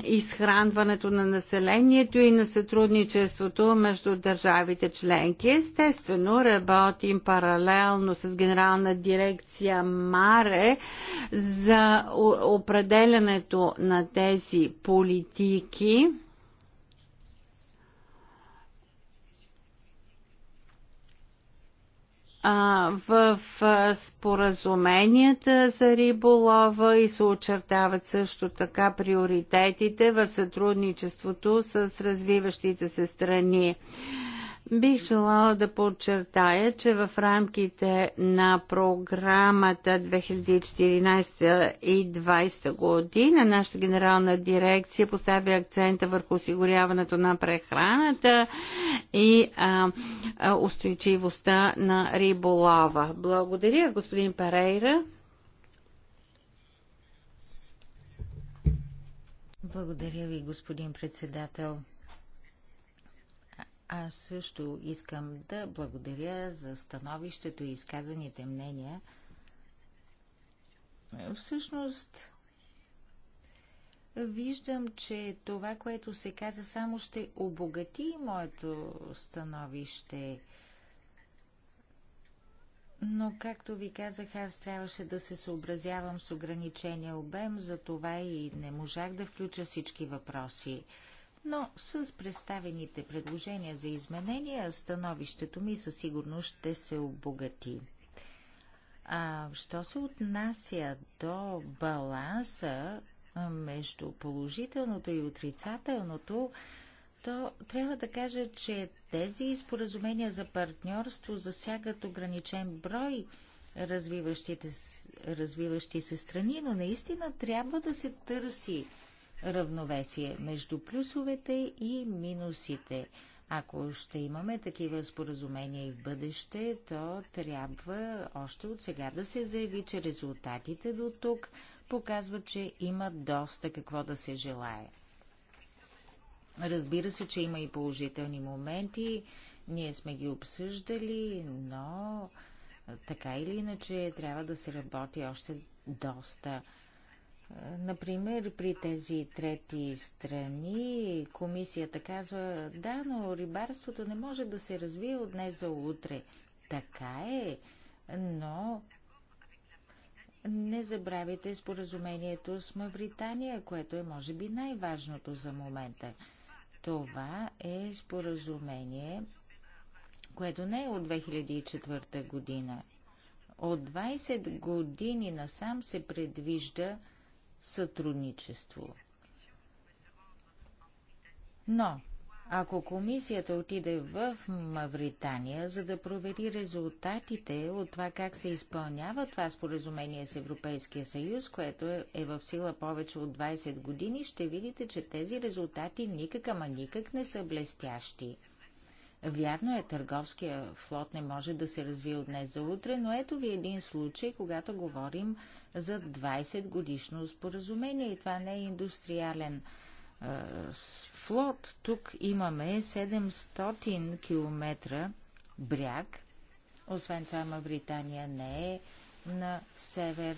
изхранването на населението и на сътрудничеството между държавите членки. Естествено, работим паралелно с Генерална дирекция МАРЕ за определянето на тези политики а, в а, споразуменията за риболова и се очертават също така приоритетите в сътрудничеството с развиващите се страни. А, Бих желала да подчертая, че в рамките на програмата 2014 и 2020 година нашата генерална дирекция поставя акцента върху осигуряването на прехраната и а, а, устойчивостта на риболова. Благодаря, господин Парейра. Благодаря ви, господин председател. Аз също искам да благодаря за становището и изказаните мнения. Всъщност, виждам, че това, което се каза, само ще обогати моето становище. Но, както ви казах, аз трябваше да се съобразявам с ограничения обем, затова и не можах да включа всички въпроси но с представените предложения за изменения становището ми със сигурност ще се обогати. А що се отнася до баланса между положителното и отрицателното, то трябва да кажа, че тези споразумения за партньорство засягат ограничен брой развиващи се страни, но наистина трябва да се търси равновесие между плюсовете и минусите. Ако ще имаме такива споразумения и в бъдеще, то трябва още от сега да се заяви, че резултатите до тук показват, че има доста какво да се желае. Разбира се, че има и положителни моменти, ние сме ги обсъждали, но така или иначе трябва да се работи още доста. Например, при тези трети страни комисията казва, да, но рибарството не може да се развие от днес за утре. Така е, но не забравяйте споразумението с Мавритания, което е може би най-важното за момента. Това е споразумение, което не е от 2004 година. От 20 години насам се предвижда сътрудничество. Но, ако комисията отиде в Мавритания, за да провери резултатите от това как се изпълнява това споразумение с Европейския съюз, което е, е в сила повече от 20 години, ще видите, че тези резултати никак, ама никак не са блестящи. Вярно е, търговския флот не може да се развие от днес за утре, но ето ви един случай, когато говорим за 20 годишно споразумение и това не е индустриален е, флот. Тук имаме 700 км бряг. Освен това, Мавритания не е на север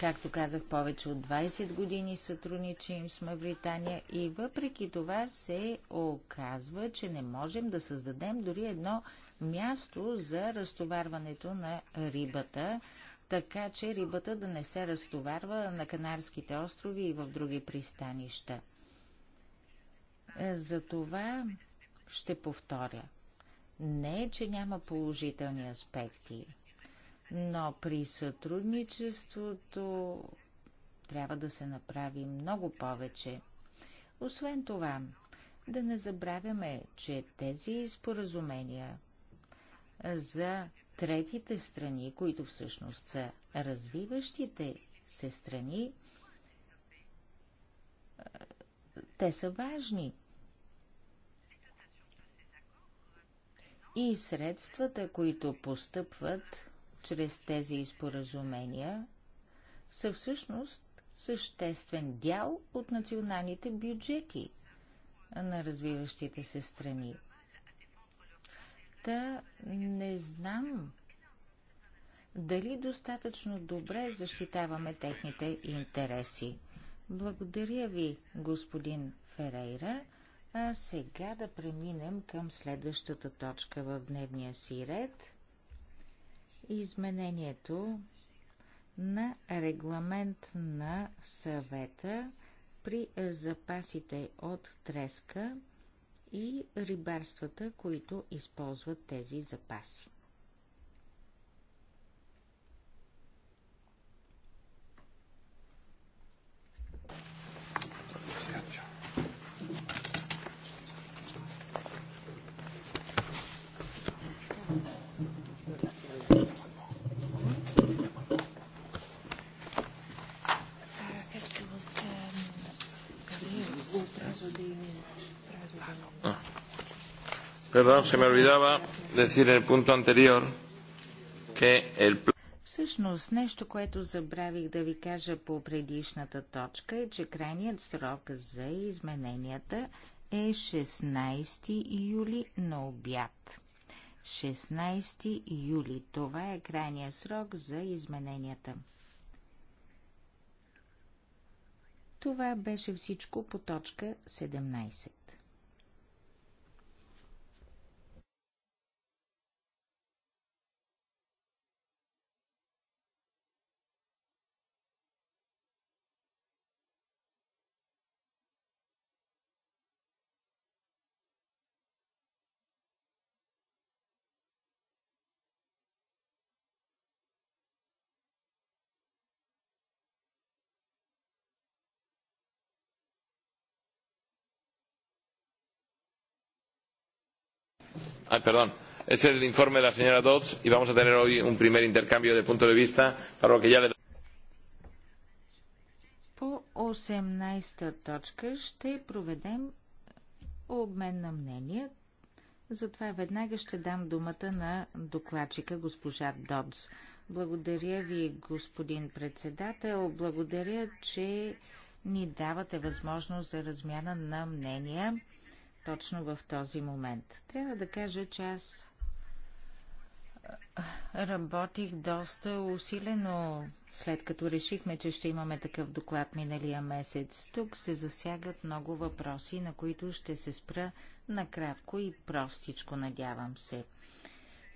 Както казах, повече от 20 години сътрудничим с Мавритания и въпреки това се оказва, че не можем да създадем дори едно място за разтоварването на рибата, така че рибата да не се разтоварва на Канарските острови и в други пристанища. За това ще повторя. Не е, че няма положителни аспекти но при сътрудничеството трябва да се направи много повече. Освен това, да не забравяме, че тези споразумения за третите страни, които всъщност са развиващите се страни, те са важни. И средствата, които постъпват чрез тези споразумения са всъщност съществен дял от националните бюджети на развиващите се страни. Та не знам дали достатъчно добре защитаваме техните интереси. Благодаря ви, господин Ферейра. А сега да преминем към следващата точка в дневния си ред – изменението на регламент на съвета при запасите от треска и рибарствата, които използват тези запаси. Perdón, se me olvidaba decir en el punto anterior que el Всъщност, нещо, което забравих да ви кажа по предишната точка е, че крайният срок за измененията е 16 юли на обяд. 16 юли. Това е крайният срок за измененията. Това беше всичко по точка 17. Ay, perdón. Es el informe de la señora Dodds y vamos a tener hoy un primer intercambio de punto de vista para lo que ya le. По 18-та точка ще проведем обмен на мнения. Затова веднага ще дам думата на докладчика госпожа Додс. Благодаря ви, господин председател. Благодаря, че ни давате възможност за размяна на мнения точно в този момент. Трябва да кажа, че аз работих доста усилено, след като решихме, че ще имаме такъв доклад миналия месец. Тук се засягат много въпроси, на които ще се спра накратко и простичко, надявам се.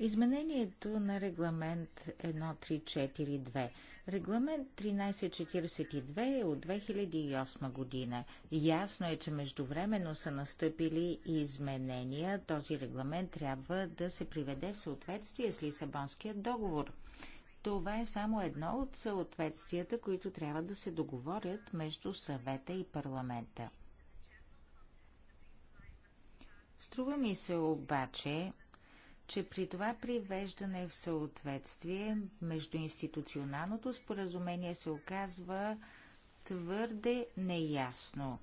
Изменението на регламент 1342 Регламент 1342 е от 2008 година. Ясно е, че междувременно са настъпили изменения. Този регламент трябва да се приведе в съответствие с Лисабонския договор. Това е само едно от съответствията, които трябва да се договорят между съвета и парламента. Струва ми се обаче, че при това привеждане в съответствие между институционалното споразумение се оказва твърде неясно.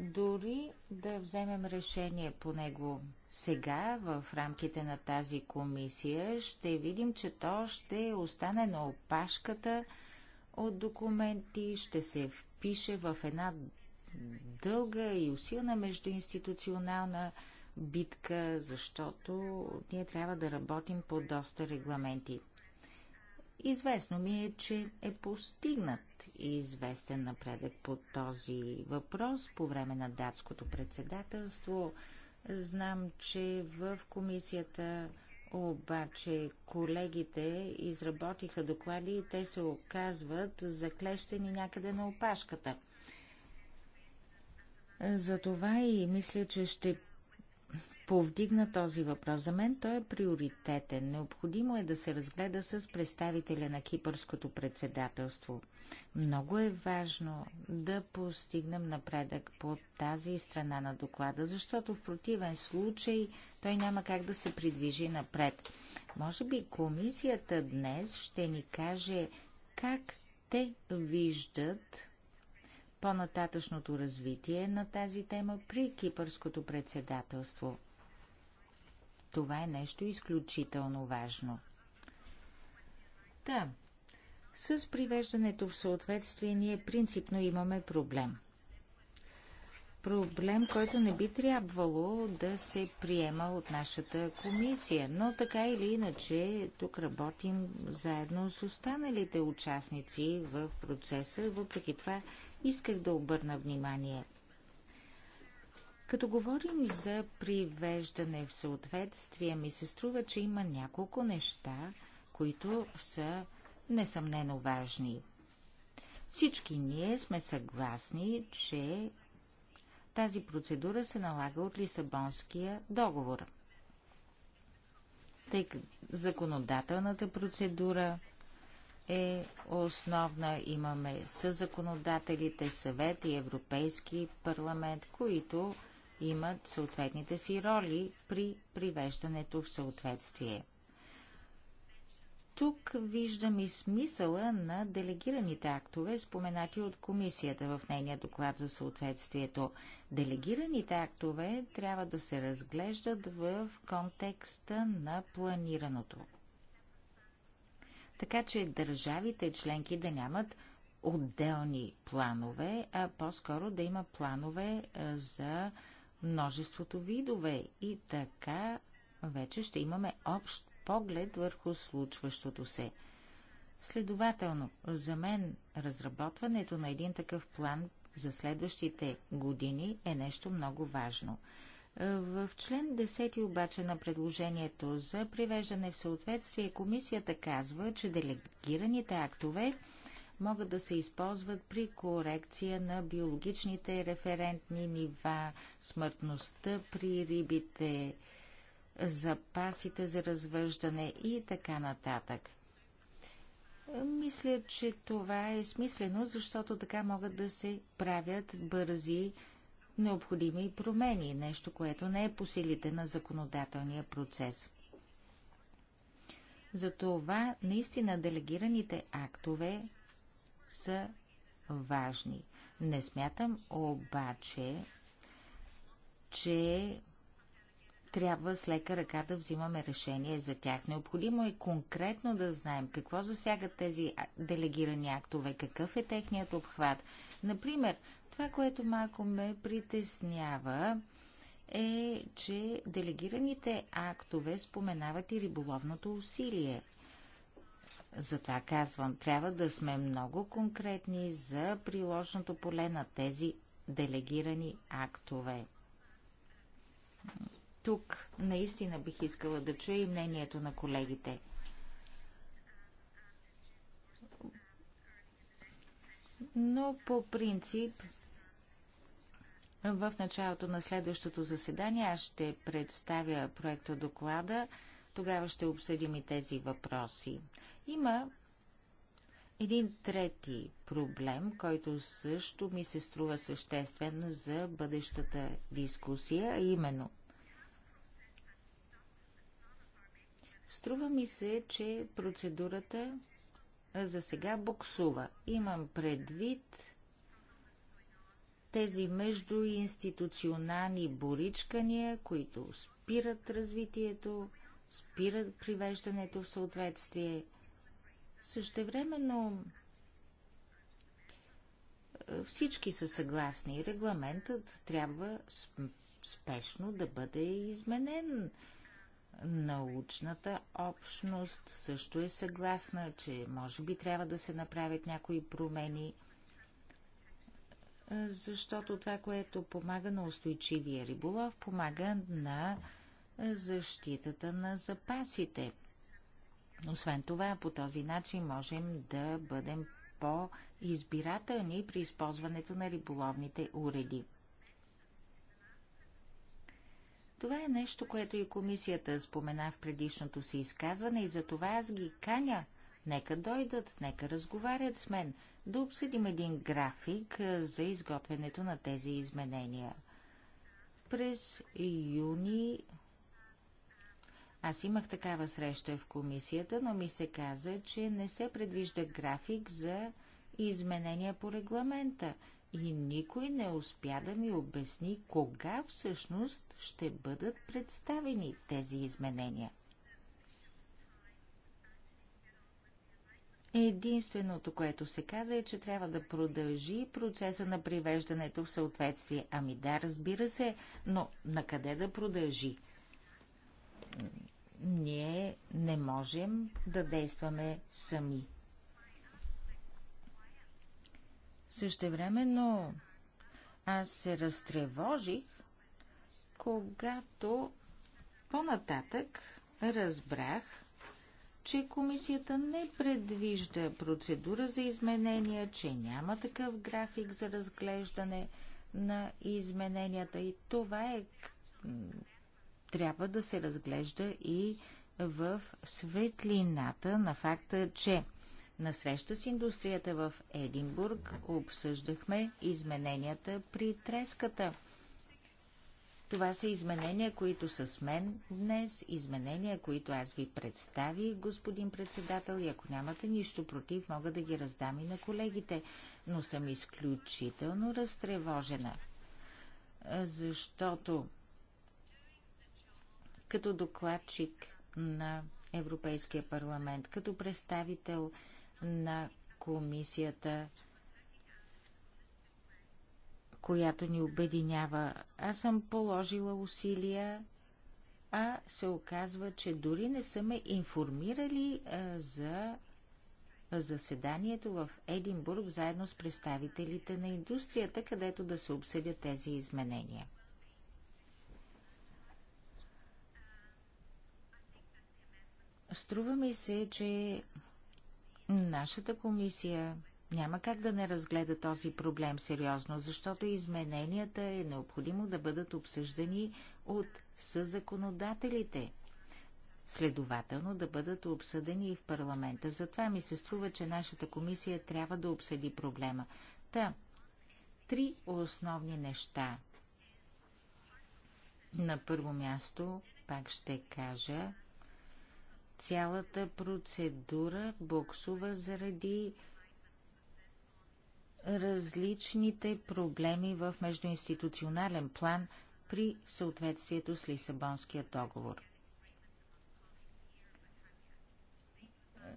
Дори да вземем решение по него сега, в рамките на тази комисия, ще видим, че то ще остане на опашката от документи, ще се впише в една дълга и усилна междуинституционална институционална битка, защото ние трябва да работим по доста регламенти. Известно ми е, че е постигнат известен напредък по този въпрос по време на датското председателство. Знам, че в комисията обаче колегите изработиха доклади и те се оказват заклещени някъде на опашката. Затова и мисля, че ще повдигна този въпрос. За мен той е приоритетен. Необходимо е да се разгледа с представителя на кипърското председателство. Много е важно да постигнем напредък по тази страна на доклада, защото в противен случай той няма как да се придвижи напред. Може би комисията днес ще ни каже как те виждат по-нататъчното развитие на тази тема при кипърското председателство. Това е нещо изключително важно. Да, с привеждането в съответствие ние принципно имаме проблем. Проблем, който не би трябвало да се приема от нашата комисия, но така или иначе тук работим заедно с останалите участници в процеса. Въпреки това исках да обърна внимание – като говорим за привеждане в съответствие, ми се струва, че има няколко неща, които са несъмнено важни. Всички ние сме съгласни, че тази процедура се налага от Лисабонския договор. Тъй законодателната процедура е основна. Имаме със законодателите съвет и Европейски парламент, които имат съответните си роли при привеждането в съответствие. Тук виждам и смисъла на делегираните актове, споменати от комисията в нейния доклад за съответствието. Делегираните актове трябва да се разглеждат в контекста на планираното. Така че държавите членки да нямат отделни планове, а по-скоро да има планове за множеството видове и така вече ще имаме общ поглед върху случващото се. Следователно, за мен разработването на един такъв план за следващите години е нещо много важно. В член 10 обаче на предложението за привеждане в съответствие комисията казва, че делегираните актове могат да се използват при корекция на биологичните референтни нива, смъртността при рибите, запасите за развъждане и така нататък. Мисля, че това е смислено, защото така могат да се правят бързи необходими промени, нещо, което не е по силите на законодателния процес. Затова наистина делегираните актове са важни. Не смятам обаче, че трябва с лека ръка да взимаме решение за тях. Необходимо е конкретно да знаем какво засягат тези делегирани актове, какъв е техният обхват. Например, това, което малко ме притеснява, е, че делегираните актове споменават и риболовното усилие – затова казвам, трябва да сме много конкретни за приложното поле на тези делегирани актове. Тук наистина бих искала да чуя и мнението на колегите. Но по принцип в началото на следващото заседание аз ще представя проекта доклада тогава ще обсъдим и тези въпроси. Има един трети проблем, който също ми се струва съществен за бъдещата дискусия, а именно Струва ми се, че процедурата за сега буксува. Имам предвид тези междуинституционални боричкания, които спират развитието спират привеждането в съответствие. Същевременно е, всички са съгласни. Регламентът трябва спешно да бъде изменен. Научната общност също е съгласна, че може би трябва да се направят някои промени, е, защото това, което помага на устойчивия риболов, помага на защитата на запасите. Освен това, по този начин можем да бъдем по-избирателни при използването на риболовните уреди. Това е нещо, което и комисията спомена в предишното си изказване и затова аз ги каня. Нека дойдат, нека разговарят с мен, да обсъдим един график за изготвянето на тези изменения. През юни аз имах такава среща в комисията, но ми се каза, че не се предвижда график за изменения по регламента и никой не успя да ми обясни кога всъщност ще бъдат представени тези изменения. Единственото, което се каза е, че трябва да продължи процеса на привеждането в съответствие. Ами да, разбира се, но на къде да продължи? ние не можем да действаме сами. Същевременно аз се разтревожих, когато по-нататък разбрах, че комисията не предвижда процедура за изменения, че няма такъв график за разглеждане на измененията и това е трябва да се разглежда и в светлината на факта, че на среща с индустрията в Единбург обсъждахме измененията при треската. Това са изменения, които са с мен днес, изменения, които аз ви представи, господин председател, и ако нямате нищо против, мога да ги раздам и на колегите, но съм изключително разтревожена, защото като докладчик на Европейския парламент, като представител на комисията, която ни обединява. Аз съм положила усилия, а се оказва, че дори не са ме информирали а, за заседанието в Единбург заедно с представителите на индустрията, където да се обсъдят тези изменения. Струва ми се, че нашата комисия няма как да не разгледа този проблем сериозно, защото измененията е необходимо да бъдат обсъждани от съзаконодателите. Следователно да бъдат обсъдени и в парламента. Затова ми се струва, че нашата комисия трябва да обсъди проблема. Та, три основни неща. На първо място, пак ще кажа, Цялата процедура буксува заради различните проблеми в междуинституционален план при съответствието с Лисабонския договор.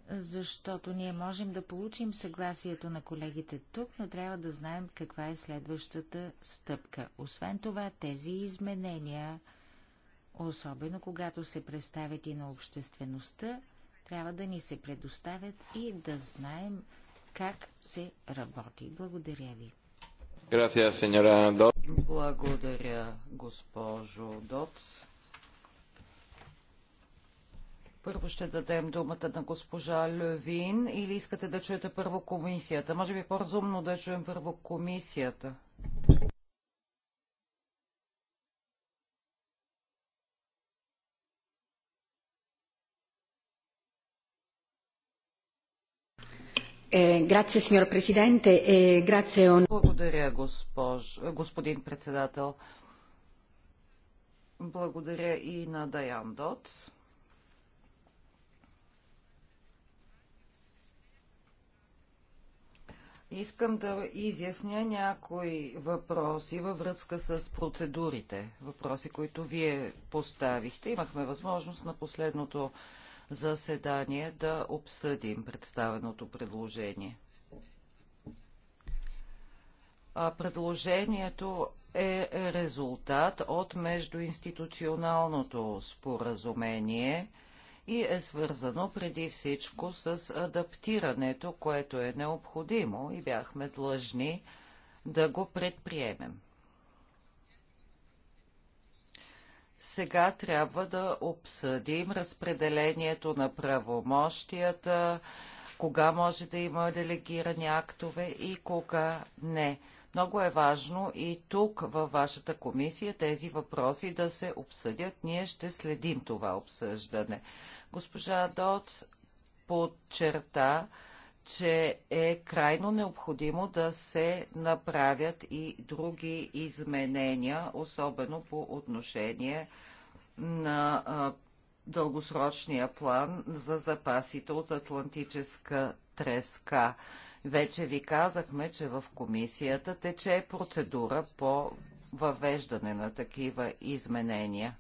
Защото ние можем да получим съгласието на колегите тук, но трябва да знаем каква е следващата стъпка. Освен това, тези изменения особено когато се представят и на обществеността, трябва да ни се предоставят и да знаем как се работи. Благодаря ви. Благодаря, госпожо Доц. Първо ще дадем думата на госпожа Левин или искате да чуете първо комисията? Може би по-разумно да чуем първо комисията. Е, е, Благодаря, госпож, господин председател. Благодаря и на Даян Доц. Искам да изясня някои въпроси във връзка с процедурите. Въпроси, които вие поставихте. Имахме възможност на последното заседание да обсъдим представеното предложение. А предложението е резултат от междуинституционалното споразумение и е свързано преди всичко с адаптирането, което е необходимо и бяхме длъжни да го предприемем. Сега трябва да обсъдим разпределението на правомощията, кога може да има делегирани актове и кога не. Много е важно и тук във вашата комисия тези въпроси да се обсъдят. Ние ще следим това обсъждане. Госпожа Доц подчерта, че е крайно необходимо да се направят и други изменения, особено по отношение на дългосрочния план за запасите от Атлантическа треска. Вече ви казахме, че в комисията тече процедура по въвеждане на такива изменения.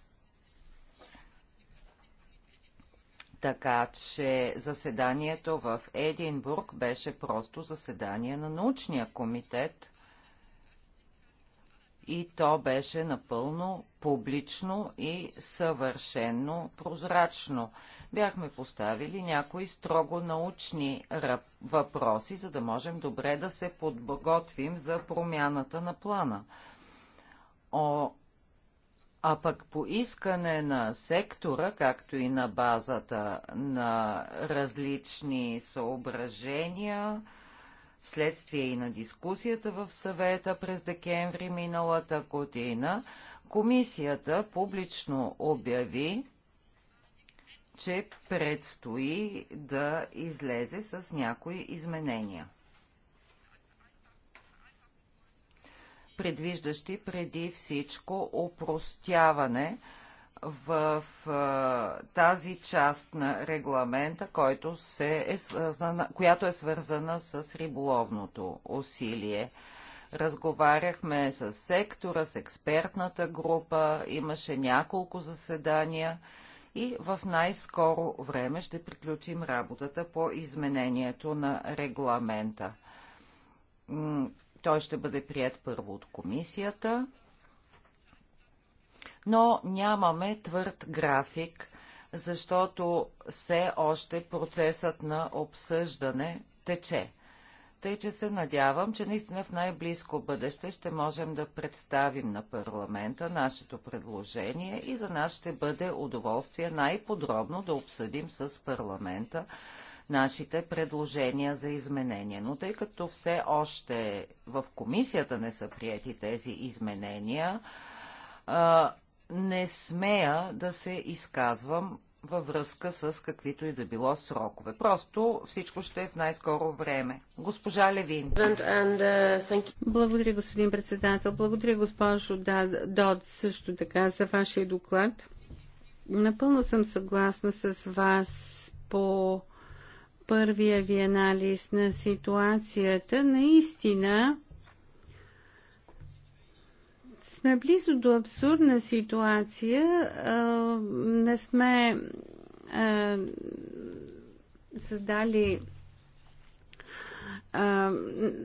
Така че заседанието в Единбург беше просто заседание на научния комитет и то беше напълно публично и съвършенно прозрачно. Бяхме поставили някои строго научни въпроси, за да можем добре да се подготвим за промяната на плана. О, а пък по искане на сектора, както и на базата на различни съображения, вследствие и на дискусията в съвета през декември миналата година, комисията публично обяви, че предстои да излезе с някои изменения. предвиждащи преди всичко опростяване в тази част на регламента, който се е свързана, която е свързана с риболовното усилие. Разговаряхме с сектора, с експертната група, имаше няколко заседания и в най-скоро време ще приключим работата по изменението на регламента той ще бъде прият първо от комисията, но нямаме твърд график, защото все още процесът на обсъждане тече. Тъй, че се надявам, че наистина в най-близко бъдеще ще можем да представим на парламента нашето предложение и за нас ще бъде удоволствие най-подробно да обсъдим с парламента нашите предложения за изменения. Но тъй като все още в комисията не са прияти тези изменения, не смея да се изказвам във връзка с каквито и да било срокове. Просто всичко ще е в най-скоро време. Госпожа Левин. Благодаря, господин председател. Благодаря, госпожо Дод, също така за вашия доклад. Напълно съм съгласна с вас по първия ви анализ на ситуацията, наистина сме близо до абсурдна ситуация. Не сме създали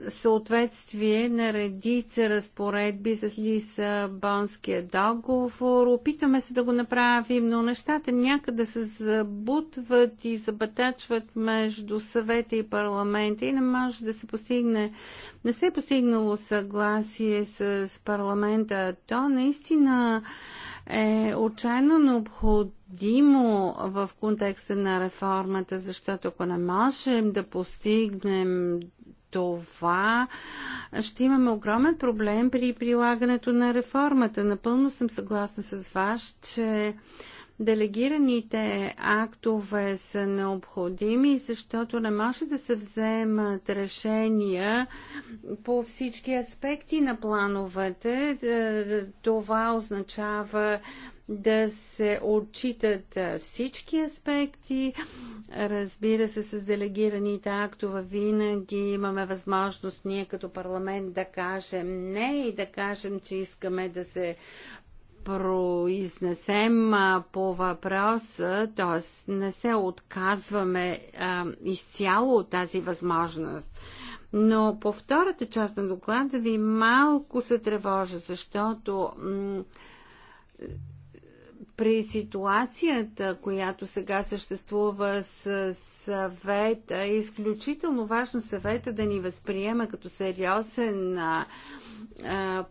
съответствие на редица разпоредби с Лисабонския договор. Опитваме се да го направим, но нещата някъде се забутват и забатачват между съвета и парламента и не може да се постигне, не се е постигнало съгласие с парламента. То наистина е отчаяно необходимо в контекста на реформата, защото ако не можем да постигнем това ще имаме огромен проблем при прилагането на реформата. Напълно съм съгласна с вас, че делегираните актове са необходими, защото не може да се вземат решения по всички аспекти на плановете. Е, е, това означава да се отчитат всички аспекти. Разбира се, с делегираните актове винаги имаме възможност ние като парламент да кажем не и да кажем, че искаме да се произнесем по въпроса, т.е. не се отказваме а, изцяло от тази възможност. Но по втората част на доклада ви малко се тревожа, защото при ситуацията, която сега съществува с съвета, е изключително важно съвета да ни възприема като сериозен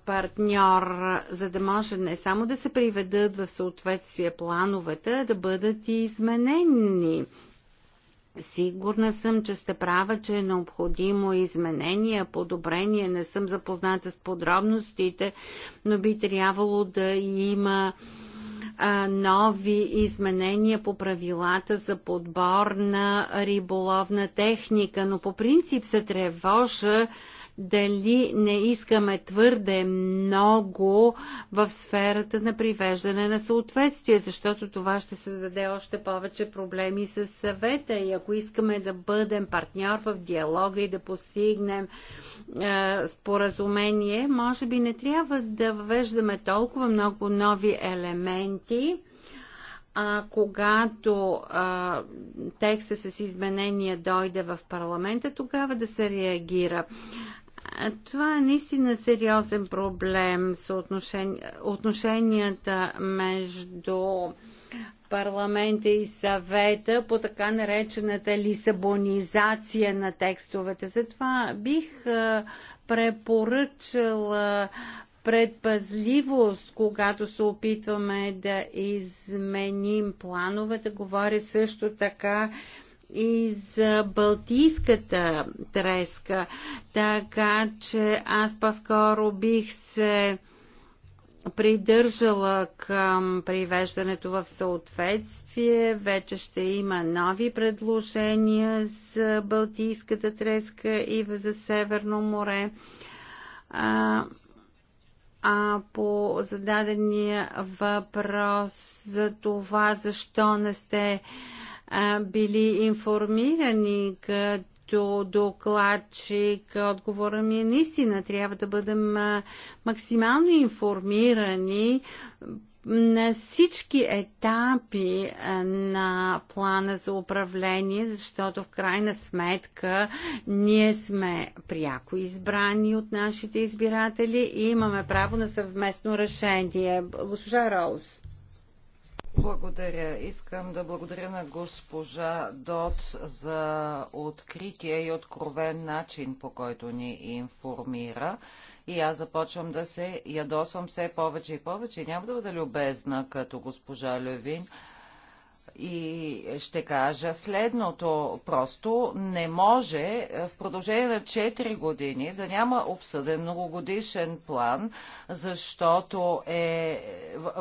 партньор, за да може не само да се приведат в съответствие плановете, а да бъдат и изменени. Сигурна съм, че сте права, че е необходимо изменение, подобрение. Не съм запозната с подробностите, но би трябвало да има а, нови изменения по правилата за подбор на риболовна техника, но по принцип се тревожа дали не искаме твърде много в сферата на привеждане на съответствие, защото това ще създаде още повече проблеми с съвета и ако искаме да бъдем партньор в диалога и да постигнем е, споразумение, може би не трябва да въвеждаме толкова много нови елементи, а когато а, текста с изменения дойде в парламента, тогава да се реагира. Това е наистина сериозен проблем с отношения, отношенията между парламента и съвета по така наречената лисабонизация на текстовете. Затова бих препоръчала предпазливост, когато се опитваме да изменим плановете. Говори също така и за Балтийската треска, така че аз по-скоро бих се придържала към привеждането в съответствие. Вече ще има нови предложения за Балтийската треска и за Северно море. А, а по зададения въпрос за това защо не сте а, били информирани като докладчик. Отговора ми е наистина трябва да бъдем максимално информирани на всички етапи на плана за управление, защото в крайна сметка ние сме пряко избрани от нашите избиратели и имаме право на съвместно решение. Госпожа Роуз. Благодаря. Искам да благодаря на госпожа Дот за открития и откровен начин, по който ни информира. И аз започвам да се ядосвам все повече и повече. Няма да бъда любезна като госпожа Левин, и ще кажа следното. Просто не може е, в продължение на 4 години да няма обсъден многогодишен план, защото, е,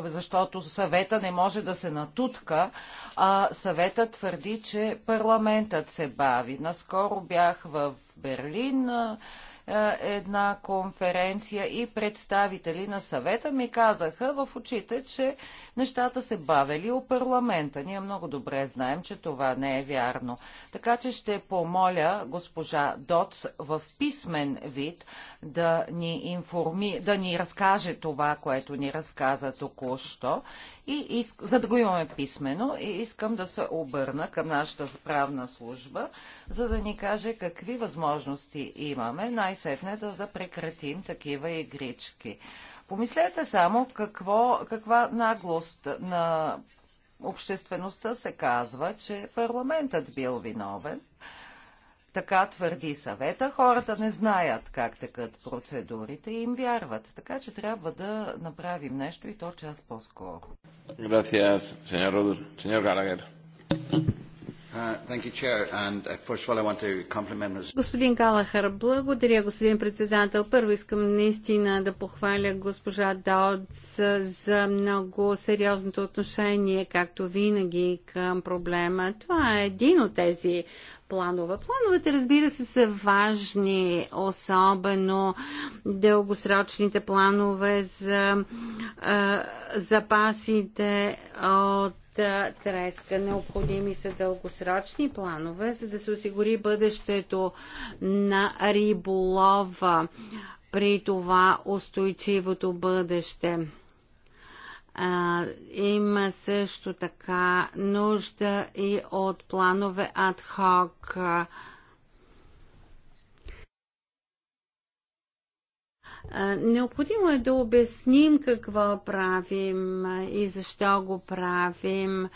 защото съвета не може да се натутка, а съвета твърди, че парламентът се бави. Наскоро бях в Берлин е, една конференция и представители на съвета ми казаха в очите, че нещата се бавели у парламента. Ние много добре знаем, че това не е вярно. Така че ще помоля госпожа Доц в писмен вид да ни, информи... да ни разкаже това, което ни разказа току-що и иск, за да го имаме писмено и искам да се обърна към нашата правна служба, за да ни каже какви възможности имаме най-сетне да, да прекратим такива игрички. Помислете само какво, каква наглост на обществеността се казва, че парламентът бил виновен – така твърди съвета. Хората не знаят как текат процедурите и им вярват. Така че трябва да направим нещо и то час по-скоро. Uh, uh, господин Калахър, благодаря, господин председател. Първо искам наистина да похваля госпожа Даудс за много сериозното отношение, както винаги, към проблема. Това е един от тези планове. Плановете, разбира се, са важни, особено дългосрочните планове за а, запасите от треска. Необходими са дългосрочни планове, за да се осигури бъдещето на риболова при това устойчивото бъдеще. А, има също така нужда и от планове ад-хок. Необходимо е да обясним какво правим и защо го правим.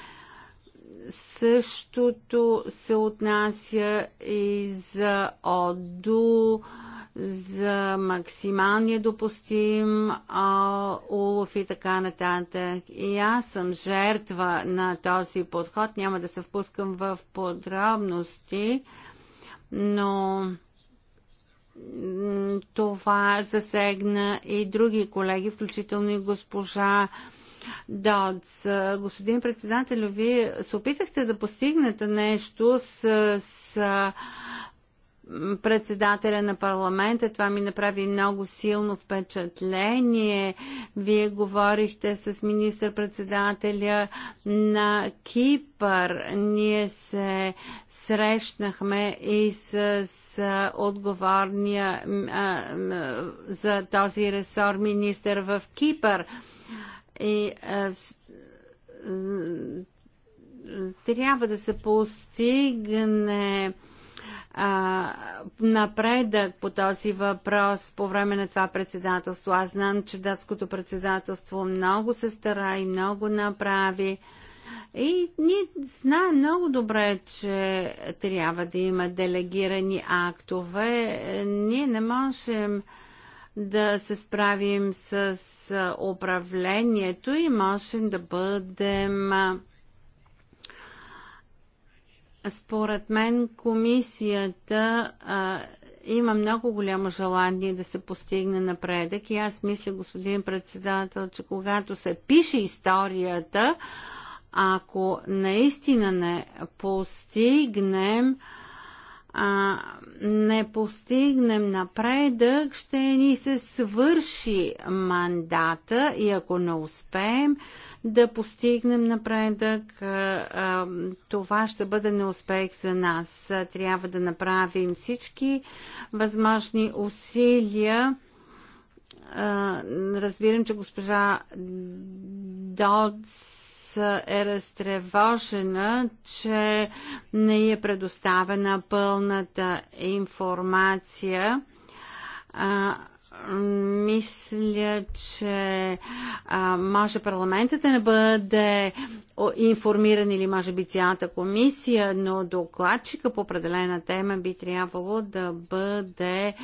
Същото се отнася и за ОДУ за максималния допустим а, улов и така нататък. И аз съм жертва на този подход. Няма да се впускам в подробности, но това засегна и други колеги, включително и госпожа Додс. Господин председател, вие се опитахте да постигнете нещо с, с председателя на парламента. Това ми направи много силно впечатление. Вие говорихте с министър-председателя на Кипър. Ние се срещнахме и с отговорния за този ресор министър в Кипър. И трябва да се постигне а, напредък по този въпрос по време на това председателство. Аз знам, че датското председателство много се стара и много направи. И ние знаем много добре, че трябва да има делегирани актове. Ние не можем да се справим с управлението и можем да бъдем според мен комисията а, има много голямо желание да се постигне напредък и аз мисля, господин председател, че когато се пише историята, ако наистина не постигнем а, а, не постигнем напредък, ще ни се свърши мандата и ако не успеем да постигнем напредък, а, а, това ще бъде неуспех за нас. Трябва да направим всички възможни усилия. А, разбирам, че госпожа Додс е разтревожена, че не е предоставена пълната информация мисля, че а, може парламентът да не бъде информиран или може би цялата комисия, но докладчика по определена тема би трябвало да бъде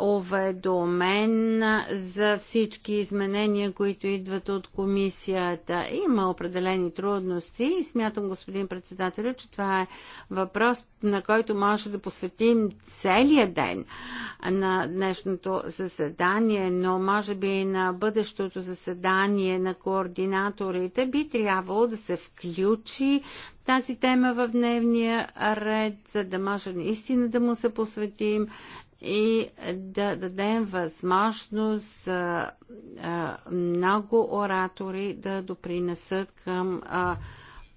уведомен за всички изменения, които идват от комисията. Има определени трудности и смятам, господин председател, че това е въпрос, на който може да посветим целият ден на днешното заседание заседание, но може би на бъдещото заседание на координаторите би трябвало да се включи тази тема в дневния ред, за да може наистина да му се посветим и да дадем възможност за много оратори да допринесат към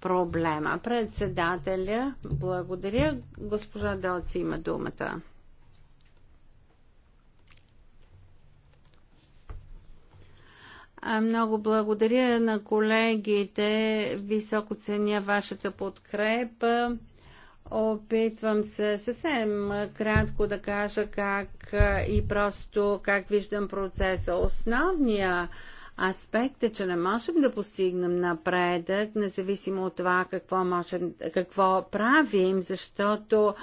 проблема. Председателя, благодаря. Госпожа Делци има думата. Много благодаря на колегите. Високо ценя вашата подкрепа. Опитвам се съвсем кратко да кажа как и просто как виждам процеса. Основния аспект е, че не можем да постигнем напредък, независимо от това какво, можем, какво правим, защото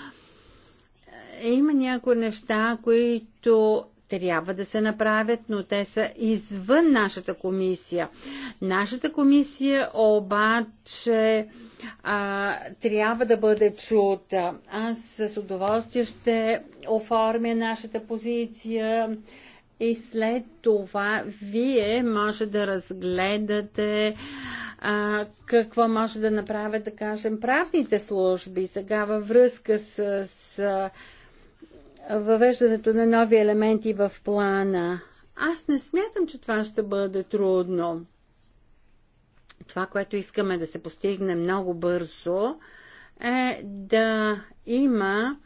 има някои неща, които трябва да се направят, но те са извън нашата комисия. Нашата комисия обаче а, трябва да бъде чута. Аз с удоволствие ще оформя нашата позиция и след това вие може да разгледате а, какво може да направят, да кажем, правните служби. Сега във връзка с, с въвеждането на нови елементи в плана. Аз не смятам, че това ще бъде трудно. Това, което искаме да се постигне много бързо, е да има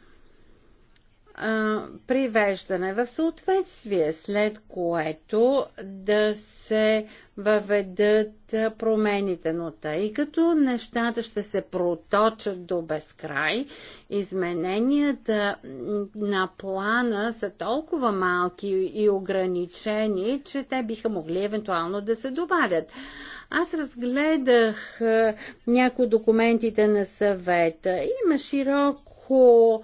привеждане в съответствие, след което да се въведат промените. Но тъй като нещата ще се проточат до безкрай, измененията на плана са толкова малки и ограничени, че те биха могли евентуално да се добавят. Аз разгледах някои документите на съвета. Има широко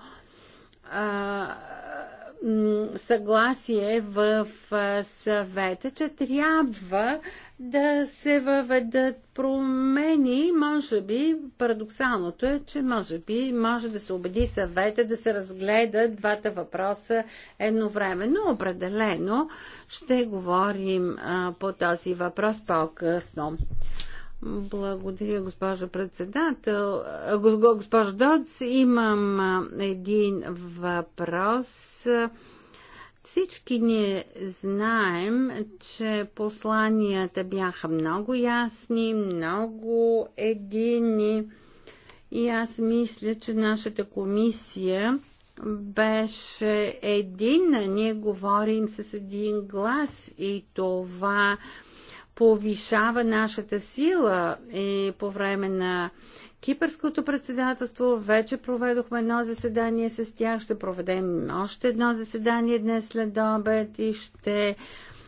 съгласие в съвета, че трябва да се въведат промени. Може би, парадоксалното е, че може би може да се убеди съвета да се разгледат двата въпроса едновременно. Определено ще говорим по този въпрос по-късно. Благодаря, госпожо председател. Госпожо Доц, имам един въпрос. Всички ние знаем, че посланията бяха много ясни, много едини, И аз мисля, че нашата комисия беше едина. Ние говорим с един глас и това повишава нашата сила и по време на Кипърското председателство вече проведохме едно заседание с тях, ще проведем още едно заседание днес след обед и ще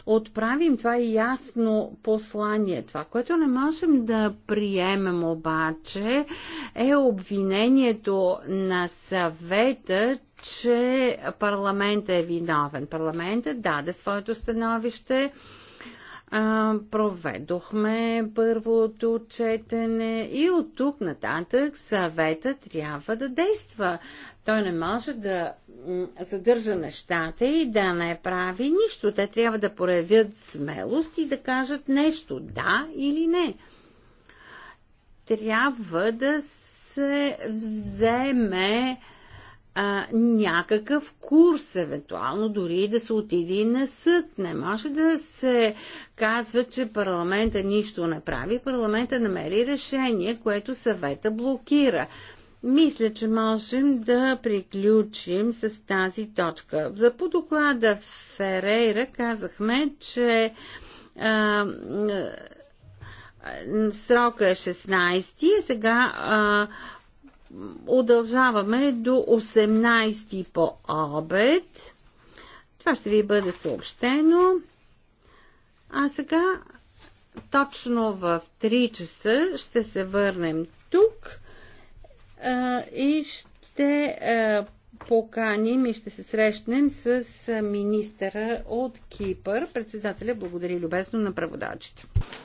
отправим това и ясно послание. Това, което не можем да приемем обаче е обвинението на съвета, че парламентът е виновен. Парламентът даде своето становище, а, проведохме първото четене и от тук нататък съвета трябва да действа. Той не може да задържа нещата и да не прави нищо. Те трябва да проявят смелост и да кажат нещо, да или не. Трябва да се вземе а, някакъв курс, евентуално дори да се отиде и на съд. Не може да се казва, че парламента нищо не прави. Парламента намери решение, което съвета блокира. Мисля, че можем да приключим с тази точка. За по доклада Ферейра казахме, че а, срока е 16, и сега а, удължаваме до 18 по обед. Това ще ви бъде съобщено. А сега точно в 3 часа ще се върнем тук а, и ще а, поканим и ще се срещнем с министъра от Кипър. Председателя благодари любезно на преводачите.